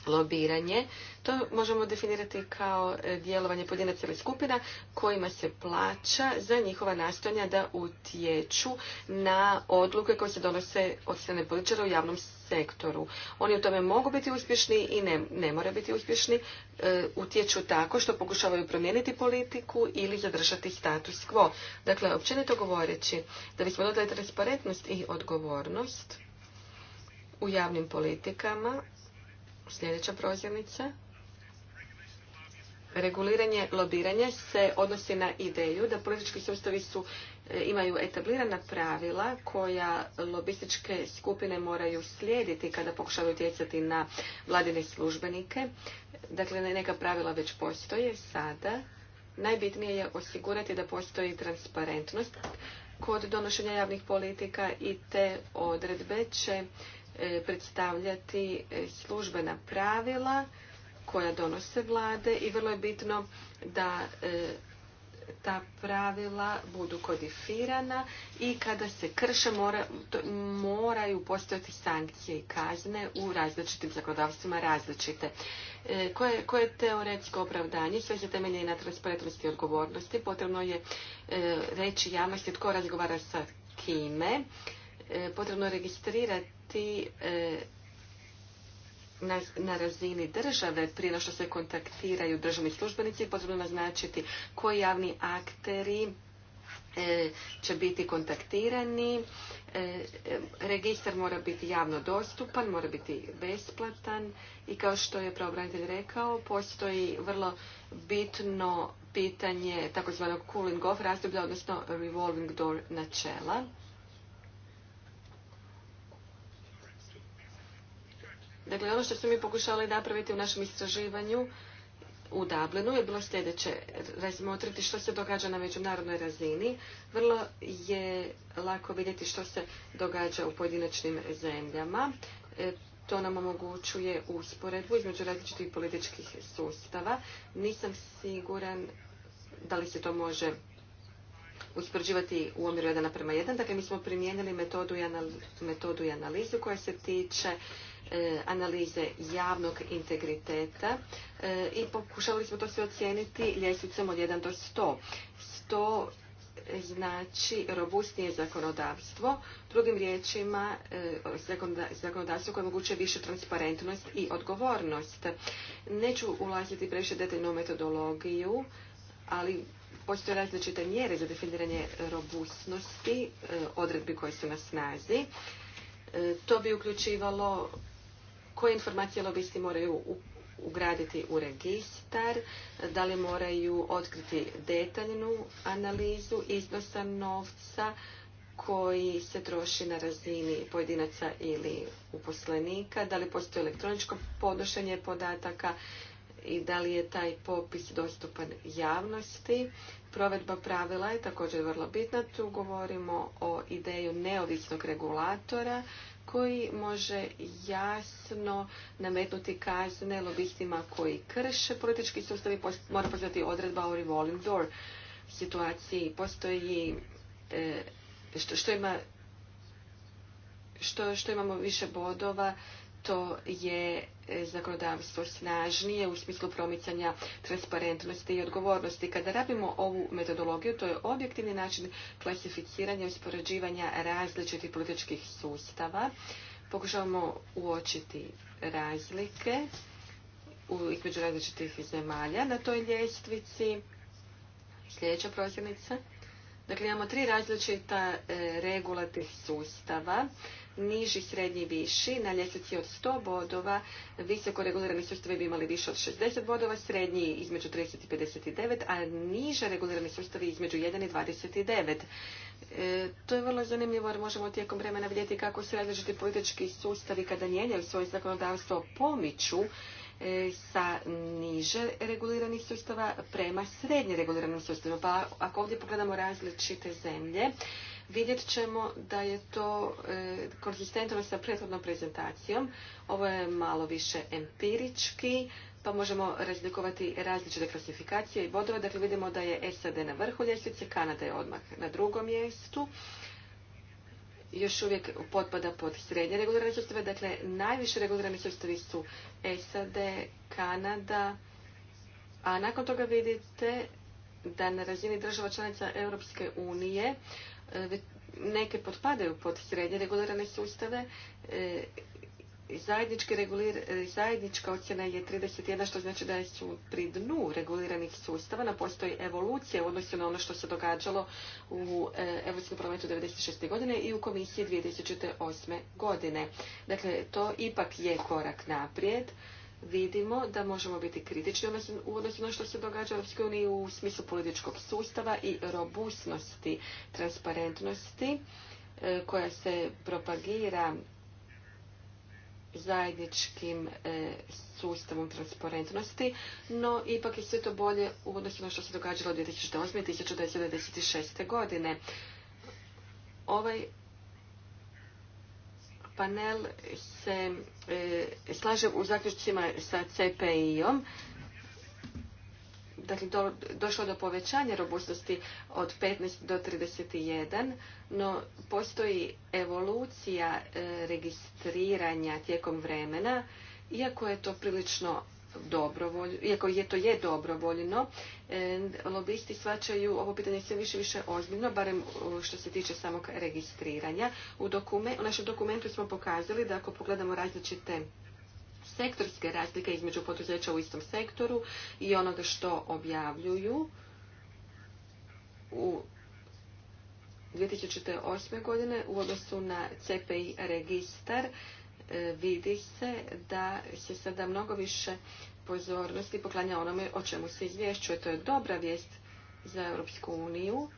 lobiranje. To možemo definirati kao e, djelovanje pojedinaca ili skupina kojima se plaća za njihova nastojanja da utječu na odluke koje se donose od strane političara u javnom sektoru. Oni u tome mogu biti uspješni i ne, ne moraju biti uspješni. E, utječu tako što pokušavaju promijeniti politiku ili zadržati status quo. Dakle, općenito govoreći da bismo dodali transparentnost i odgovornost u javnim politikama, Sljedeća prozirnica. Reguliranje, lobiranja se odnosi na ideju da politički sustavi su, e, imaju etablirana pravila koja lobističke skupine moraju slijediti kada pokušavaju utjecati na vladine službenike. Dakle, neka pravila već postoje sada. Najbitnije je osigurati da postoji transparentnost kod donošenja javnih politika i te odredbe će E, predstavljati e, službena pravila koja donose vlade i vrlo je bitno da e, ta pravila budu kodifirana i kada se krše moraju postojati sankcije i kazne u različitim zakonodavstvima različite. koje, koje je teoretsko opravdanje? Sve se temelje na transparentnosti i odgovornosti. Potrebno je reći javnosti tko razgovara sa kime. E, potrebno registrirati e, na, razini države prije što se kontaktiraju državni službenici potrebno naznačiti koji javni akteri e, će biti kontaktirani registar mora biti javno dostupan mora biti besplatan i kao što je pravobranitelj rekao postoji vrlo bitno pitanje takozvanog cooling off razdoblja odnosno revolving door načela Dakle, ono što smo mi pokušali napraviti u našem istraživanju u Dublinu je bilo sljedeće, razmotriti što se događa na međunarodnoj razini. Vrlo je lako vidjeti što se događa u pojedinačnim zemljama. E, to nam omogućuje usporedbu između različitih političkih sustava. Nisam siguran da li se to može uspoređivati u omjeru 1 prema 1. Dakle, mi smo primijenili metodu i analizu koja se tiče E, analize javnog integriteta e, i pokušali smo to sve ocijeniti ljestvicom od 1 do 100. 100 znači robustnije zakonodavstvo, drugim riječima e, zakonodavstvo koje omogućuje više transparentnost i odgovornost. Neću ulaziti previše detaljnu metodologiju, ali postoje različite mjere za definiranje robustnosti odredbi koje su na snazi. To bi uključivalo koje informacije lobisti moraju ugraditi u registar, da li moraju otkriti detaljnu analizu iznosa novca koji se troši na razini pojedinaca ili uposlenika, da li postoji elektroničko podnošenje podataka i da li je taj popis dostupan javnosti. Provedba pravila je također vrlo bitna. Tu govorimo o ideju neovisnog regulatora koji može jasno nametnuti kazne lobistima koji krše politički sustav i mora postati odredba o revolving door situaciji. Postoji e, što, ima što imamo više bodova to je e, zakonodavstvo snažnije u smislu promicanja transparentnosti i odgovornosti. Kada rabimo ovu metodologiju, to je objektivni način klasificiranja i uspoređivanja različitih političkih sustava. Pokušavamo uočiti razlike između različitih zemalja na toj ljestvici. Sljedeća prosjenica. Dakle, imamo tri različita e, regulativ sustava niži, srednji i viši. Na ljestvici od 100 bodova visoko regulirani sustavi bi imali više od 60 bodova, srednji između 30 i 59, a niže regulirani sustavi između 1 i 29. E, to je vrlo zanimljivo jer možemo tijekom vremena vidjeti kako se različiti politički sustavi kada njenjaju svoje zakonodavstvo pomiču e, sa niže reguliranih sustava prema srednje reguliranim sustavima. Pa ako ovdje pogledamo različite zemlje, vidjet ćemo da je to e, konzistentno sa prethodnom prezentacijom. Ovo je malo više empirički, pa možemo razlikovati različite klasifikacije i bodove. Dakle, vidimo da je SAD na vrhu ljestvice, Kanada je odmah na drugom mjestu. Još uvijek potpada pod srednje regulirane sustave. Dakle, najviše regulirane sustave su SAD, Kanada, a nakon toga vidite da na razini država članica Europske unije E, neke potpadaju pod srednje regulirane sustave. E, e, zajednička ocjena je 31, što znači da su pri dnu reguliranih sustava. Na postoji evolucija u odnosu na ono što se događalo u Europskom parlamentu 1996. godine i u komisiji 2008. godine. Dakle, to ipak je korak naprijed vidimo da možemo biti kritični u odnosu na ono što se događa u Uniji u smislu političkog sustava i robustnosti, transparentnosti e, koja se propagira zajedničkim e, sustavom transparentnosti, no ipak je sve to bolje u odnosu na ono što se događalo u 2008. i 1996. godine. Ovaj panel se e, slaže u zaključcima sa CPI-om. Dakle, do, došlo do povećanja robustnosti od 15 do 31, no postoji evolucija e, registriranja tijekom vremena, iako je to prilično dobrovoljno, iako je to je dobrovoljno, lobisti svačaju ovo pitanje sve više više ozbiljno, barem uh, što se tiče samog registriranja. U, u našem dokumentu smo pokazali da ako pogledamo različite sektorske razlike između poduzeća u istom sektoru i onoga što objavljuju u 2008. godine u odnosu na CPI registar E, vidi se da se sada mnogo više pozornosti poklanja onome o čemu se izvješćuje. To je dobra vijest za Europsku uniju.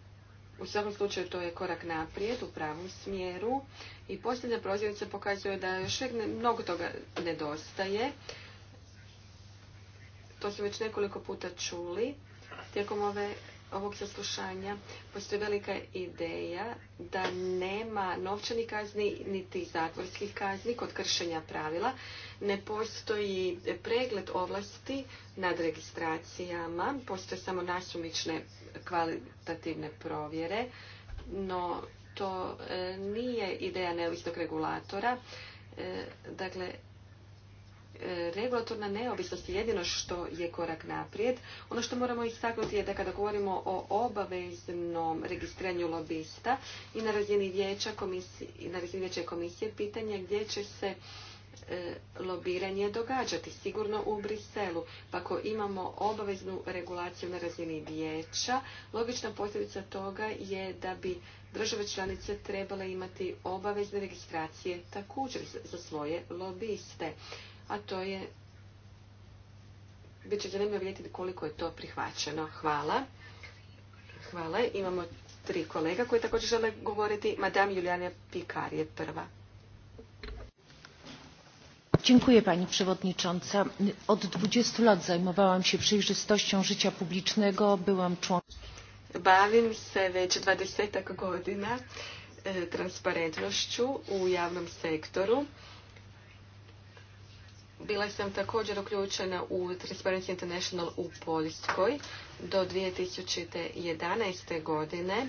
U svakom slučaju to je korak naprijed u pravom smjeru i posljednja prozivnica pokazuje da još mnogo toga nedostaje. To smo već nekoliko puta čuli tijekom ove ovog saslušanja postoji velika ideja da nema novčanih kazni niti zatvorskih kazni kod kršenja pravila. Ne postoji pregled ovlasti nad registracijama, postoje samo nasumične kvalitativne provjere, no to e, nije ideja neovisnog regulatora. E, dakle, regulatorna neovisnost je jedino što je korak naprijed. Ono što moramo istaknuti je da kada govorimo o obaveznom registriranju lobista i na razini vijeća komisije, na razini vijeća komisije pitanje gdje će se e, lobiranje događati, sigurno u Briselu. Pa ako imamo obaveznu regulaciju na razini vijeća, logična posljedica toga je da bi države članice trebale imati obavezne registracije također za svoje lobiste a to je bit će zanimljivo vidjeti koliko je to prihvaćeno. Hvala. Hvala. Imamo tri kolega koji također žele govoriti. Madame Julijana Pikar je prva. Dziękuję Pani Przewodnicząca. Od 20 lat zajmowałam się przejrzystością życia publicznego. Byłam członkiem. Bawim się već 20 godina e, transparentności u javnom sektoru. Bila sam također uključena u Transparency International u Poljskoj do 2011. godine.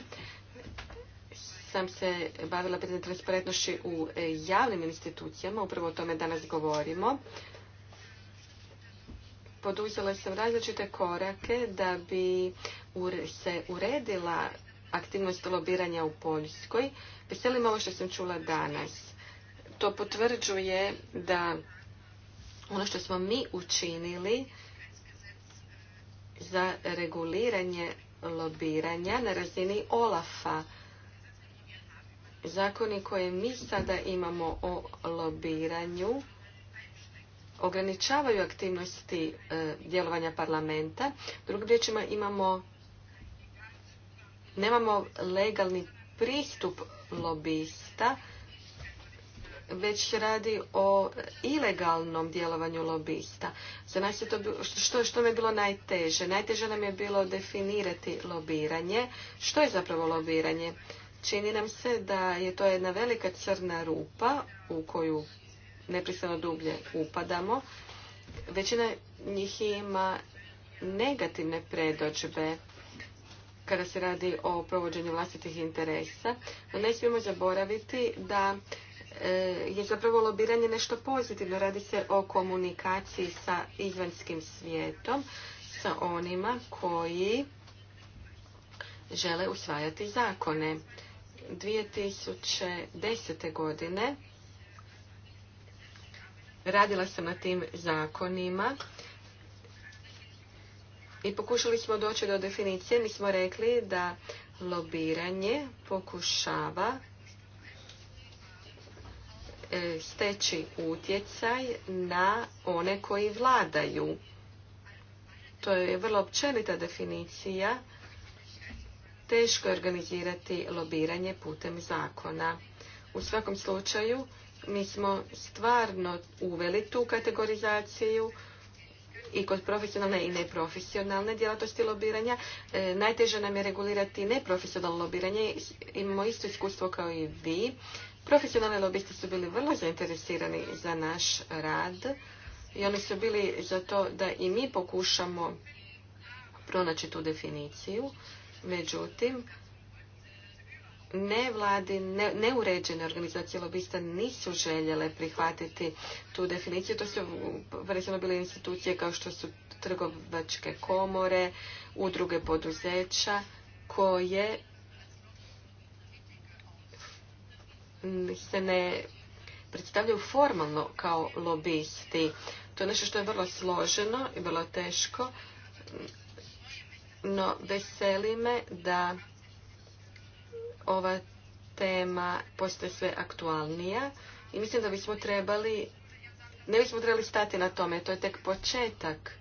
Sam se bavila pitanjem transparentnošću u e, javnim institucijama, upravo o tome danas govorimo. Poduzela sam različite korake da bi se uredila aktivnost lobiranja u Poljskoj. Veselim ovo što sam čula danas. To potvrđuje da ono što smo mi učinili za reguliranje lobiranja na razini Olafa. Zakoni koje mi sada imamo o lobiranju ograničavaju aktivnosti e, djelovanja parlamenta. Drugim riječima imamo nemamo legalni pristup lobista već se radi o ilegalnom djelovanju lobista. Za nas je to što, mi je bilo najteže? Najteže nam je bilo definirati lobiranje. Što je zapravo lobiranje? Čini nam se da je to jedna velika crna rupa u koju nepristano dublje upadamo. Većina njih ima negativne predođbe kada se radi o provođenju vlastitih interesa. No ne smijemo zaboraviti da E, je zapravo lobiranje nešto pozitivno. Radi se o komunikaciji sa izvanjskim svijetom, sa onima koji žele usvajati zakone. 2010. godine radila sam na tim zakonima i pokušali smo doći do definicije. Mi smo rekli da lobiranje pokušava E, steći utjecaj na one koji vladaju. To je vrlo općenita definicija. Teško je organizirati lobiranje putem zakona. U svakom slučaju mi smo stvarno uveli tu kategorizaciju i kod profesionalne i neprofesionalne djelatnosti lobiranja. E, najteže nam je regulirati neprofesionalno lobiranje. Imamo isto iskustvo kao i vi. Profesionalni lobisti su bili vrlo zainteresirani za naš rad i oni su bili za to da i mi pokušamo pronaći tu definiciju. Međutim, ne ne, neuređene organizacije lobista nisu željele prihvatiti tu definiciju. To su prvenstveno bile institucije kao što su trgovačke komore, udruge poduzeća koje se ne predstavljaju formalno kao lobisti. To je nešto što je vrlo složeno i vrlo teško, no veseli me da ova tema postaje sve aktualnija i mislim da bismo trebali, ne bismo trebali stati na tome, to je tek početak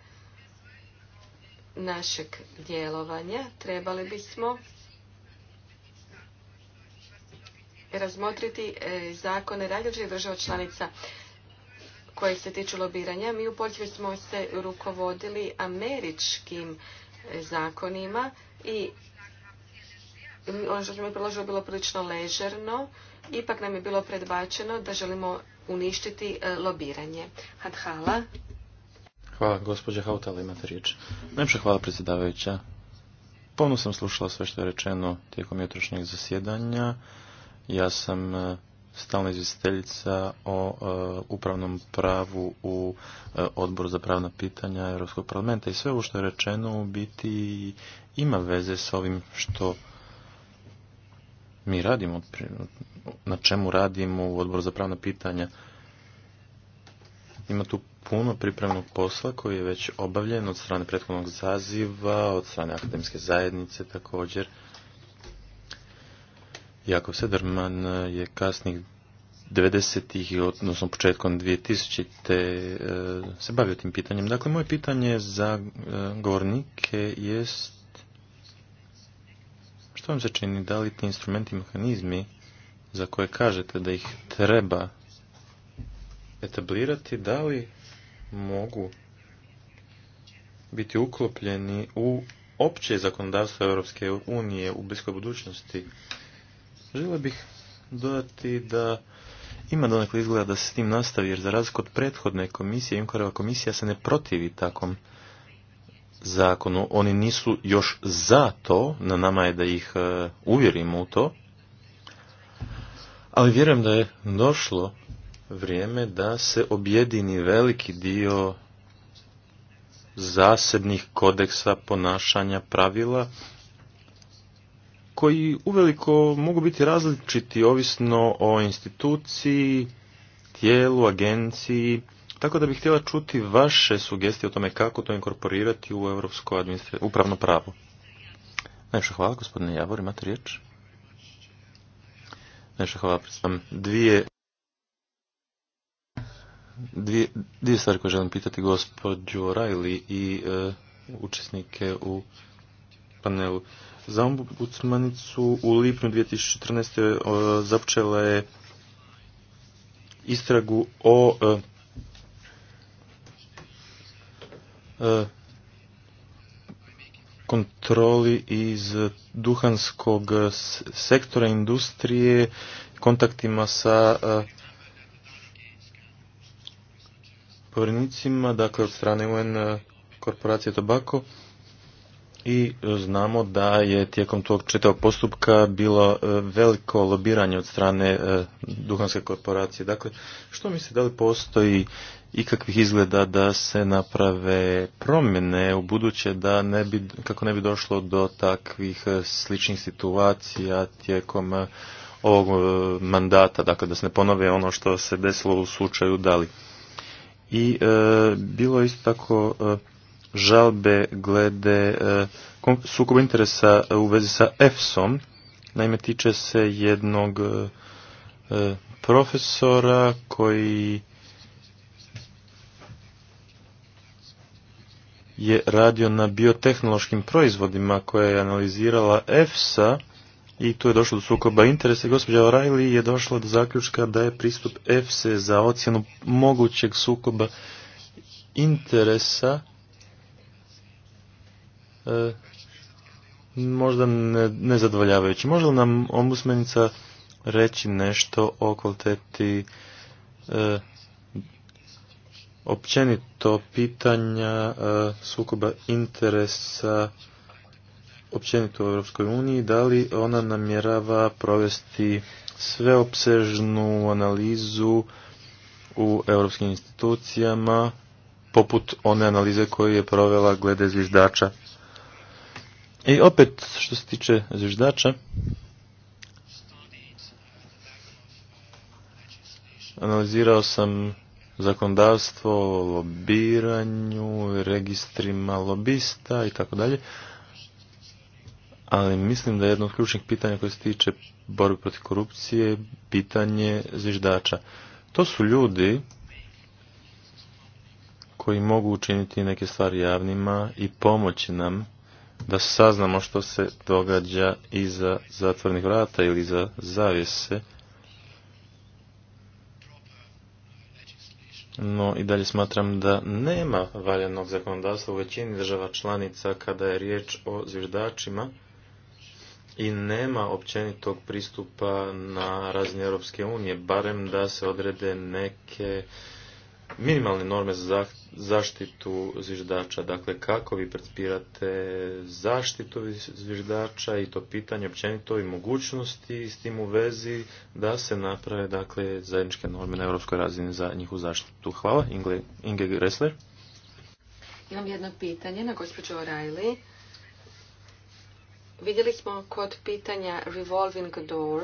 našeg djelovanja. Trebali bismo razmotriti e, zakone različitih država članica koje se tiču lobiranja. Mi u Poljskoj smo se rukovodili američkim e, zakonima i ono što smo mi priložili bilo prilično ležerno. Ipak nam je bilo predbačeno da želimo uništiti e, lobiranje. Hadhala. Hvala, gospođa Hautala, imate riječ. Najpša hvala, predsjedavajuća. Pomno sam slušala sve što je rečeno tijekom jutrošnjeg zasjedanja. Ja sam e, stalna izvjestiteljica o e, upravnom pravu u e, Odboru za pravna pitanja Europskog parlamenta i sve ovo što je rečeno u biti ima veze s ovim što mi radimo, na čemu radimo u Odboru za pravna pitanja. Ima tu puno pripremnog posla koji je već obavljen od strane prethodnog zaziva, od strane akademske zajednice također. Jakov Sederman e, je kasnih 90-ih, odnosno početkom 2000 te e, se bavio tim pitanjem. Dakle, moje pitanje za e, govornike jest što vam se čini, da li ti instrumenti i mehanizmi za koje kažete da ih treba etablirati, da li mogu biti uklopljeni u opće zakonodavstvo Europske unije u bliskoj budućnosti? Želio bih dodati da ima donekle izgleda da se s tim nastavi, jer za razliku od prethodne komisije, Junkareva komisija se ne protivi takvom zakonu. Oni nisu još za to, na nama je da ih e, uvjerimo u to, ali vjerujem da je došlo vrijeme da se objedini veliki dio zasebnih kodeksa ponašanja pravila koji uveliko mogu biti različiti ovisno o instituciji, tijelu, agenciji, tako da bih htjela čuti vaše sugestije o tome kako to inkorporirati u europsko upravno pravo. Najviše hvala, gospodine Javor, imate riječ? Najviše hvala, predstavljam dvije, dvije, stvari koje želim pitati gospođu Rajli i e, učesnike u panelu. Za ombudsmanicu u lipnju 2014. E, započela je istragu o e, e, kontroli iz duhanskog sektora industrije, kontaktima sa povrednicima, dakle od strane UN korporacije Tobako i e, znamo da je tijekom tog čitavog postupka bilo e, veliko lobiranje od strane e, duhanske korporacije. Dakle, što mislite, da li postoji ikakvih izgleda da se naprave promjene u buduće da ne bi, kako ne bi došlo do takvih sličnih situacija tijekom ovog mandata, dakle da se ne ponove ono što se desilo u slučaju Dali. I e, bilo isto tako žalbe glede e, sukoba interesa e, u vezi sa EFSom. Naime, tiče se jednog e, profesora koji je radio na biotehnološkim proizvodima koje je analizirala EFSA i tu je došlo do sukoba interesa. Gospođa O'Reilly je došla do zaključka da je pristup EFSA za ocjenu mogućeg sukoba interesa E, možda nezadovoljavajući. Možda nam ombudsmenica reći nešto o kvaliteti e, općenito pitanja e, sukoba interesa općenito u Europskoj uniji, da li ona namjerava provesti sveopsežnu analizu u europskim institucijama poput one analize koju je provela glede zviždača i opet, što se tiče zviždača, analizirao sam zakonodavstvo o lobiranju, registrima lobista i tako dalje. Ali mislim da je jedno od ključnih pitanja koje se tiče borbe protiv korupcije pitanje zviždača. To su ljudi koji mogu učiniti neke stvari javnima i pomoći nam da saznamo što se događa iza zatvornih vrata ili iza zavjese. No i dalje smatram da nema valjanog zakonodavstva u većini država članica kada je riječ o zviždačima i nema općenitog pristupa na razini Europske unije, barem da se odrede neke minimalne norme za zaštitu zviždača. Dakle, kako vi predspirate zaštitu zviždača i to pitanje općenito i mogućnosti s tim u vezi da se naprave dakle, zajedničke norme na europskoj razini za njihovu zaštitu. Hvala. Inge, Inge Gressler. Imam jedno pitanje na gospođu O'Reilly. Vidjeli smo kod pitanja revolving door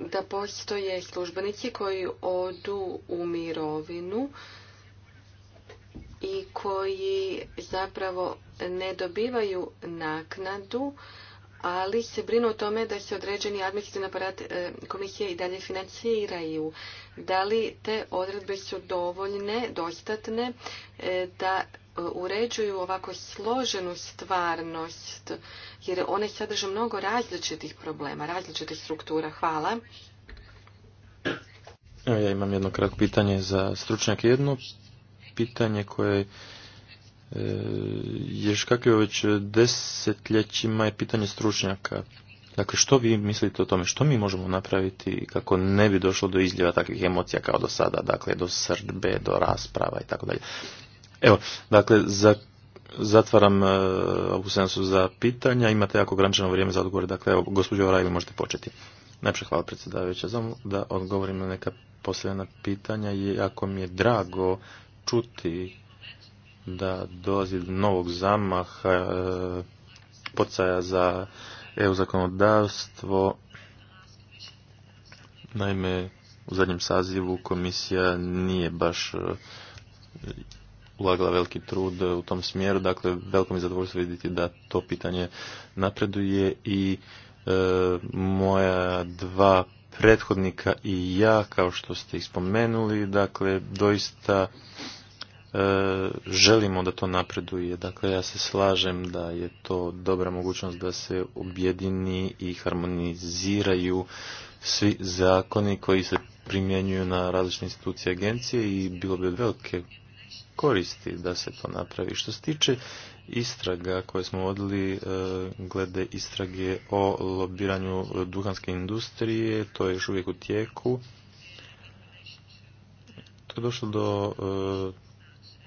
da postoje službenici koji odu u mirovinu i koji zapravo ne dobivaju naknadu, ali se brinu o tome da se određeni administrativni aparat e, komisije i dalje financiraju. Da li te odredbe su dovoljne, dostatne e, da uređuju ovako složenu stvarnost, jer one sadrže mnogo različitih problema, različitih struktura. Hvala. ja imam jedno kratko pitanje za stručnjak. Jedno pitanje koje e, je kako već desetljećima je pitanje stručnjaka. Dakle, što vi mislite o tome? Što mi možemo napraviti kako ne bi došlo do izljeva takvih emocija kao do sada? Dakle, do srdbe, do rasprava i tako dalje. Evo, dakle, zatvaram e, ovu sensu za pitanja. Imate jako ograničeno vrijeme za odgovore. Dakle, evo, gospođo Rajli, možete početi. Najprije hvala predsjedavajuća da odgovorim na neka posljedna pitanja i jako mi je drago čuti da dolazi do novog zamaha e, pocaja za EU zakonodavstvo. Naime, u zadnjem sazivu komisija nije baš e, ulagala veliki trud e, u tom smjeru. Dakle, veliko mi zadovoljstvo vidjeti da to pitanje napreduje i e, moja dva prethodnika i ja, kao što ste ih spomenuli, dakle, doista e, želimo da to napreduje. Dakle, ja se slažem da je to dobra mogućnost da se objedini i harmoniziraju svi zakoni koji se primjenjuju na različne institucije agencije i bilo bi od velike koristi da se to napravi. Što se tiče istraga koje smo vodili e, glede istrage o lobiranju duhanske industrije, to je još uvijek u tijeku. To je došlo do e,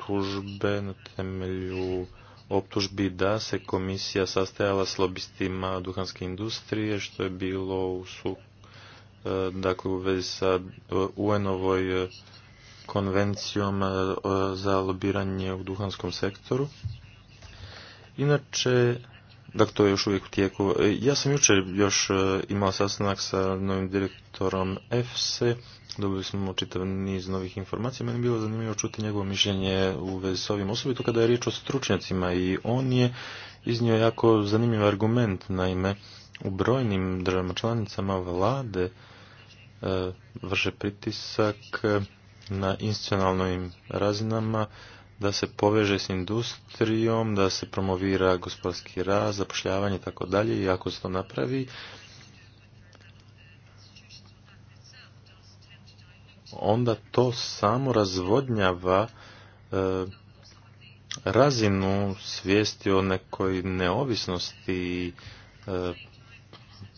tužbe na temelju optužbi da se komisija sastajala s lobistima duhanske industrije, što je bilo u su, e, dakle, u vezi sa UN-ovoj konvencijom e, za lobiranje u duhanskom sektoru. Inače, dakle to je još uvijek u tijeku. E, ja sam jučer još e, imao sastanak sa novim direktorom EFSE, dobili smo čitav niz novih informacija, meni je bilo zanimljivo čuti njegovo mišljenje u vezi s ovim osobito kada je riječ o stručnjacima i on je iznio jako zanimljiv argument, naime u brojnim državama članicama vlade vrše pritisak na institucionalnim razinama da se poveže s industrijom, da se promovira gospodarski rast, zapošljavanje i tako dalje i ako se to napravi onda to samo razvodnjava e, razinu svijesti o nekoj neovisnosti e,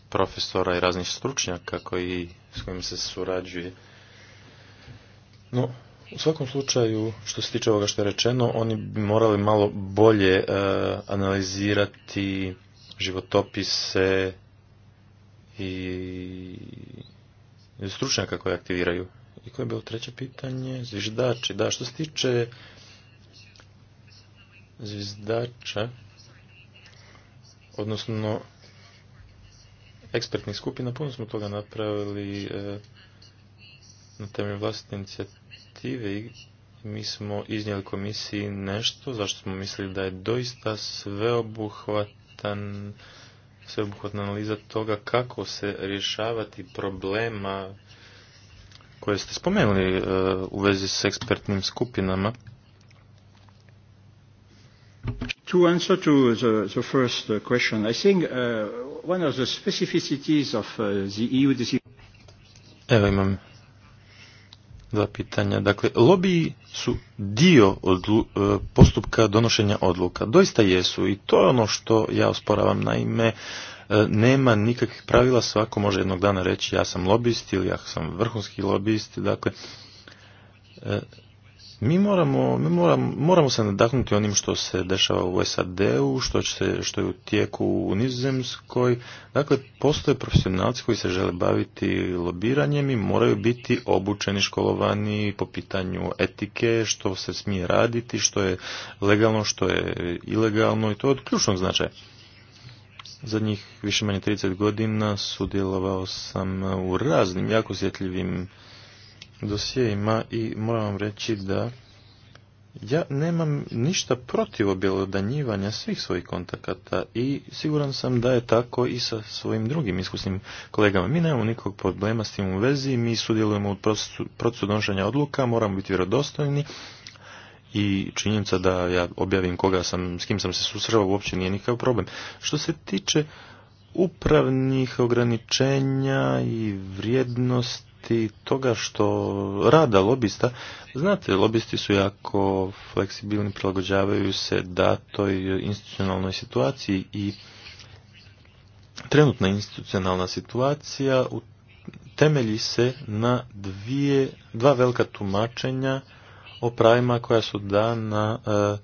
profesora i raznih stručnjaka koji, s kojim se surađuje. No, u svakom slučaju, što se tiče ovoga što je rečeno, oni bi morali malo bolje e, analizirati životopise i stručnjaka koje aktiviraju. I koje je bilo treće pitanje? Zviždači. Da, što se tiče zviždača, odnosno ekspertnih skupina, puno smo toga napravili e, na temelju vlastite inicijative inicijative i mi smo iznijeli komisiji nešto zašto smo mislili da je doista sveobuhvatan sveobuhvatna analiza toga kako se rješavati problema koje ste spomenuli e, u vezi s ekspertnim skupinama. To answer to the, the first uh, question, I think uh, one of the specificities of uh, the EU decision... Evo imam dva pitanja. Dakle, lobiji su dio od e, postupka donošenja odluka. Doista jesu i to je ono što ja osporavam. Naime, e, nema nikakvih pravila, svako može jednog dana reći ja sam lobist ili ja sam vrhunski lobist. Dakle, e, mi moramo, mi moramo, moramo se nadahnuti onim što se dešava u SAD-u, što, što je u tijeku u Nizozemskoj. Dakle, postoje profesionalci koji se žele baviti lobiranjem i moraju biti obučeni, školovani po pitanju etike, što se smije raditi, što je legalno, što je ilegalno i to je od ključnog značaja. Zadnjih više manje 30 godina sudjelovao sam u raznim jako osjetljivim ima i moram vam reći da ja nemam ništa protiv objelodanjivanja svih svojih kontakata i siguran sam da je tako i sa svojim drugim iskusnim kolegama. Mi nemamo nikog problema s tim u vezi, mi sudjelujemo u procesu donošenja odluka, moramo biti vjerodostojni i činjenica da ja objavim koga sam, s kim sam se susreo, uopće nije nikakav problem. Što se tiče upravnih ograničenja i vrijednost i toga što rada lobista, znate, lobisti su jako fleksibilni, prilagođavaju se da toj institucionalnoj situaciji i trenutna institucionalna situacija temelji se na dvije, dva velika tumačenja o pravima koja su dana e,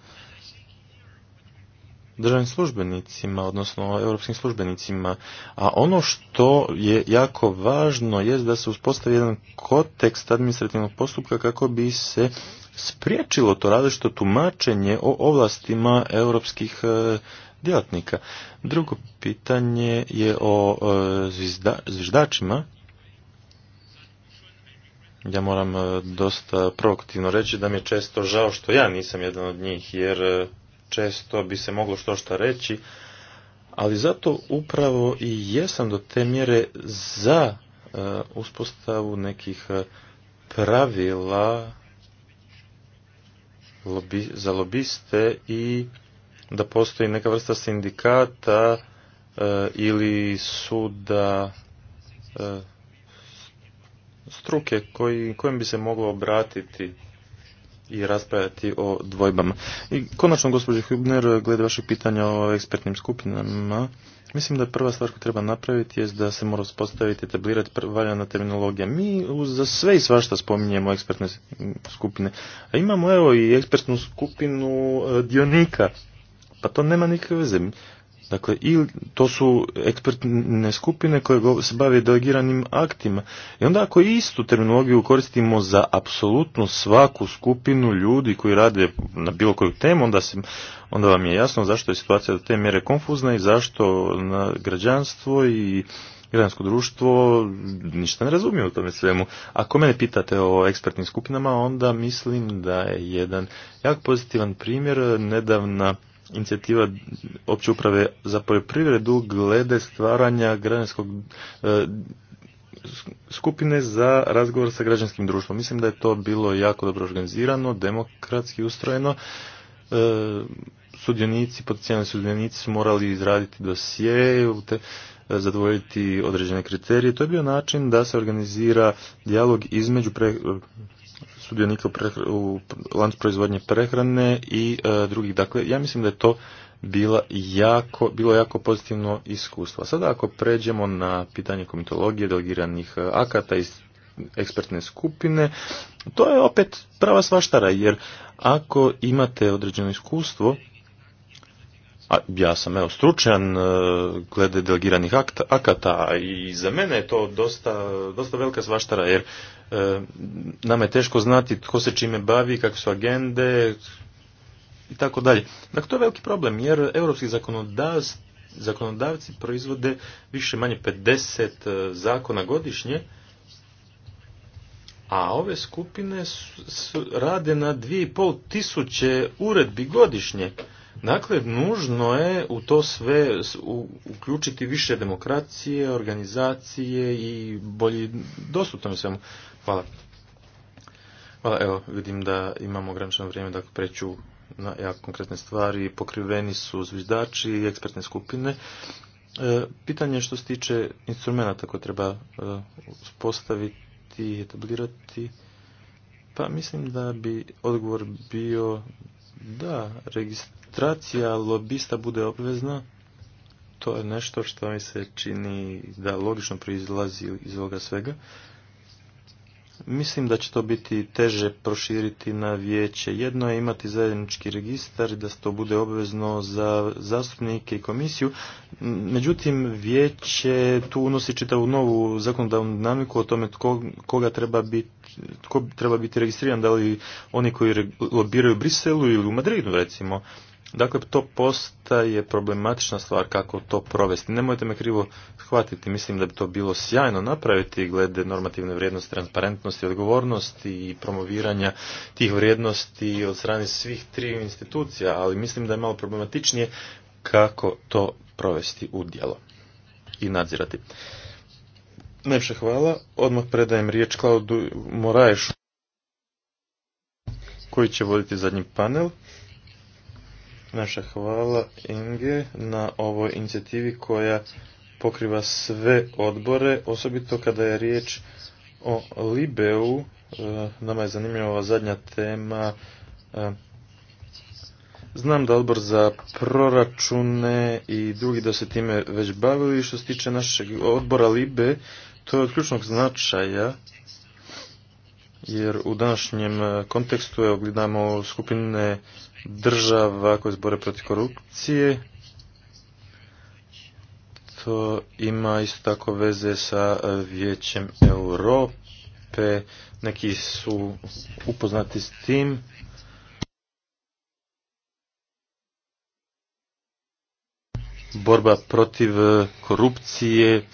državnim službenicima, odnosno europskim službenicima. A ono što je jako važno je da se uspostavi jedan kontekst administrativnog postupka kako bi se spriječilo to različito tumačenje o ovlastima europskih e, djelatnika. Drugo pitanje je o e, zviždačima. Ja moram e, dosta proaktivno reći da mi je često žao što ja nisam jedan od njih, jer često bi se moglo što šta reći, ali zato upravo i jesam do te mjere za e, uspostavu nekih e, pravila za lobiste i da postoji neka vrsta sindikata e, ili suda struke kojim kojem bi se moglo obratiti i raspravljati o dvojbama. I konačno, gospođo Hübner, glede vašeg pitanja o ekspertnim skupinama, mislim da prva stvar koju treba napraviti je da se mora uspostaviti, etablirati valjana terminologija. Mi za sve i svašta spominjemo ekspertne skupine, a imamo evo i ekspertnu skupinu e, dionika, pa to nema nikakve veze. Dakle, ili to su ekspertne skupine koje se bave delegiranim aktima. I onda ako istu terminologiju koristimo za apsolutno svaku skupinu ljudi koji rade na bilo koju temu, onda, se, onda vam je jasno zašto je situacija do te mjere konfuzna i zašto na građanstvo i građansko društvo ništa ne razumije u tome svemu. Ako mene pitate o ekspertnim skupinama, onda mislim da je jedan jak pozitivan primjer nedavna inicijativa opće uprave za poljoprivredu glede stvaranja građanskog e, skupine za razgovor sa građanskim društvom. Mislim da je to bilo jako dobro organizirano, demokratski ustrojeno. E, sudionici, potencijalni sudionici su morali izraditi dosije, zadvojiti e, zadovoljiti određene kriterije. To je bio način da se organizira dijalog između sudionika u, u proizvodnje prehrane i e, drugih. Dakle, ja mislim da je to bila jako, bilo jako pozitivno iskustvo. Sada ako pređemo na pitanje komitologije, delegiranih e, akata iz ekspertne skupine, to je opet prava svaštara, jer ako imate određeno iskustvo, a ja sam evo stručan e, glede delegiranih akta, akata i za mene je to dosta, dosta velika svaštara jer e, nama je teško znati tko se čime bavi, kakve su agende i tako dalje. Dakle, to je veliki problem jer europski zakonodavci proizvode više manje 50 e, zakona godišnje, a ove skupine su, rade na 2500 uredbi godišnje. Dakle, nužno je u to sve uključiti više demokracije, organizacije i bolji dostupno svemu. Hvala. Hvala, evo, vidim da imamo ograničeno vrijeme, da preću na jako konkretne stvari, pokriveni su zviždači i ekspertne skupine. E, pitanje što se tiče instrumenta koje treba e, postaviti, etablirati, pa mislim da bi odgovor bio da, registrati registracija lobista bude obvezna, to je nešto što mi se čini da logično proizlazi iz ovoga svega. Mislim da će to biti teže proširiti na vijeće. Jedno je imati zajednički registar da se to bude obvezno za zastupnike i komisiju. Međutim, vijeće tu unosi čitavu novu zakonodavnu dinamiku o tome tko, koga treba biti, tko treba biti registriran, da li oni koji lobiraju u Briselu ili u Madridu recimo. Dakle, to postaje problematična stvar kako to provesti. Nemojte me krivo shvatiti, mislim da bi to bilo sjajno napraviti glede normativne vrijednosti, transparentnosti, odgovornosti i promoviranja tih vrijednosti od strane svih tri institucija, ali mislim da je malo problematičnije kako to provesti u djelo i nadzirati. Najviše hvala. Odmah predajem riječ Klaudu Moraješu koji će voditi zadnji panel. Naša hvala Inge na ovoj inicijativi koja pokriva sve odbore, osobito kada je riječ o Libeu. E, nama je zanimljiva ova zadnja tema. E, znam da odbor za proračune i drugi da se time već bavili. Što se tiče našeg odbora Libe, to je od ključnog značaja jer u današnjem kontekstu je ogledamo skupine država koje zbore protiv korupcije. To ima isto tako veze sa e, vijećem Europe. Neki su upoznati s tim. Borba protiv e, korupcije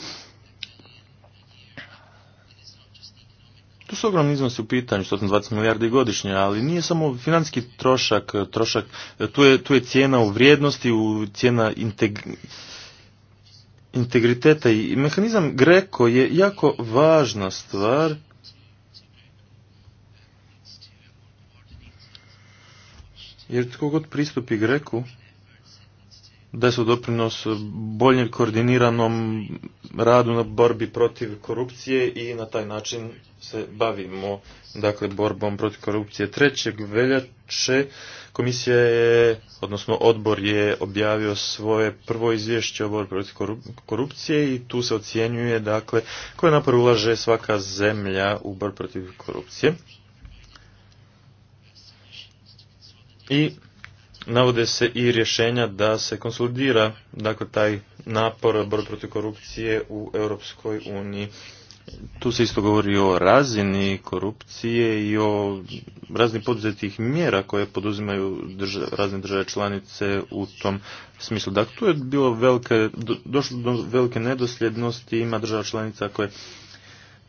Tu su ogromni iznosi u pitanju, 120 milijardi godišnje, ali nije samo financijski trošak, trošak tu, je, tu je cijena u vrijednosti, u cijena integriteta i mehanizam Greko je jako važna stvar. Jer tko god pristupi Greku, da su doprinos bolje koordiniranom radu na borbi protiv korupcije i na taj način se bavimo dakle borbom protiv korupcije. Trećeg veljače komisija je, odnosno odbor je objavio svoje prvo izvješće o borbi protiv korupcije i tu se ocjenjuje dakle koje napor ulaže svaka zemlja u borbi protiv korupcije. I navode se i rješenja da se konsolidira dakle, taj napor borbe protiv korupcije u Europskoj uniji. Tu se isto govori o razini korupcije i o raznih poduzetih mjera koje poduzimaju razne države članice u tom smislu. Dakle, tu je bilo velike, došlo do velike nedosljednosti, ima država članica koje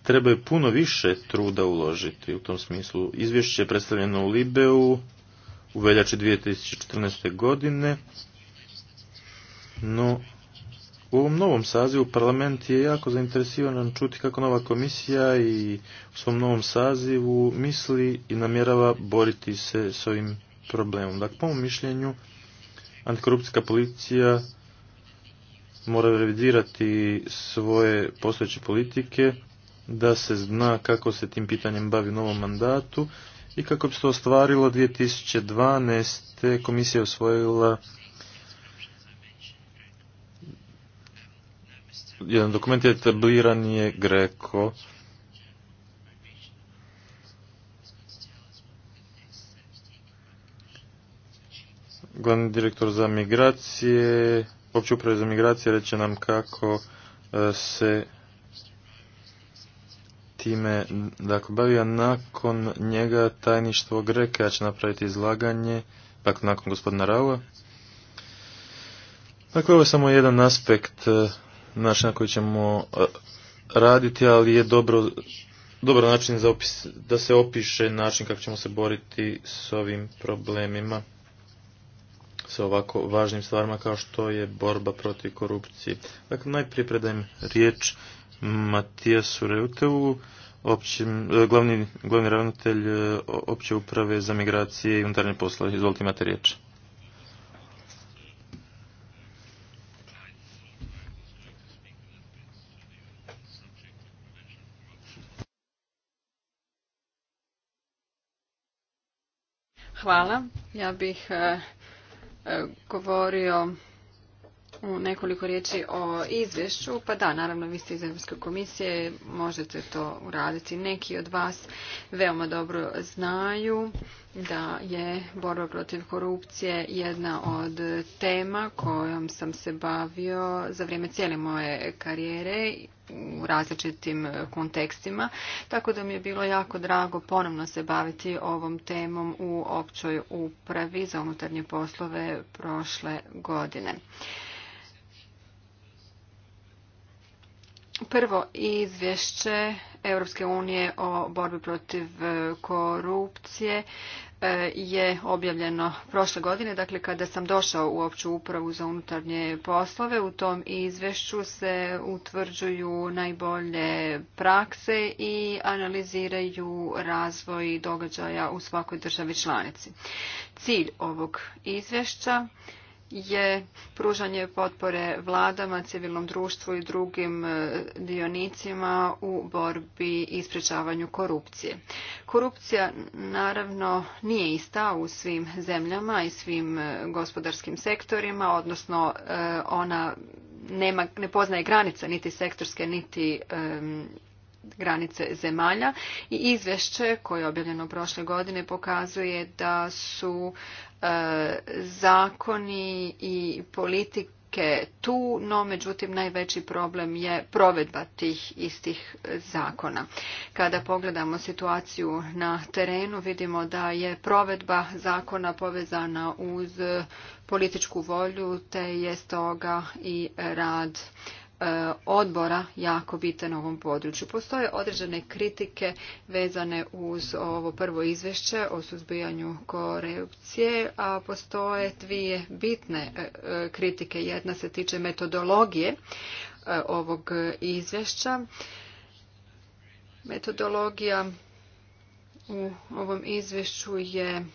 trebaju puno više truda uložiti u tom smislu. Izvješće je predstavljeno u Libeu, u veljači 2014. godine, no u ovom novom sazivu parlament je jako zainteresiran čuti kako nova komisija i u svom novom sazivu misli i namjerava boriti se s ovim problemom. Dakle, po mom mišljenju, antikorupcijska policija mora revidirati svoje postojeće politike, da se zna kako se tim pitanjem bavi u novom mandatu i kako bi se to ostvarilo 2012. komisija je osvojila jedan dokument je tabliran je Greko glavni direktor za migracije opće uprave za migracije reće nam kako e, se time dakle, bavio. Nakon njega tajništvo Greka će napraviti izlaganje, dakle nakon gospodina Raua. Dakle, ovo je samo jedan aspekt e, način na koji ćemo e, raditi, ali je dobro, dobar način za opis, da se opiše način kako ćemo se boriti s ovim problemima, s ovako važnim stvarima kao što je borba protiv korupcije. Dakle, najprije predajem riječ Matijasu Reutevu, općim, e, glavni, glavni ravnatelj e, opće uprave za migracije i unutarnje poslove. Izvolite imate riječ. Hvala. Ja bih e, govorio u nekoliko riječi o izvješću. Pa da, naravno, vi ste iz Europske komisije, možete to uraditi. Neki od vas veoma dobro znaju da je borba protiv korupcije jedna od tema kojom sam se bavio za vrijeme cijele moje karijere u različitim kontekstima, tako da mi je bilo jako drago ponovno se baviti ovom temom u općoj upravi za unutarnje poslove prošle godine. Prvo izvješće Europske unije o borbi protiv e, korupcije e, je objavljeno prošle godine, dakle kada sam došao u opću upravu za unutarnje poslove, u tom izvješću se utvrđuju najbolje prakse i analiziraju razvoj događaja u svakoj državi članici. Cilj ovog izvješća je pružanje potpore vladama, civilnom društvu i drugim e, dionicima u borbi i sprječavanju korupcije. Korupcija naravno nije ista u svim zemljama i svim e, gospodarskim sektorima, odnosno e, ona nema, ne poznaje granica niti sektorske niti granice zemalja i izvješće koje je objavljeno prošle godine pokazuje da su e, zakoni i politike tu, no međutim najveći problem je provedba tih istih zakona. Kada pogledamo situaciju na terenu vidimo da je provedba zakona povezana uz političku volju te je stoga i rad odbora jako bitan u ovom području. Postoje određene kritike vezane uz ovo prvo izvješće o suzbijanju korupcije, a postoje dvije bitne e, e, kritike. Jedna se tiče metodologije e, ovog izvješća. Metodologija u ovom izvješću je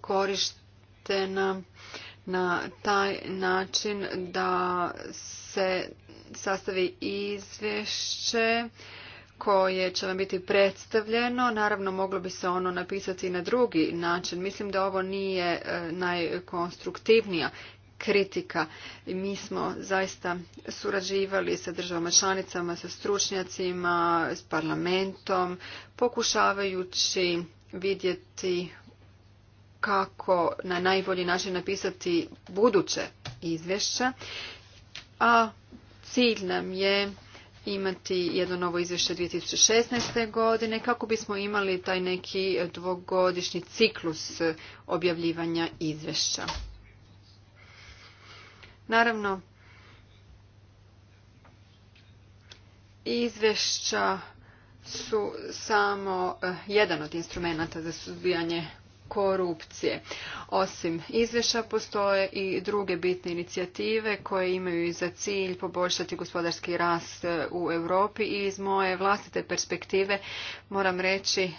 korištena na taj način da se sastavi izvješće koje će vam biti predstavljeno. Naravno, moglo bi se ono napisati i na drugi način. Mislim da ovo nije e, najkonstruktivnija kritika. Mi smo zaista surađivali sa državama članicama, sa stručnjacima, s parlamentom, pokušavajući vidjeti kako na najbolji način napisati buduće izvješća, a cilj nam je imati jedno novo izvješće 2016. godine kako bismo imali taj neki dvogodišnji ciklus objavljivanja izvješća. Naravno, izvješća su samo eh, jedan od instrumenta za suzbijanje korupcije. Osim izvješća postoje i druge bitne inicijative koje imaju za cilj poboljšati gospodarski rast u Europi i iz moje vlastite perspektive moram reći,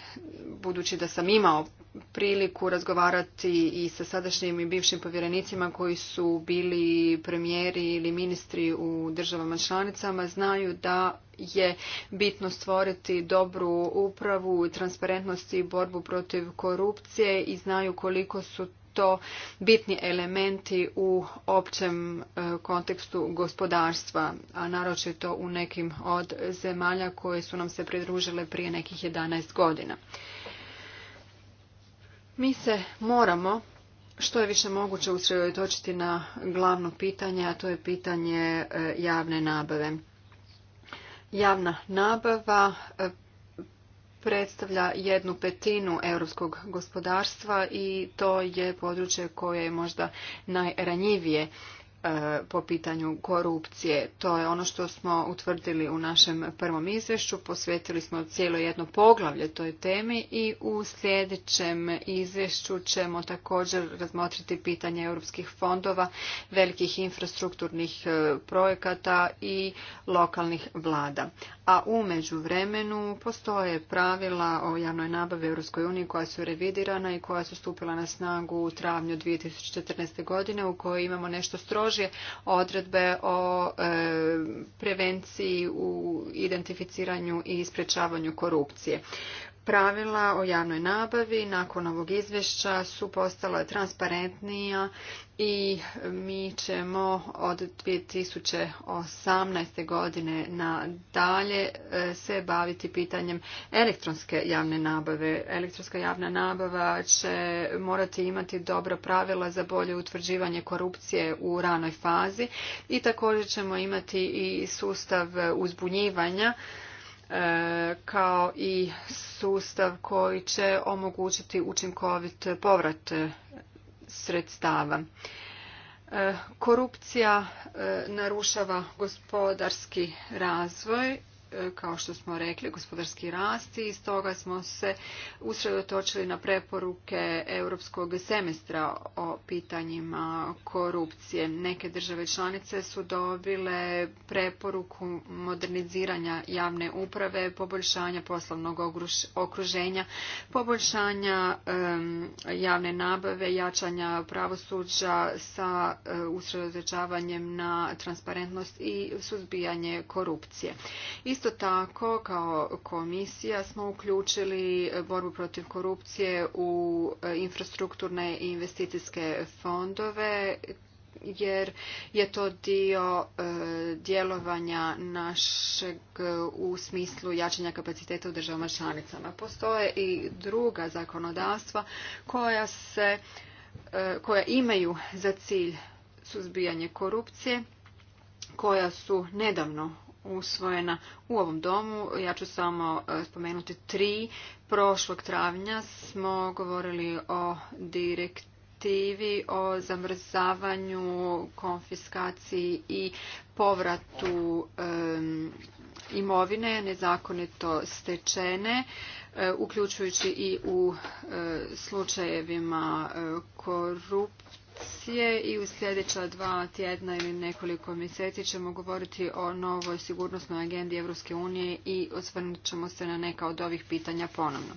budući da sam imao priliku razgovarati i sa sadašnjim i bivšim povjerenicima koji su bili premijeri ili ministri u državama članicama znaju da je bitno stvoriti dobru upravu, transparentnost i borbu protiv korupcije i znaju koliko su to bitni elementi u općem e, kontekstu gospodarstva, a naročito u nekim od zemalja koje su nam se pridružile prije nekih 11 godina. Mi se moramo što je više moguće usredotočiti na glavno pitanje, a to je pitanje e, javne nabave. Javna nabava e, predstavlja jednu petinu europskog gospodarstva i to je područje koje je možda najranjivije E, po pitanju korupcije. To je ono što smo utvrdili u našem prvom izvješću. Posvetili smo cijelo jedno poglavlje toj temi i u sljedećem izvješću ćemo također razmotriti pitanje europskih fondova, velikih infrastrukturnih e, projekata i lokalnih vlada. A u međuvremenu postoje pravila o javnoj nabavi EU koja su revidirana i koja su stupila na snagu u travnju 2014. godine u kojoj imamo nešto strože odredbe o e, prevenciji u identificiranju i sprečavanju korupcije pravila o javnoj nabavi nakon ovog izvješća su postala transparentnija i mi ćemo od 2018. godine na dalje e, se baviti pitanjem elektronske javne nabave. Elektronska javna nabava će morati imati dobra pravila za bolje utvrđivanje korupcije u ranoj fazi i također ćemo imati i sustav uzbunjivanja E, kao i sustav koji će omogućiti učinkovit povrat e, sredstava. E, korupcija narušava gospodarski razvoj E, kao što smo rekli, gospodarski rast i stoga smo se usredotočili na preporuke europskog semestra o pitanjima korupcije. Neke države članice su dobile preporuku moderniziranja javne uprave, poboljšanja poslovnog okruženja, poboljšanja javne nabave, jačanja pravosuđa sa e, usredotočavanjem na transparentnost i suzbijanje korupcije. Isto tako, kao komisija smo uključili borbu protiv korupcije u e, infrastrukturne i investicijske fondove, jer je to dio e, djelovanja našeg u smislu jačanja kapaciteta u državama članicama. Postoje i druga zakonodavstva koja, se, e, koja imaju za cilj suzbijanje korupcije, koja su nedavno usvojena u ovom domu. Ja ću samo e, spomenuti tri. Prošlog travnja smo govorili o direktivi o zamrzavanju, konfiskaciji i povratu imovine nezakonito stečene e, uključujući i u e, slučajevima korupcije konferencije i u sljedeća dva tjedna ili nekoliko mjeseci ćemo govoriti o novoj sigurnosnoj agendi Europske unije i osvrnut ćemo se na neka od ovih pitanja ponovno.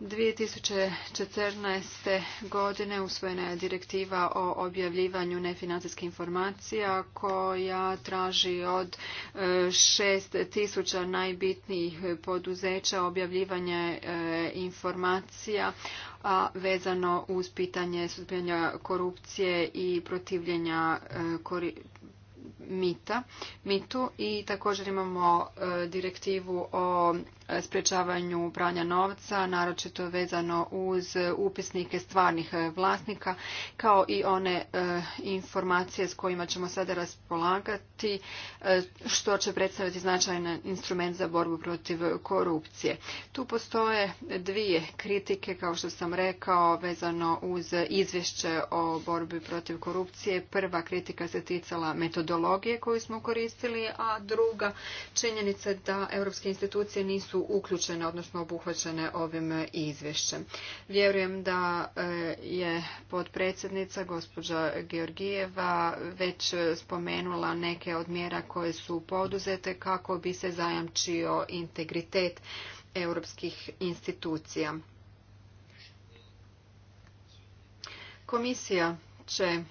2014. godine usvojena je direktiva o objavljivanju nefinancijskih informacija koja traži od 6000 e, najbitnijih poduzeća objavljivanje e, informacija a vezano uz pitanje suzbijanja korupcije i protivljenja e, mita, mitu i također imamo direktivu o sprječavanju pranja novca, naročito vezano uz upisnike stvarnih vlasnika, kao i one e, informacije s kojima ćemo sada raspolagati, e, što će predstaviti značajan instrument za borbu protiv korupcije. Tu postoje dvije kritike, kao što sam rekao, vezano uz izvješće o borbi protiv korupcije. Prva kritika se ticala metodologije koju smo koristili, a druga činjenica da europske institucije nisu uključene, odnosno obuhvaćene ovim izvješćem. Vjerujem da e, je podpredsjednica gospođa Georgijeva već spomenula neke od mjera koje su poduzete kako bi se zajamčio integritet europskih institucija. Komisija će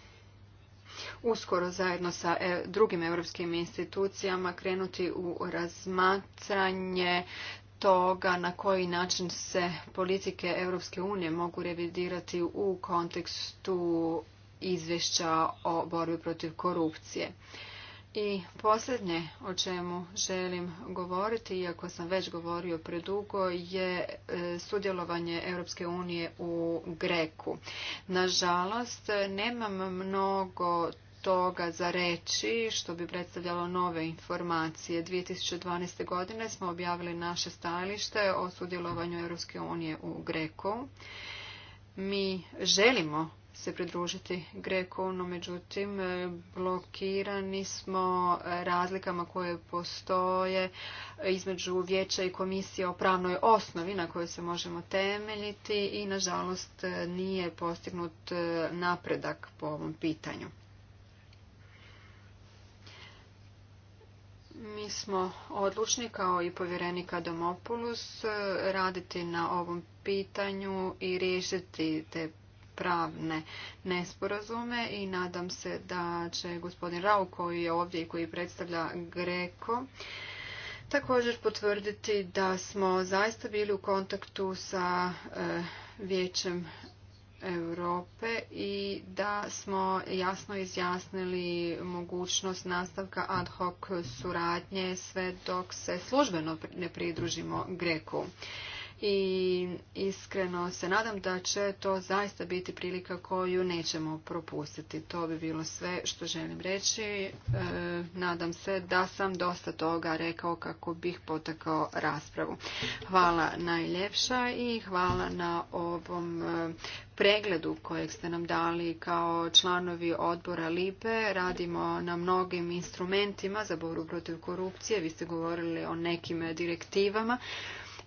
uskoro zajedno sa e, drugim europskim institucijama krenuti u razmatranje toga na koji način se politike Europske unije mogu revidirati u kontekstu izvješća o borbi protiv korupcije. I posljednje o čemu želim govoriti, iako sam već govorio predugo, je e, sudjelovanje Europske unije u Greku. Nažalost, nemam mnogo toga za reći što bi predstavljalo nove informacije. 2012. godine smo objavili naše stajalište o sudjelovanju Europske unije u Greku. Mi želimo se pridružiti Greku, no međutim blokirani smo razlikama koje postoje između vijeća i komisije o pravnoj osnovi na kojoj se možemo temeljiti i nažalost nije postignut eh, napredak po ovom pitanju. Mi smo odlučni kao i povjerenika Domopulus eh, raditi na ovom pitanju i riješiti te pravne nesporazume i nadam se da će gospodin Rau koji je ovdje i koji predstavlja Greko također potvrditi da smo zaista bili u kontaktu sa eh, vijećem Europe i da smo jasno izjasnili mogućnost nastavka ad hoc suradnje sve dok se službeno ne pridružimo Greku. I iskreno se nadam da će to zaista biti prilika koju nećemo propustiti. To bi bilo sve što želim reći. E, nadam se da sam dosta toga rekao kako bih potakao raspravu. Hvala najljepša i hvala na ovom e, pregledu kojeg ste nam dali kao članovi odbora Lipe, Radimo na mnogim instrumentima za boru protiv korupcije. Vi ste govorili o nekim direktivama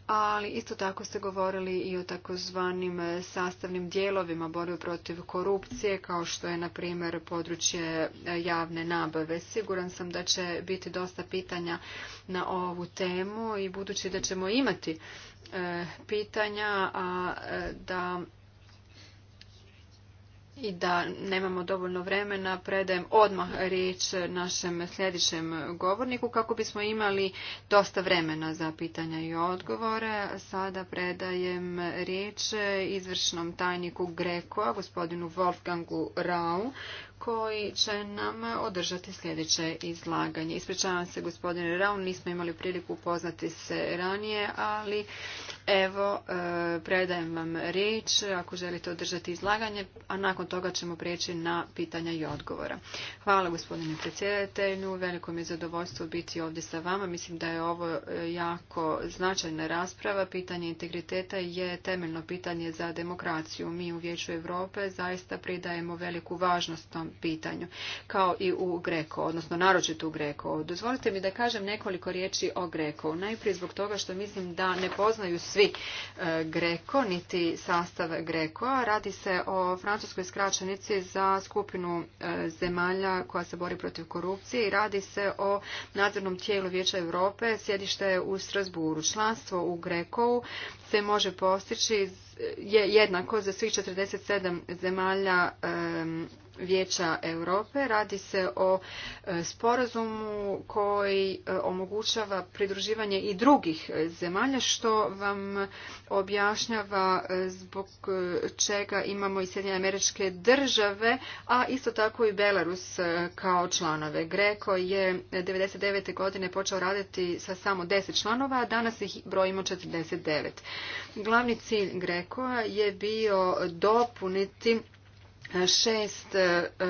ali isto tako ste govorili i o takozvanim sastavnim dijelovima borbe protiv korupcije, kao što je, na primjer, područje javne nabave. Siguran sam da će biti dosta pitanja na ovu temu i budući da ćemo imati e, pitanja, a e, da i da nemamo dovoljno vremena, predajem odmah riječ našem sljedećem govorniku kako bismo imali dosta vremena za pitanja i odgovore. Sada predajem riječ izvršnom tajniku Grekoa, gospodinu Wolfgangu Rau, koji će nam održati sljedeće izlaganje. Ispričavam se gospodine Raun, nismo imali priliku upoznati se ranije, ali Evo, e, predajem vam riječ ako želite održati izlaganje, a nakon toga ćemo prijeći na pitanja i odgovora. Hvala gospodine predsjedatelju, veliko mi je zadovoljstvo biti ovdje sa vama. Mislim da je ovo e, jako značajna rasprava. Pitanje integriteta je temeljno pitanje za demokraciju. Mi u Vijeću Europe zaista pridajemo veliku važnost tom pitanju, kao i u Greko, odnosno naročito u Greko. Dozvolite mi da kažem nekoliko riječi o Greko. Najprije zbog toga što mislim da ne poznaju svi svi e, Greko, niti sastav Greko. Radi se o francuskoj skraćenici za skupinu e, zemalja koja se bori protiv korupcije i radi se o nadzornom tijelu Vijeća Europe, sjedište u Strasburu. Članstvo u Grekovu se može postići je jednako za svih 47 zemalja e, Vijeća Europe. Radi se o e, sporazumu koji e, omogućava pridruživanje i drugih e, zemalja, što vam objašnjava zbog čega imamo i Sjedinjene američke države, a isto tako i Belarus kao članove. Greko je 1999. godine počeo raditi sa samo 10 članova, a danas ih brojimo 49. Glavni cilj Grekoa je bio dopuniti šest e, e,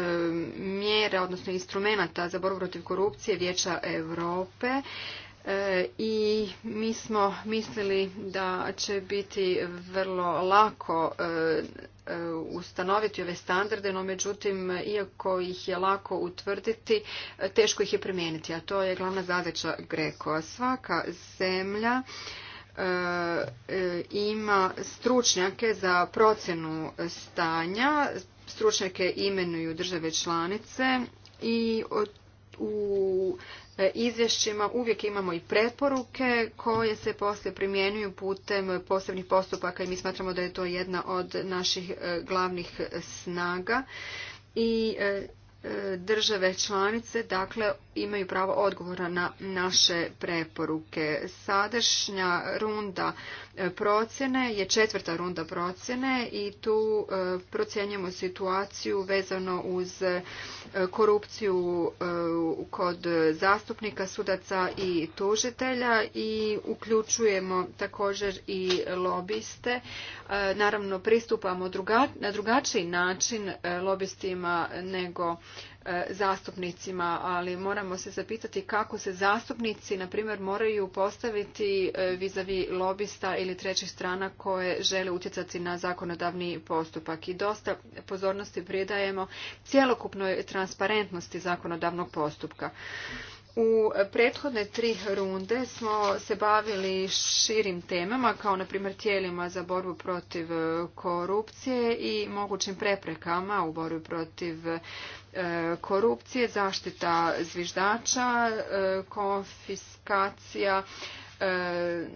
mjera, odnosno instrumenta za borbu protiv korupcije Vijeća Europe e, i mi smo mislili da će biti vrlo lako ustanoviti ove standarde, no međutim, iako ih je lako utvrditi, teško ih je primijeniti, a to je glavna zadaća Greko. Svaka zemlja ima stručnjake za procjenu stanja stručnjake imenuju države članice i u e, izvješćima uvijek imamo i preporuke koje se poslije primjenjuju putem posebnih postupaka i mi smatramo da je to jedna od naših e, glavnih snaga i e, E, države članice dakle imaju pravo odgovora na naše preporuke. Sadašnja runda e, procjene je četvrta runda procjene i tu e, procjenjujemo situaciju vezano uz korupciju kod zastupnika, sudaca i tužitelja i uključujemo također i lobiste. Naravno pristupamo na drugačiji način lobistima nego E, zastupnicima, ali moramo se zapitati kako se zastupnici, na primjer, moraju postaviti e, vizavi lobista ili trećih strana koje žele utjecati na zakonodavni postupak. I dosta pozornosti pridajemo cjelokupnoj transparentnosti zakonodavnog postupka. U prethodne tri runde smo se bavili širim temama, kao na primjer tijelima za borbu protiv e, korupcije i mogućim preprekama u borbi protiv e, korupcije, zaštita zviždača, e, konfiskacija E,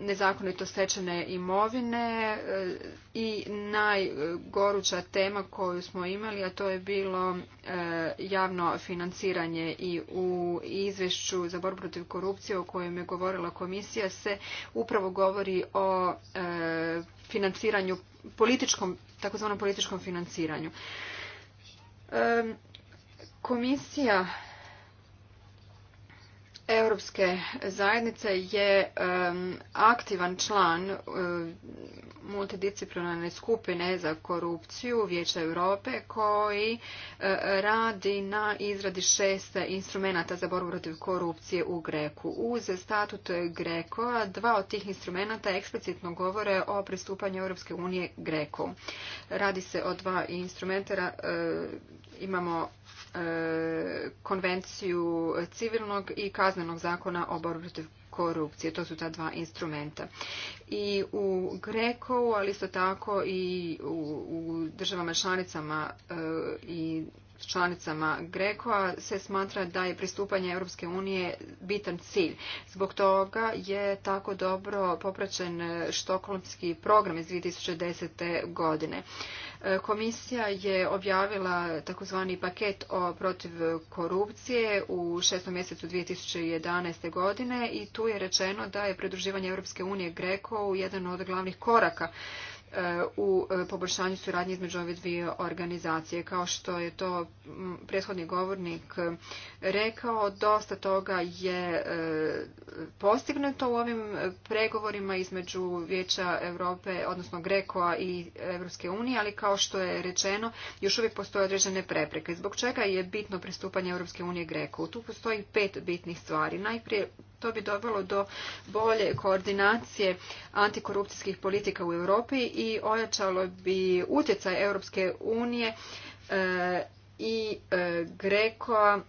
nezakonito stečene imovine e, i najgoruća tema koju smo imali, a to je bilo e, javno financiranje i u izvješću za borbu protiv korupcije o kojem je govorila komisija se upravo govori o financiranju političkom, takozvanom političkom financiranju. Komisija Europske zajednice je aktivan član e, multidisciplinarne skupine za korupciju Vijeća Europe koji e, radi na izradi šest instrumenta za borbu protiv korupcije u Greku. Uz statut Greko dva od tih instrumenta eksplicitno govore o pristupanju Europske unije Greku. Radi se o dva instrumenta. E, imamo konvenciju civilnog i kaznenog kaznenog zakona o borbi protiv korupcije. To su ta dva instrumenta. I u Grekovu, ali isto tako i u, u državama članicama e, i članicama Grekoa se smatra da je pristupanje Europske unije bitan cilj. Zbog toga je tako dobro popraćen štokholmski program iz 2010. godine. E, komisija je objavila takozvani paket o protiv korupcije u šestom mjesecu 2011. godine i tu je rečeno da je pridruživanje Europske unije Greko jedan od glavnih koraka u e, poboljšanju suradnje između ove dvije organizacije. Kao što je to prethodni govornik e, rekao, dosta toga je e, postignuto u ovim pregovorima između Vijeća Europe, odnosno Grekoa i Europske unije, ali kao što je rečeno, još uvijek postoje određene prepreke. Zbog čega je bitno pristupanje Europske unije Greku? Tu postoji pet bitnih stvari. Najprije to bi dovelo do bolje koordinacije antikorupcijskih politika u Europi i i ojačalo bi utjecaj Europske unije e, i e, Greko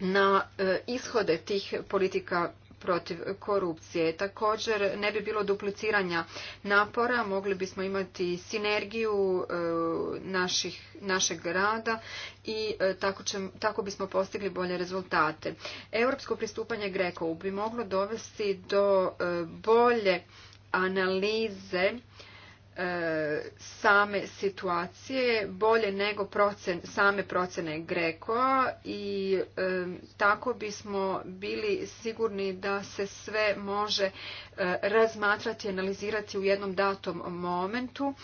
na e, ishode tih politika protiv korupcije. Također ne bi bilo dupliciranja napora, mogli bismo imati sinergiju naših, našeg rada i tako, tako bismo postigli bolje rezultate. Europsko pristupanje Grekovu bi moglo dovesti do bolje analize E, same situacije bolje nego same procene greko i e, tako bismo bili sigurni da se sve može e, razmatrati i analizirati u jednom datom momentu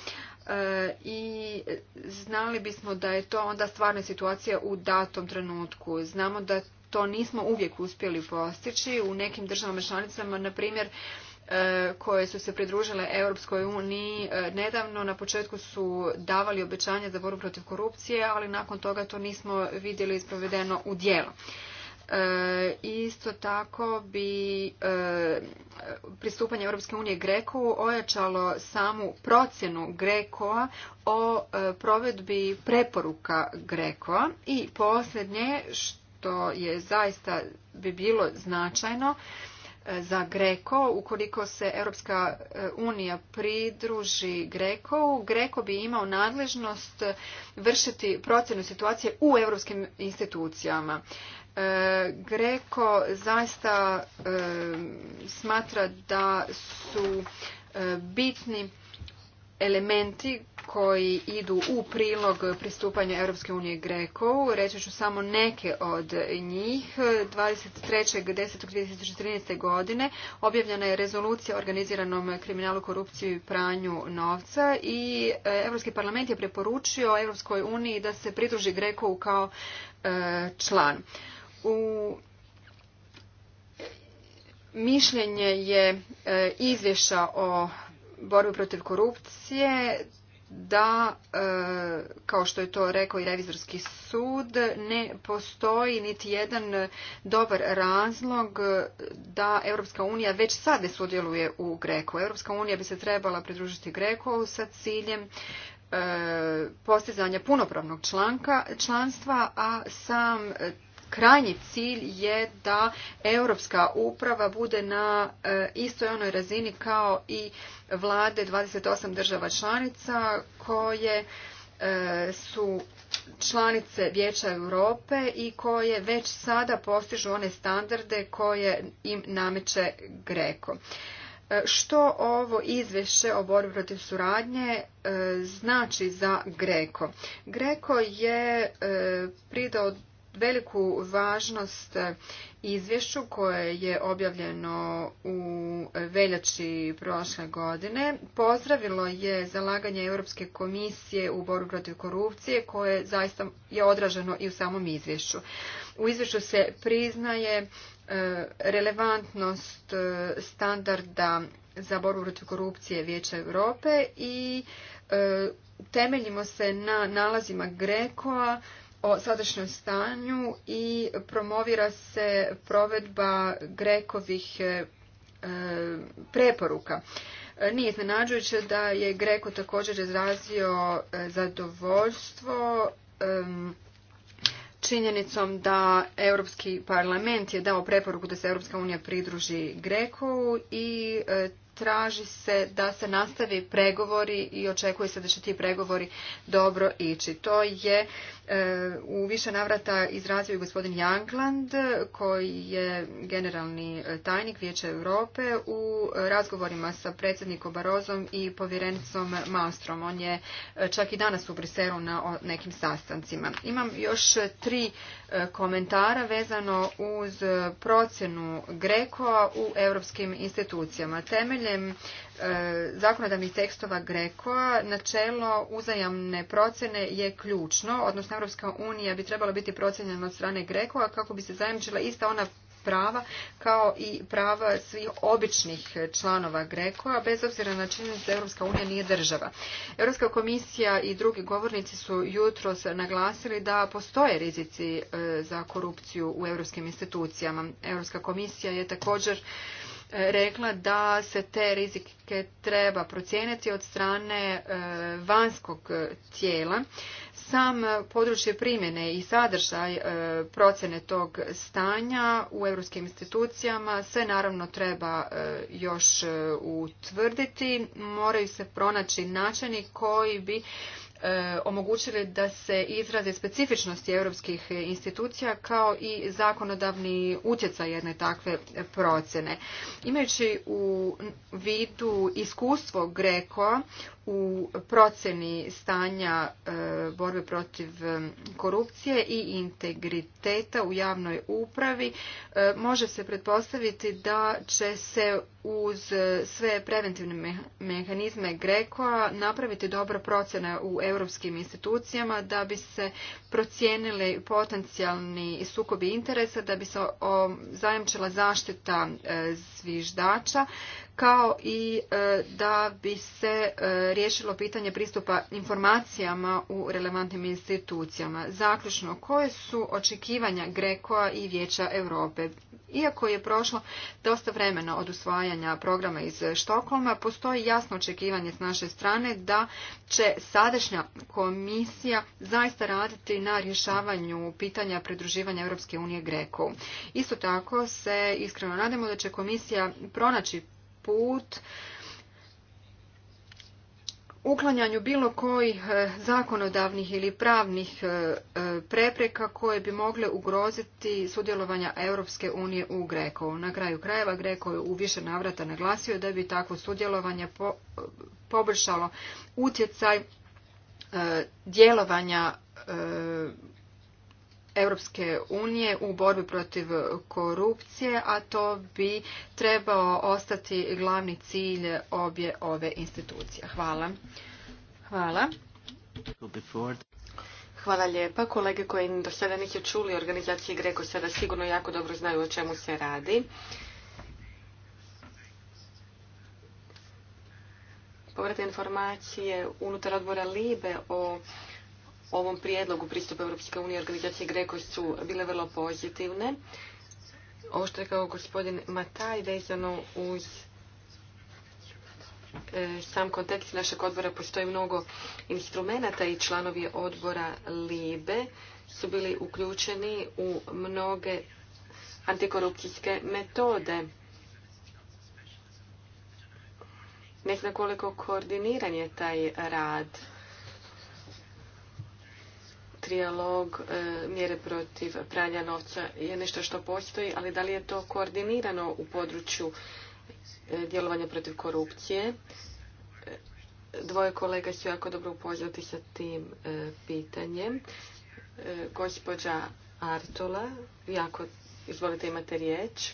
i znali bismo da je to onda stvarna situacija u datom trenutku. Znamo da to nismo uvijek uspjeli postići. U nekim državama članicama, na primjer, E, koje su se pridružile Europskoj uniji e, nedavno na početku su davali obećanja za borbu protiv korupcije, ali nakon toga to nismo vidjeli isprovedeno u djelo. E, isto tako bi pristupanje Europske unije Greku ojačalo samu procjenu Grekova o provedbi preporuka Grekova i posljednje što je zaista bi bilo značajno za Greko. Ukoliko se Europska e, unija pridruži Greko, Greko bi imao nadležnost vršiti procjenu situacije u europskim institucijama. E, Greko zaista e, smatra da su bitni elementi koji idu u prilog pristupanja Europske unije Grekovu. Reći ću samo neke od njih. 23.10.2014. godine objavljena je rezolucija o organiziranom kriminalu, korupciju i pranju novca i e, Europski parlament je preporučio Europskoj uniji da se pridruži Grekovu kao e, član. U mišljenje je e, izvješća o borbe protiv korupcije da, e, kao što je to rekao i revizorski sud, ne postoji niti jedan dobar razlog da Europska unija već sad sudjeluje u Greku. Europska unija bi se trebala pridružiti Greku sa ciljem e, postizanja punopravnog članstva, a sam krajnji cilj je da europska uprava bude na e, istoj onoj razini kao i vlade 28 država članica koje e, su članice Vijeća Europe i koje već sada postižu one standarde koje im nameće Greko. E, što ovo izvješće o borbi protiv suradnje znači za Greko? Greko je pridao veliku važnost izvješću koje je objavljeno u veljači prošle godine. Pozdravilo je zalaganje Europske komisije u borbu protiv korupcije koje zaista je odraženo i u samom izvješću. U izvješću se priznaje e, relevantnost e, standarda za borbu protiv korupcije Vijeća Europe i e, temeljimo se na nalazima Grekoa o sadašnjem stanju i promovira se provedba Grekovih e, e, preporuka. E, nije iznenađujuće da je Greko također izrazio zadovoljstvo činjenicom da Europski parlament je dao preporuku da se Europska unija pridruži Grekovu i traži se da se nastavi pregovori i očekuje se da će ti pregovori dobro ići. To je E, u više navrata izrazio je gospodin Jankland, koji je generalni e, tajnik Vijeća Europe, u razgovorima sa predsjednikom Barozom i povjerenicom Maostrom. On je e, čak i danas u Briselu na nekim sastancima. Imam još tri komentara vezano uz procjenu Grekoa u europskim institucijama. Temeljem E, zakonodavnih tekstova Grekoa načelo uzajamne procjene je ključno, odnosno Europska unija bi trebala biti procjenjena od strane Grekoa kako bi se zajamčila ista ona prava kao i prava svih običnih članova Grekoa, bez obzira na činjenicu da Europska unija nije država. Europska komisija i drugi govornici su jutros naglasili da postoje rizici e, za korupciju u europskim institucijama. Europska komisija je također rekla da se te rizike treba procijeniti od strane e, vanjskog tijela. Sam područje primjene i sadržaj e, procjene tog stanja u europskim institucijama se naravno treba e, još utvrditi. Moraju se pronaći načini koji bi E, omogućili da se izraze specifičnosti europskih institucija kao i zakonodavni utjecaj jedne takve procjene. Imajući u vidu iskustvo Greko u procjeni stanja e, borbe protiv e, korupcije i integriteta u javnoj upravi e, može se pretpostaviti da će se uz sve preventivne mehanizme Grekoa napraviti dobra procjena u europskim institucijama da bi se procijenili potencijalni sukobi interesa, da bi se zajamčila zaštita zviždača, kao i e, da bi se e, riješilo pitanje pristupa informacijama u relevantnim institucijama. Zaključno, koje su očekivanja Grekoa i Vijeća Europe? Iako je prošlo dosta vremena od usvajanja programa iz Štokolma, postoji jasno očekivanje s naše strane da će sadašnja komisija zaista raditi na rješavanju pitanja pridruživanja Europske unije Grekovu. Isto tako se iskreno nadamo da će komisija pronaći put uklanjanju bilo kojih e, zakonodavnih ili pravnih e, e, prepreka koje bi mogle ugroziti sudjelovanja Europske unije u Greko. Na kraju krajeva Greko je u više navrata naglasio da bi takvo sudjelovanje poboljšalo utjecaj djelovanja Europske unije u borbi protiv korupcije, a to bi trebao ostati glavni cilj obje ove institucije. Hvala. Hvala. Hvala lijepa. Kolege koji do sada nisu čuli organizacije Greko sada sigurno jako dobro znaju o čemu se radi. Povrat informacije unutar odbora Libe o ovom prijedlogu pristupa Europske unije organizacije Greko su bile vrlo pozitivne. Ovo što je kao gospodin Mataj vezano uz e, sam kontekst našeg odbora postoji mnogo instrumenata i članovi odbora LIBE su bili uključeni u mnoge antikorupcijske metode. Ne znam koliko koordiniran je taj rad trijalog e, mjere protiv pranja novca je nešto što postoji, ali da li je to koordinirano u području e, djelovanja protiv korupcije? E, dvoje kolega su jako dobro upoznati sa tim pitanjem. Gospođa Artola, jako, izvolite imate riječ.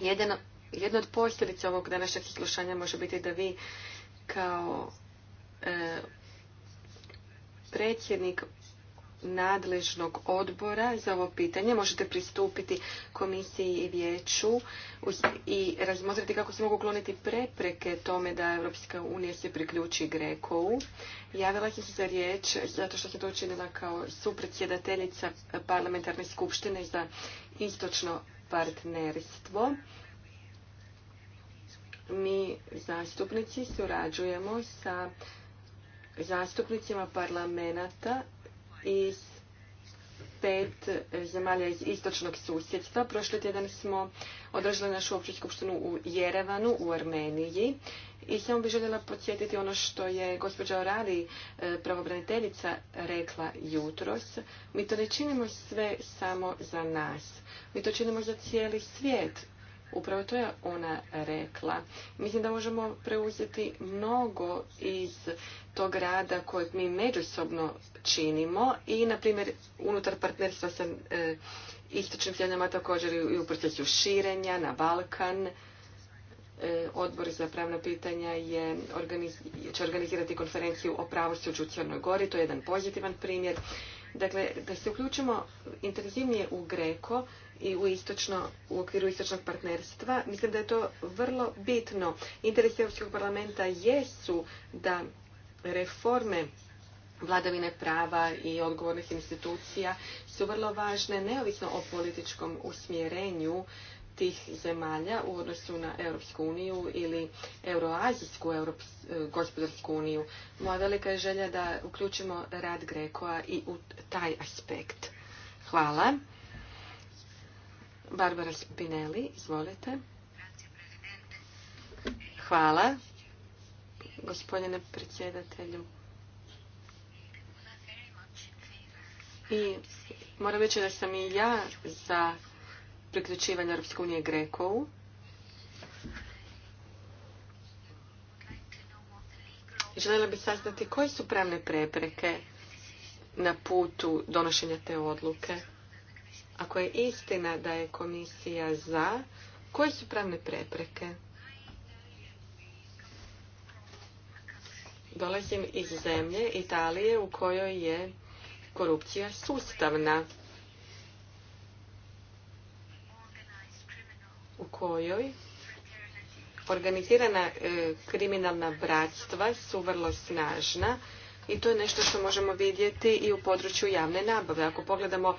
Jedan, jedna od posljedica ovog današnjeg slušanja može biti da vi kao e, predsjednik nadležnog odbora za ovo pitanje. Možete pristupiti komisiji i vijeću i razmotriti kako se mogu ukloniti prepreke tome da Europska unija se priključi Grekovu. Javila sam se za riječ zato što sam to učinila kao supredsjedateljica parlamentarne skupštine za istočno partnerstvo. Mi zastupnici surađujemo sa zastupnicima parlamenta iz pet zemalja iz istočnog susjedstva. Prošli tjedan smo održali našu opću skupštinu u Jerevanu, u Armeniji. I samo bih željela podsjetiti ono što je gospođa Orali, e, pravobraniteljica, rekla jutros. Mi to ne činimo sve samo za nas. Mi to činimo za cijeli svijet. Upravo to je ona rekla. Mislim da možemo preuzeti mnogo iz tog rada kojeg mi međusobno činimo i, na primjer, unutar partnerstva sa e, istočnim zemljama također i u procesu širenja na Balkan. E, odbor za pravna pitanja je, organiz, će organizirati konferenciju o pravosuđu u Crnoj Gori. To je jedan pozitivan primjer. Dakle, da se uključimo intenzivnije u Greko, i u, istočno, u okviru istočnog partnerstva. Mislim da je to vrlo bitno. Interes Europskog parlamenta jesu da reforme vladavine prava i odgovornih institucija su vrlo važne neovisno o političkom usmjerenju tih zemalja u odnosu na Europsku uniju ili Euroazijsku eh, gospodarsku uniju. Moja velika je želja da uključimo rad Grekoa i u taj aspekt. Hvala. Barbara Spinelli, izvolite. Hvala, gospodine predsjedatelju. I moram reći da sam i ja za priključivanje Europske unije Grekovu. Željela bih saznati koje su pravne prepreke na putu donošenja te odluke. Ako je istina da je komisija za, koje su pravne prepreke? Dolazim iz zemlje Italije u kojoj je korupcija sustavna. U kojoj organizirana e, kriminalna bratstva su vrlo snažna i to je nešto što možemo vidjeti i u području javne nabave. Ako pogledamo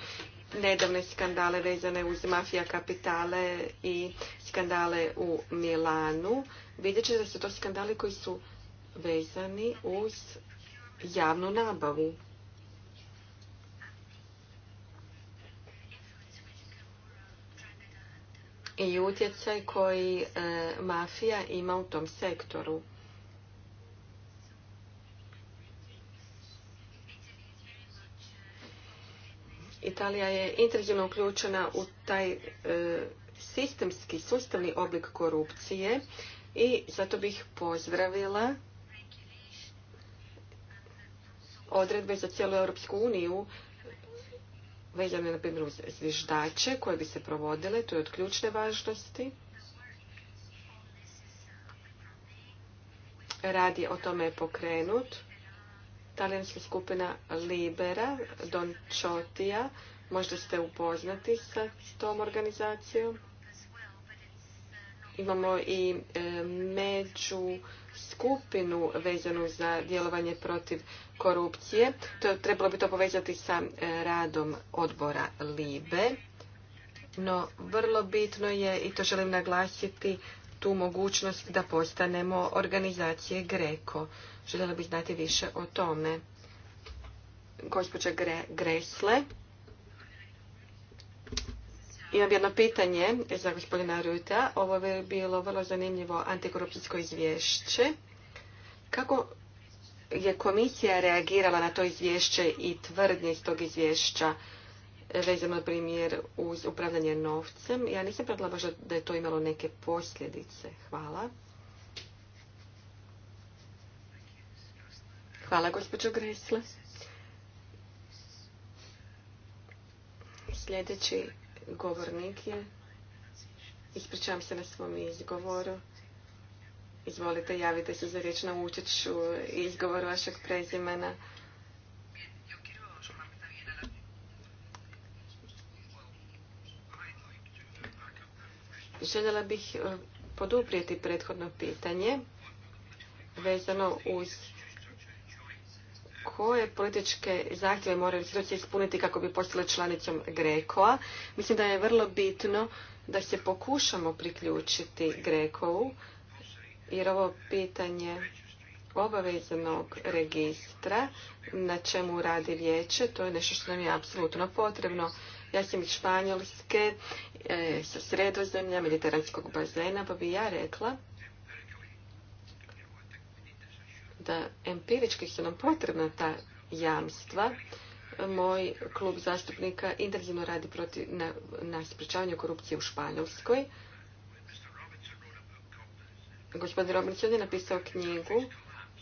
nedavne skandale vezane uz mafija kapitale i skandale u Milanu, vidjet ćete da su to skandali koji su vezani uz javnu nabavu. i utjecaj koji e, mafija ima u tom sektoru. Italija je intenzivno uključena u taj e, sistemski, sustavni oblik korupcije i zato bih pozdravila odredbe za cijelu Europsku uniju vezane, na primjer, zviždače koje bi se provodile. To je od ključne važnosti. Radi o tome je pokrenut talijanska skupina Libera, Don Čotija. Možda ste upoznati sa tom organizacijom. Imamo i e, među skupinu vezanu za djelovanje protiv korupcije. To, trebalo bi to povezati sa e, radom odbora Libe. No, vrlo bitno je, i to želim naglasiti, tu mogućnost da postanemo organizacije Greko. Željela bih znati više o tome. Gospođa Gre, Gresle. Imam jedno pitanje za gospodina Ruta. Ovo je bilo vrlo zanimljivo antikorupcijsko izvješće. Kako je komisija reagirala na to izvješće i tvrdnje iz tog izvješća? vezano primjer uz upravljanje novcem. Ja nisam pratila baš da je to imalo neke posljedice. Hvala. Hvala, gospođo Gresle. Sljedeći govornik je... Ispričavam se na svom izgovoru. Izvolite, javite se za riječ, na ću izgovor vašeg prezimena. Željela bih e, poduprijeti prethodno pitanje vezano uz koje političke zahtjeve moraju institucije ispuniti kako bi postale članicom Grekoa. Mislim da je vrlo bitno da se pokušamo priključiti Grekovu, jer ovo pitanje obavezanog registra na čemu radi vijeće, to je nešto što nam je apsolutno potrebno. Ja sam iz Španjolske, e, sa sredozemlja, mediteranskog bazena, pa bi ja rekla da empirički su nam potrebna ta jamstva. Moj klub zastupnika intenzivno radi protiv, na, na korupcije u Španjolskoj. Gospodin Robinson je napisao knjigu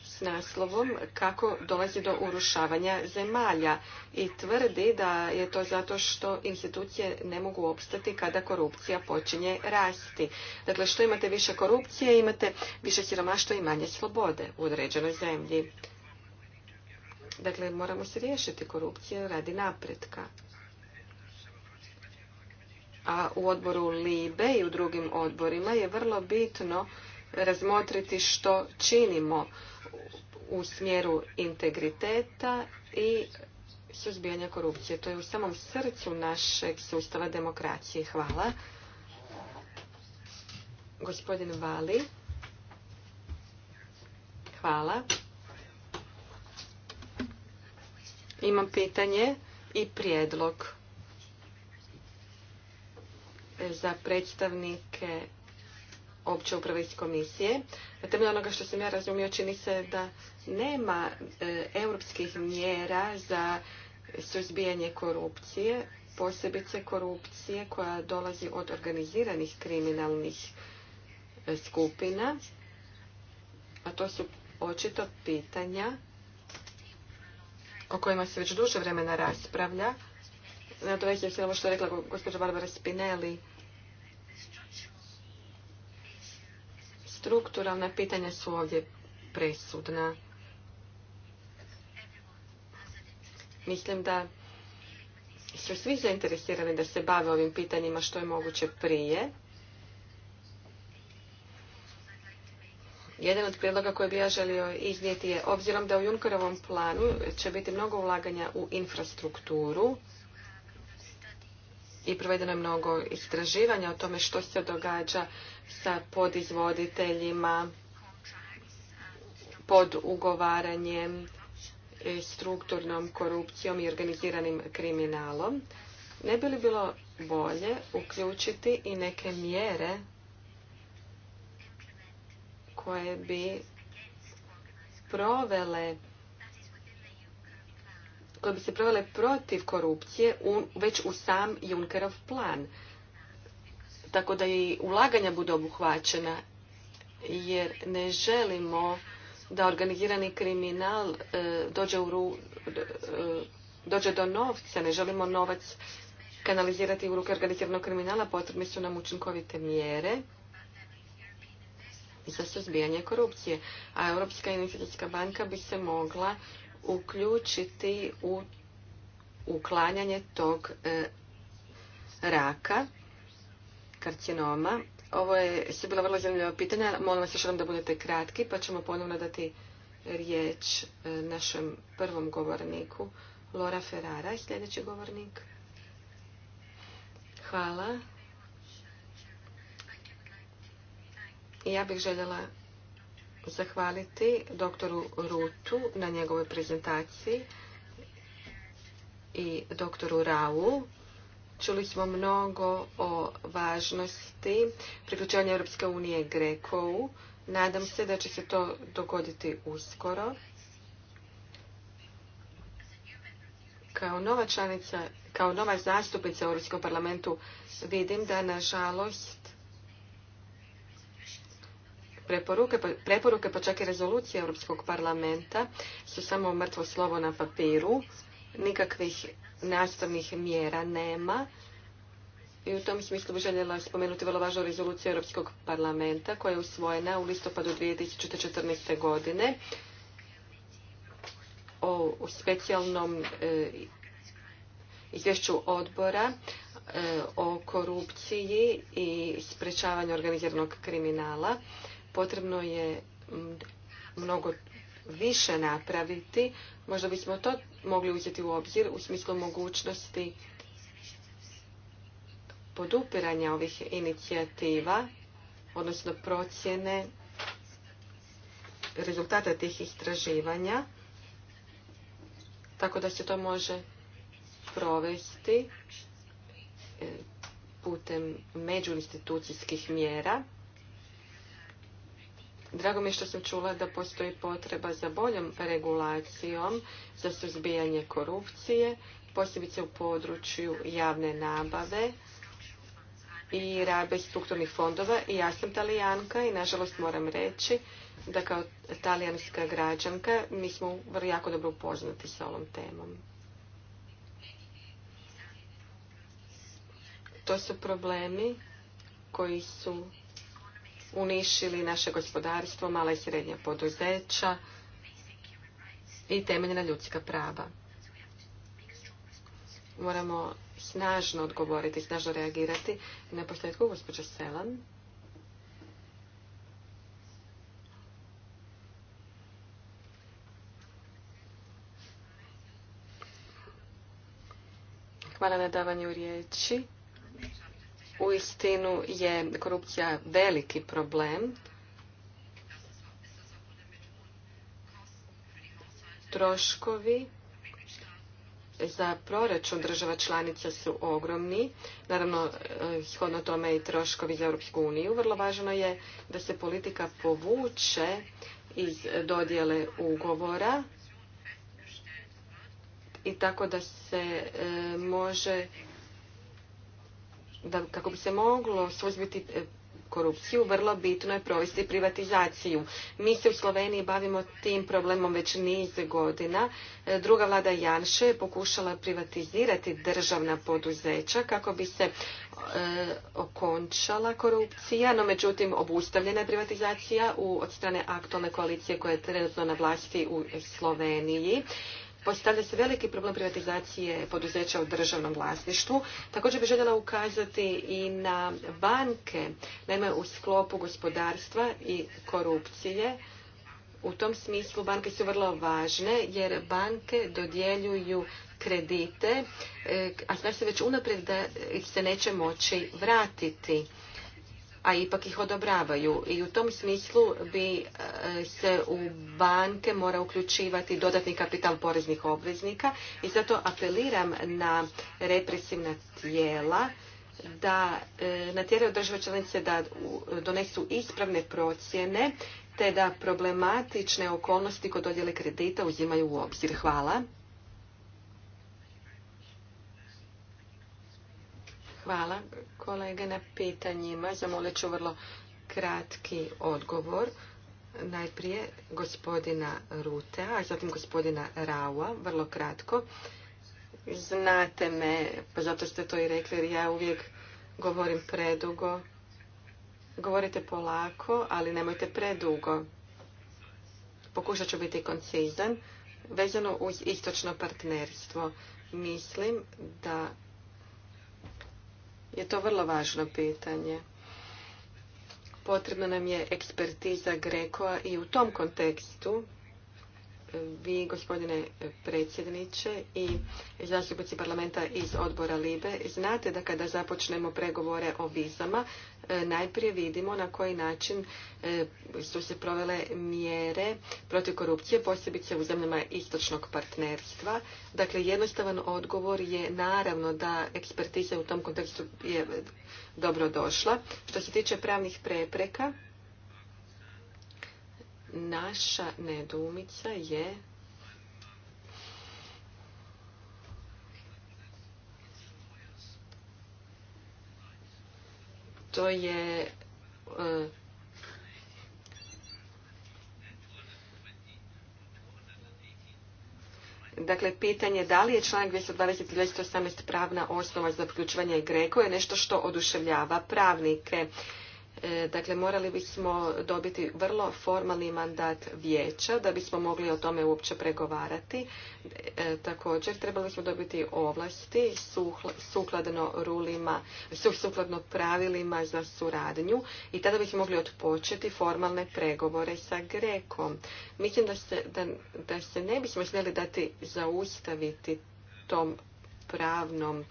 s naslovom kako dolazi do urušavanja zemalja i tvrdi da je to zato što institucije ne mogu opstati kada korupcija počinje rasti. Dakle, što imate više korupcije, imate više siromaštva i manje slobode u određenoj zemlji. Dakle, moramo se riješiti korupcije radi napretka. A u odboru LIBE i u drugim odborima je vrlo bitno razmotriti što činimo u smjeru integriteta i suzbijanja korupcije. To je u samom srcu našeg sustava demokracije. Hvala. Gospodin Vali. Hvala. Imam pitanje i prijedlog za predstavnike opće uprave iz komisije. Na temelju onoga što sam ja razumio, čini se da nema e, europskih mjera za suzbijanje korupcije, posebice korupcije koja dolazi od organiziranih kriminalnih e, skupina. A to su očito pitanja o kojima se već duže vremena raspravlja. to već ovo što je rekla gospođa Barbara Spinelli Strukturalna pitanja su ovdje presudna. Mislim da su svi zainteresirani da se bave ovim pitanjima što je moguće prije. Jedan od prijedloga koji bi ja želio iznijeti je, obzirom da u Junkerovom planu će biti mnogo ulaganja u infrastrukturu, i provedeno je mnogo istraživanja o tome što se događa sa podizvoditeljima, pod ugovaranjem, strukturnom korupcijom i organiziranim kriminalom. Ne bi li bilo bolje uključiti i neke mjere koje bi provele koje bi se provele protiv korupcije u, već u sam Junkerov plan. Tako da i ulaganja budu obuhvaćena jer ne želimo da organizirani kriminal e, dođe, u e, dođe do novca, ne želimo novac kanalizirati u ruke organiziranog kriminala, potrebne su nam učinkovite mjere za suzbijanje korupcije. A Europska investicijska banka bi se mogla uključiti u uklanjanje tog e, raka, karcinoma. Ovo je su bila vrlo zanimljiva pitanja. Molim vas još jednom da budete kratki, pa ćemo ponovno dati riječ e, našem prvom govorniku, Lora Ferrara, sljedeći govornik. Hvala. Ja bih željela zahvaliti doktoru Rutu na njegovoj prezentaciji i doktoru Rau. Čuli smo mnogo o važnosti priključenja Europske unije Grekovu. Nadam se da će se to dogoditi uskoro. Kao nova članica, kao nova zastupnica u Europskom parlamentu vidim da nažalost pa- preporuke, pa čak i rezolucije Europskog parlamenta su samo mrtvo slovo na papiru, nikakvih nastavnih mjera nema. I u tom smislu bi željela spomenuti vrlo važnu rezoluciju Europskog parlamenta koja je usvojena u listopadu 2014. godine o specijalnom e, izvješću odbora e, o korupciji i sprečavanju organiziranog kriminala. Potrebno je mnogo više napraviti. Možda bismo to mogli uzeti u obzir u smislu mogućnosti podupiranja ovih inicijativa, odnosno procjene rezultata tih istraživanja, tako da se to može provesti e, putem međuinstitucijskih mjera. Drago mi je što sam čula da postoji potreba za boljom regulacijom za suzbijanje korupcije, posebice u području javne nabave i rabe strukturnih fondova. I ja sam talijanka i nažalost moram reći da kao talijanska građanka mi smo vrlo jako dobro upoznati sa ovom temom. To su problemi koji su uništili naše gospodarstvo, mala i srednja poduzeća i temeljna ljudska prava. Moramo snažno odgovoriti, snažno reagirati. Na posljedku, gospođa Selan. Hvala na davanju riječi. Uistinu je korupcija veliki problem. Troškovi za proračun država članica su ogromni. Naravno, eh, shodno tome i troškovi za Europsku uniju. Vrlo važno je da se politika povuče iz dodjele ugovora i tako da se eh, može da kako bi se moglo suzbiti e, korupciju, vrlo bitno je provesti privatizaciju. Mi se u Sloveniji bavimo tim problemom već niz godina. E, druga vlada Janše je pokušala privatizirati državna poduzeća kako bi se e, okončala korupcija, no međutim obustavljena je privatizacija u, od strane aktualne koalicije koja je trenutno na vlasti u Sloveniji. Postavlja se veliki problem privatizacije poduzeća u državnom vlasništvu. Također bih željela ukazati i na banke, naime u sklopu gospodarstva i korupcije. U tom smislu banke su vrlo važne jer banke dodjeljuju kredite, e, a zna se već unaprijed da ih se neće moći vratiti a ipak ih odobravaju. I u tom smislu bi e, se u banke mora uključivati dodatni kapital poreznih obveznika i zato apeliram na represivna tijela da e, natjeraju države članice da donesu ispravne procjene te da problematične okolnosti kod dodjele kredita uzimaju u obzir. Hvala. Hvala kolege na pitanjima. Zamolit ću vrlo kratki odgovor. Najprije gospodina Rute, a zatim gospodina Raua, vrlo kratko. Znate me, pa zato ste to i rekli, jer ja uvijek govorim predugo. Govorite polako, ali nemojte predugo. Pokušat ću biti koncizan. Vezano uz istočno partnerstvo, mislim da je to vrlo važno pitanje. Potrebna nam je ekspertiza Grekoa i u tom kontekstu vi, gospodine predsjedniče i zastupnici parlamenta iz odbora Libe, znate da kada započnemo pregovore o vizama, e, najprije vidimo na koji način e, su se provele mjere protiv korupcije, posebice u zemljama istočnog partnerstva. Dakle, jednostavan odgovor je naravno da ekspertiza u tom kontekstu je dobro došla. Što se tiče pravnih prepreka, Naša nedumica je to je e, Dakle, pitanje da li je članak 220 i pravna osnova za uključivanje Greko je nešto što oduševljava pravnike. E, dakle, morali bismo dobiti vrlo formalni mandat vijeća da bismo mogli o tome uopće pregovarati. E, također, trebali smo dobiti ovlasti sukladno rulima, sukladno pravilima za suradnju i tada bismo mogli otpočeti formalne pregovore sa Grekom. Mislim da se, da, da se ne bismo smjeli dati zaustaviti tom pravnom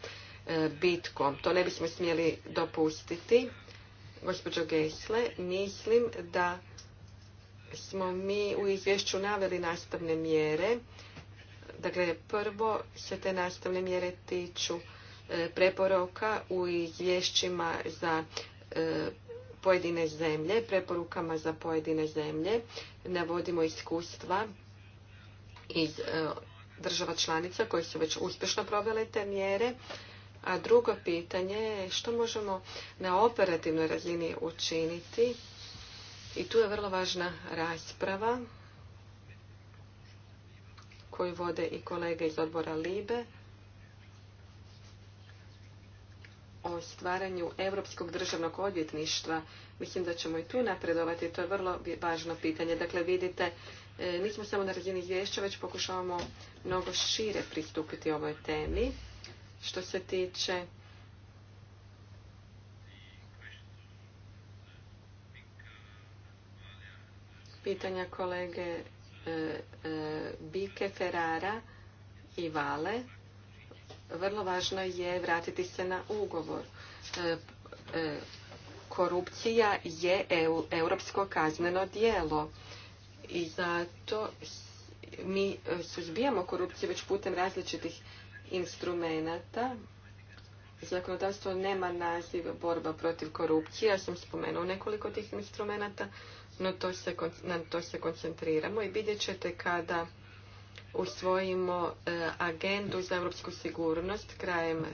e, bitkom. To ne bismo smjeli dopustiti. Gospođo Gesle, mislim da smo mi u izvješću naveli nastavne mjere. Dakle, prvo se te nastavne mjere tiču e, preporoka u izvješćima za e, pojedine zemlje, preporukama za pojedine zemlje. Navodimo iskustva iz e, država članica koje su već uspješno provele te mjere a drugo pitanje je što možemo na operativnoj razini učiniti i tu je vrlo važna rasprava koju vode i kolege iz odbora LIBE o stvaranju Europskog državnog odvjetništva. Mislim da ćemo i tu napredovati, to je vrlo važno pitanje. Dakle, vidite, e, nismo samo na razini izvješća, već pokušavamo mnogo šire pristupiti ovoj temi što se tiče pitanja kolege e, e, Bike, Ferrara i Vale, vrlo važno je vratiti se na ugovor. E, korupcija je europsko kazneno dijelo i zato mi suzbijamo korupciju već putem različitih instrumenata. Zakonodavstvo nema naziv borba protiv korupcije. Ja sam spomenuo nekoliko tih instrumenata, no to se, na to se koncentriramo i vidjet ćete kada usvojimo e, agendu za europsku sigurnost krajem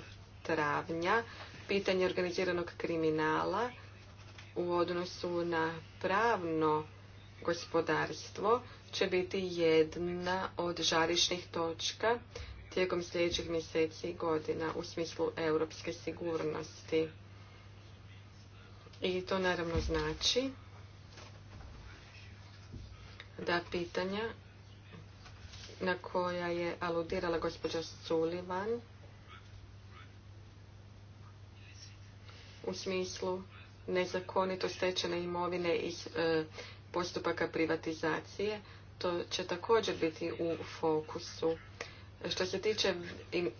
travnja, pitanje organiziranog kriminala u odnosu na pravno gospodarstvo će biti jedna od žarišnih točka tijekom sljedećih mjeseci i godina u smislu europske sigurnosti. I to naravno znači da pitanja na koja je aludirala gospođa Sullivan u smislu nezakonito stečene imovine iz e, postupaka privatizacije, to će također biti u fokusu. Što se tiče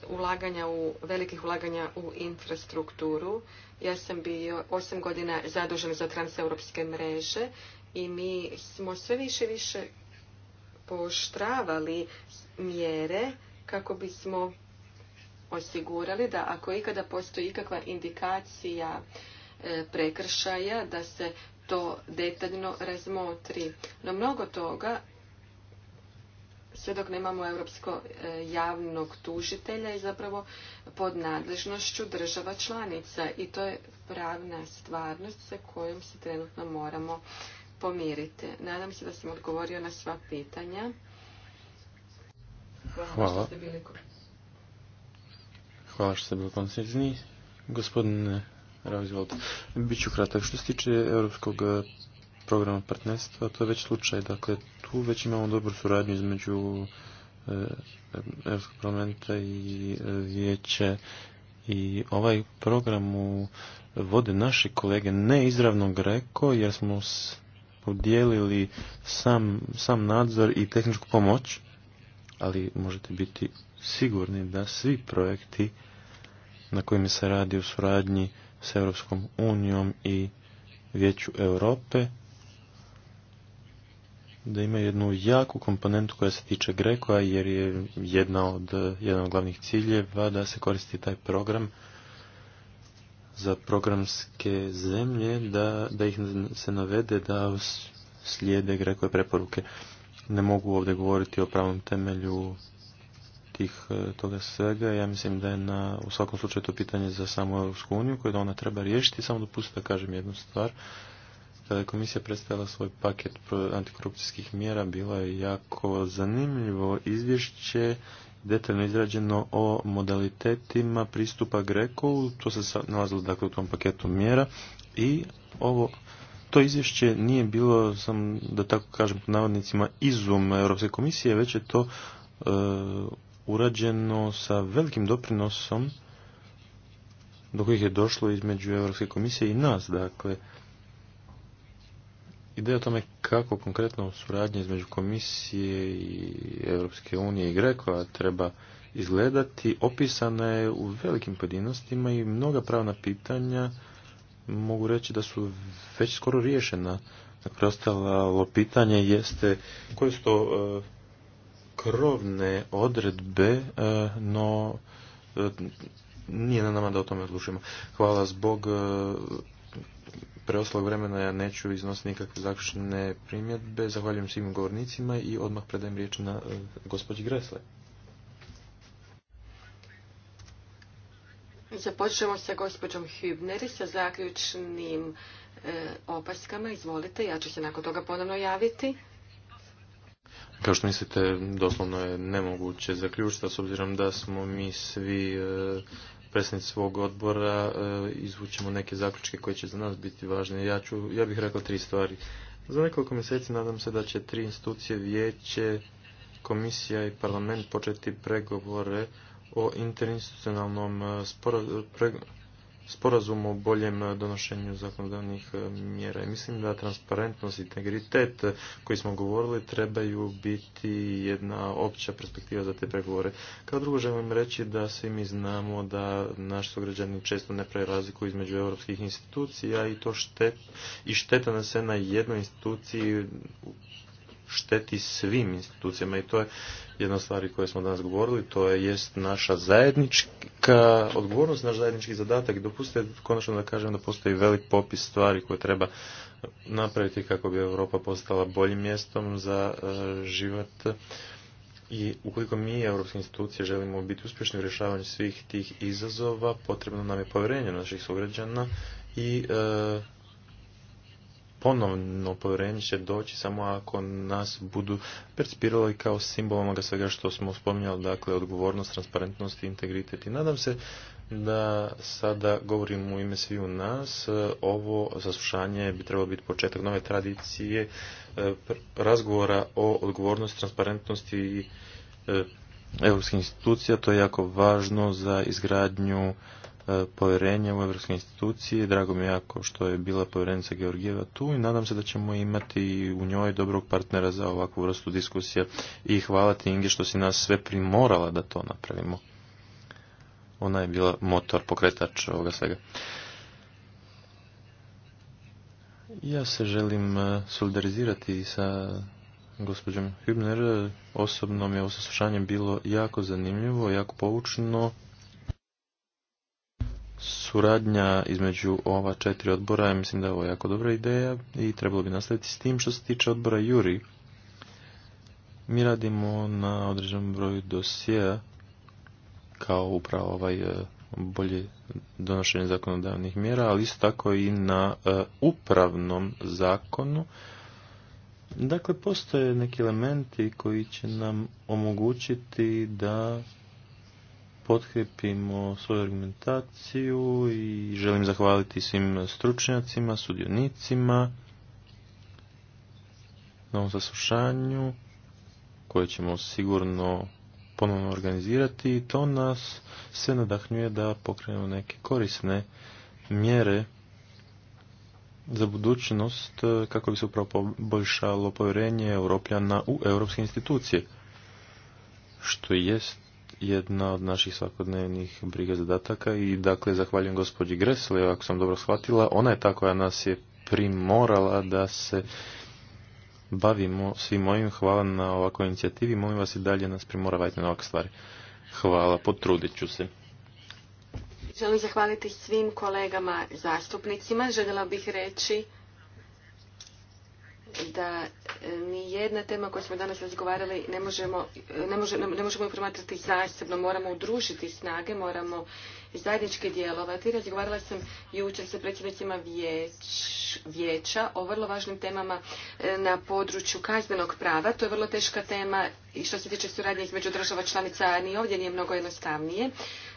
ulaganja u, velikih ulaganja u infrastrukturu, ja sam bio osam godina zadužen za transeuropske mreže i mi smo sve više više poštravali mjere kako bismo osigurali da ako ikada postoji ikakva indikacija e, prekršaja, da se to detaljno razmotri. No mnogo toga sve dok nemamo europsko e, javnog tužitelja i zapravo pod nadležnošću država članica i to je pravna stvarnost sa kojom se trenutno moramo pomiriti. Nadam se da sam odgovorio na sva pitanja. Hvala. Hvala što ste bili koncizni. Gospodine bit ću kratak. Što se tiče europskog programa partnerstva, to je već slučaj. Dakle, tu već imamo dobru suradnju između e, Europskog parlamenta i e, vijeće i ovaj program vode naši kolege neizravno greko jer smo podijelili sam, nadzor i tehničku pomoć, ali možete biti sigurni da svi projekti na kojima se radi u suradnji s Europskom unijom i Vijeću Europe da ima jednu jaku komponentu koja se tiče Grekoa jer je jedna od, jedan od glavnih ciljeva da se koristi taj program za programske zemlje da, da ih se navede da slijede Grekove preporuke. Ne mogu ovdje govoriti o pravom temelju tih e, toga svega. Ja mislim da je na, u svakom slučaju to pitanje za samu EU uniju koje da ona treba riješiti. Samo dopustite da kažem jednu stvar je komisija predstavila svoj paket antikorupcijskih mjera, bilo je jako zanimljivo izvješće detaljno izrađeno o modalitetima pristupa Greku, to se nalazilo dakle u tom paketu mjera i ovo to izvješće nije bilo sam da tako kažem po navodnicima izum Europske komisije, već je to e, urađeno sa velikim doprinosom do kojih je došlo između Europske komisije i nas, dakle Ideja o tome kako konkretno suradnja između komisije i Europske unije i Grekova treba izgledati opisana je u velikim pojedinostima i mnoga pravna pitanja mogu reći da su već skoro riješena. Dakle, ostalo pitanje jeste koje su to e, krovne odredbe, e, no e, nije na nama da o tome odlučimo. Hvala zbog preostalog vremena ja neću iznositi nikakve zaključne primjedbe. Zahvaljujem svim govornicima i odmah predajem riječ na e, gospođi Gresle. Započnemo sa gospođom Hübneri sa zaključnim e, opaskama. Izvolite, ja ću se nakon toga ponovno javiti. Kao što mislite, doslovno je nemoguće zaključiti, s obzirom da smo mi svi e, predsjednici svog odbora e, izvučemo neke zaključke koje će za nas biti važne. Ja, ću, ja bih rekao tri stvari. Za nekoliko mjeseci nadam se da će tri institucije, vijeće, komisija i parlament početi pregovore o interinstitucionalnom e, sporazumu sporazum o boljem donošenju zakonodavnih e, mjera. Mislim da transparentnost i integritet e, koji smo govorili trebaju biti jedna opća perspektiva za te pregovore. Kao drugo želim reći da svi mi znamo da naši sugrađani često ne prave razliku između europskih institucija i to štet, i šteta na se na jednoj instituciji šteti svim institucijama i to je jedna od stvari koje smo danas govorili, to je jest naša zajednička odgovornost, naš zajednički zadatak. Dopustite konačno da kažem da postoji velik popis stvari koje treba napraviti kako bi Europa postala boljim mjestom za e, život. I ukoliko mi, europske institucije, želimo biti uspješni u rješavanju svih tih izazova, potrebno nam je povjerenje naših sugrađana i e, ponovno povjerenje će doći samo ako nas budu percipirali kao simbol onoga svega što smo spominjali, dakle odgovornost, transparentnost i integritet. I nadam se da sada govorim u ime sviju nas. Ovo saslušanje bi trebalo biti početak nove tradicije e, razgovora o odgovornosti, transparentnosti i e, europskih institucija. To je jako važno za izgradnju E, povjerenja u evropske institucije. Drago mi je jako što je bila povjerenica Georgijeva tu i nadam se da ćemo imati u njoj dobrog partnera za ovakvu vrstu diskusija i hvala ti Inge što si nas sve primorala da to napravimo. Ona je bila motor, pokretač ovoga svega. Ja se želim e, solidarizirati sa gospođom Hübner. E, osobno mi je ovo saslušanje bilo jako zanimljivo, jako poučno suradnja između ova četiri odbora, ja mislim da je ovo jako dobra ideja i trebalo bi nastaviti s tim što se tiče odbora Juri. Mi radimo na određenom broju dosjea kao upravo ovaj e, bolje donošenje zakonodavnih mjera, ali isto tako i na e, upravnom zakonu. Dakle, postoje neki elementi koji će nam omogućiti da potkrepimo svoju argumentaciju i želim zahvaliti svim stručnjacima, sudionicima na ovom saslušanju koje ćemo sigurno ponovno organizirati i to nas sve nadahnjuje da pokrenemo neke korisne mjere za budućnost eh, kako bi se upravo poboljšalo povjerenje europljana u europske institucije što jest jedna od naših svakodnevnih briga zadataka i dakle zahvaljujem gospođi Gresle, ako sam dobro shvatila, ona je ta koja nas je primorala da se bavimo svim mojim. Hvala na ovakvoj inicijativi, molim vas i dalje nas primoravajte na ovakve stvari. Hvala, potrudit ću se. Želim zahvaliti svim kolegama zastupnicima. Željela bih reći da e, ni jedna tema koju smo danas razgovarali ne možemo, ne možemo, promatrati zasebno, moramo udružiti snage, moramo zajednički djelovati. Razgovarala sam jučer sa predsjednicima vijeća o vrlo važnim temama e, na području kaznenog prava. To je vrlo teška tema i što se tiče suradnje između država članica, a ni ovdje nije mnogo jednostavnije.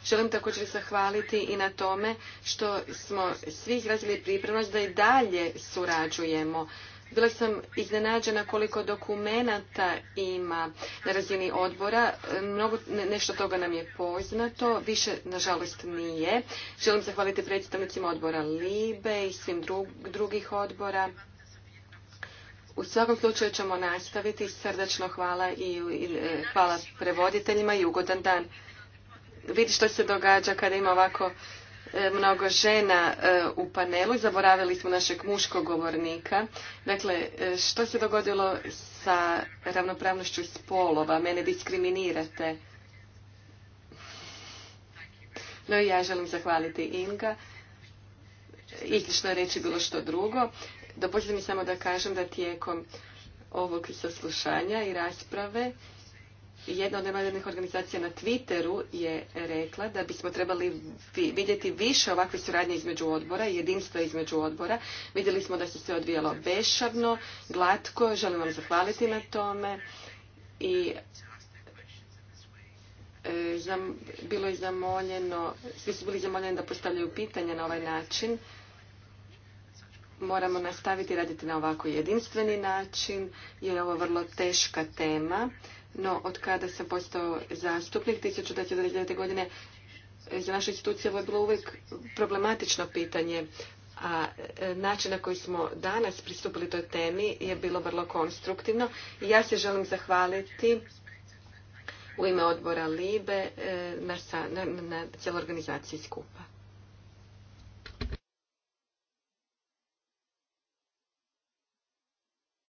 Želim također zahvaliti i na tome što smo svi izrazili pripremnost da i dalje surađujemo bila sam iznenađena koliko dokumenata ima na razini odbora. Mnogo, nešto toga nam je poznato, više nažalost nije. Želim zahvaliti predstavnicima odbora LIBE i svim drugih odbora. U svakom slučaju ćemo nastaviti. Srdačno hvala i, i e, hvala prevoditeljima i ugodan dan. Vidi što se događa kada ima ovako E, mnogo žena e, u panelu i zaboravili smo našeg muškog govornika. Dakle, e, što se dogodilo sa ravnopravnošću spolova? Mene diskriminirate. No i ja želim zahvaliti Inga. Istično je reći bilo što drugo. Dopustite mi samo da kažem da tijekom ovog saslušanja i rasprave jedna od nevladinih organizacija na Twitteru je rekla da bismo trebali vidjeti više ovakve suradnje između odbora, jedinstva između odbora. Vidjeli smo da se sve odvijalo bešavno, glatko, želim vam zahvaliti na tome i e, bilo je zamoljeno, svi su bili zamoljeni da postavljaju pitanja na ovaj način. Moramo nastaviti raditi na ovako jedinstveni način jer je ovo vrlo teška tema no, od kada sam postao zastupnik 1999. godine, e, za našu instituciju ovo je bilo uvijek problematično pitanje, a e, način na koji smo danas pristupili toj temi je bilo vrlo konstruktivno. I ja se želim zahvaliti u ime odbora LIBE e, na, na, na organizaciji skupa.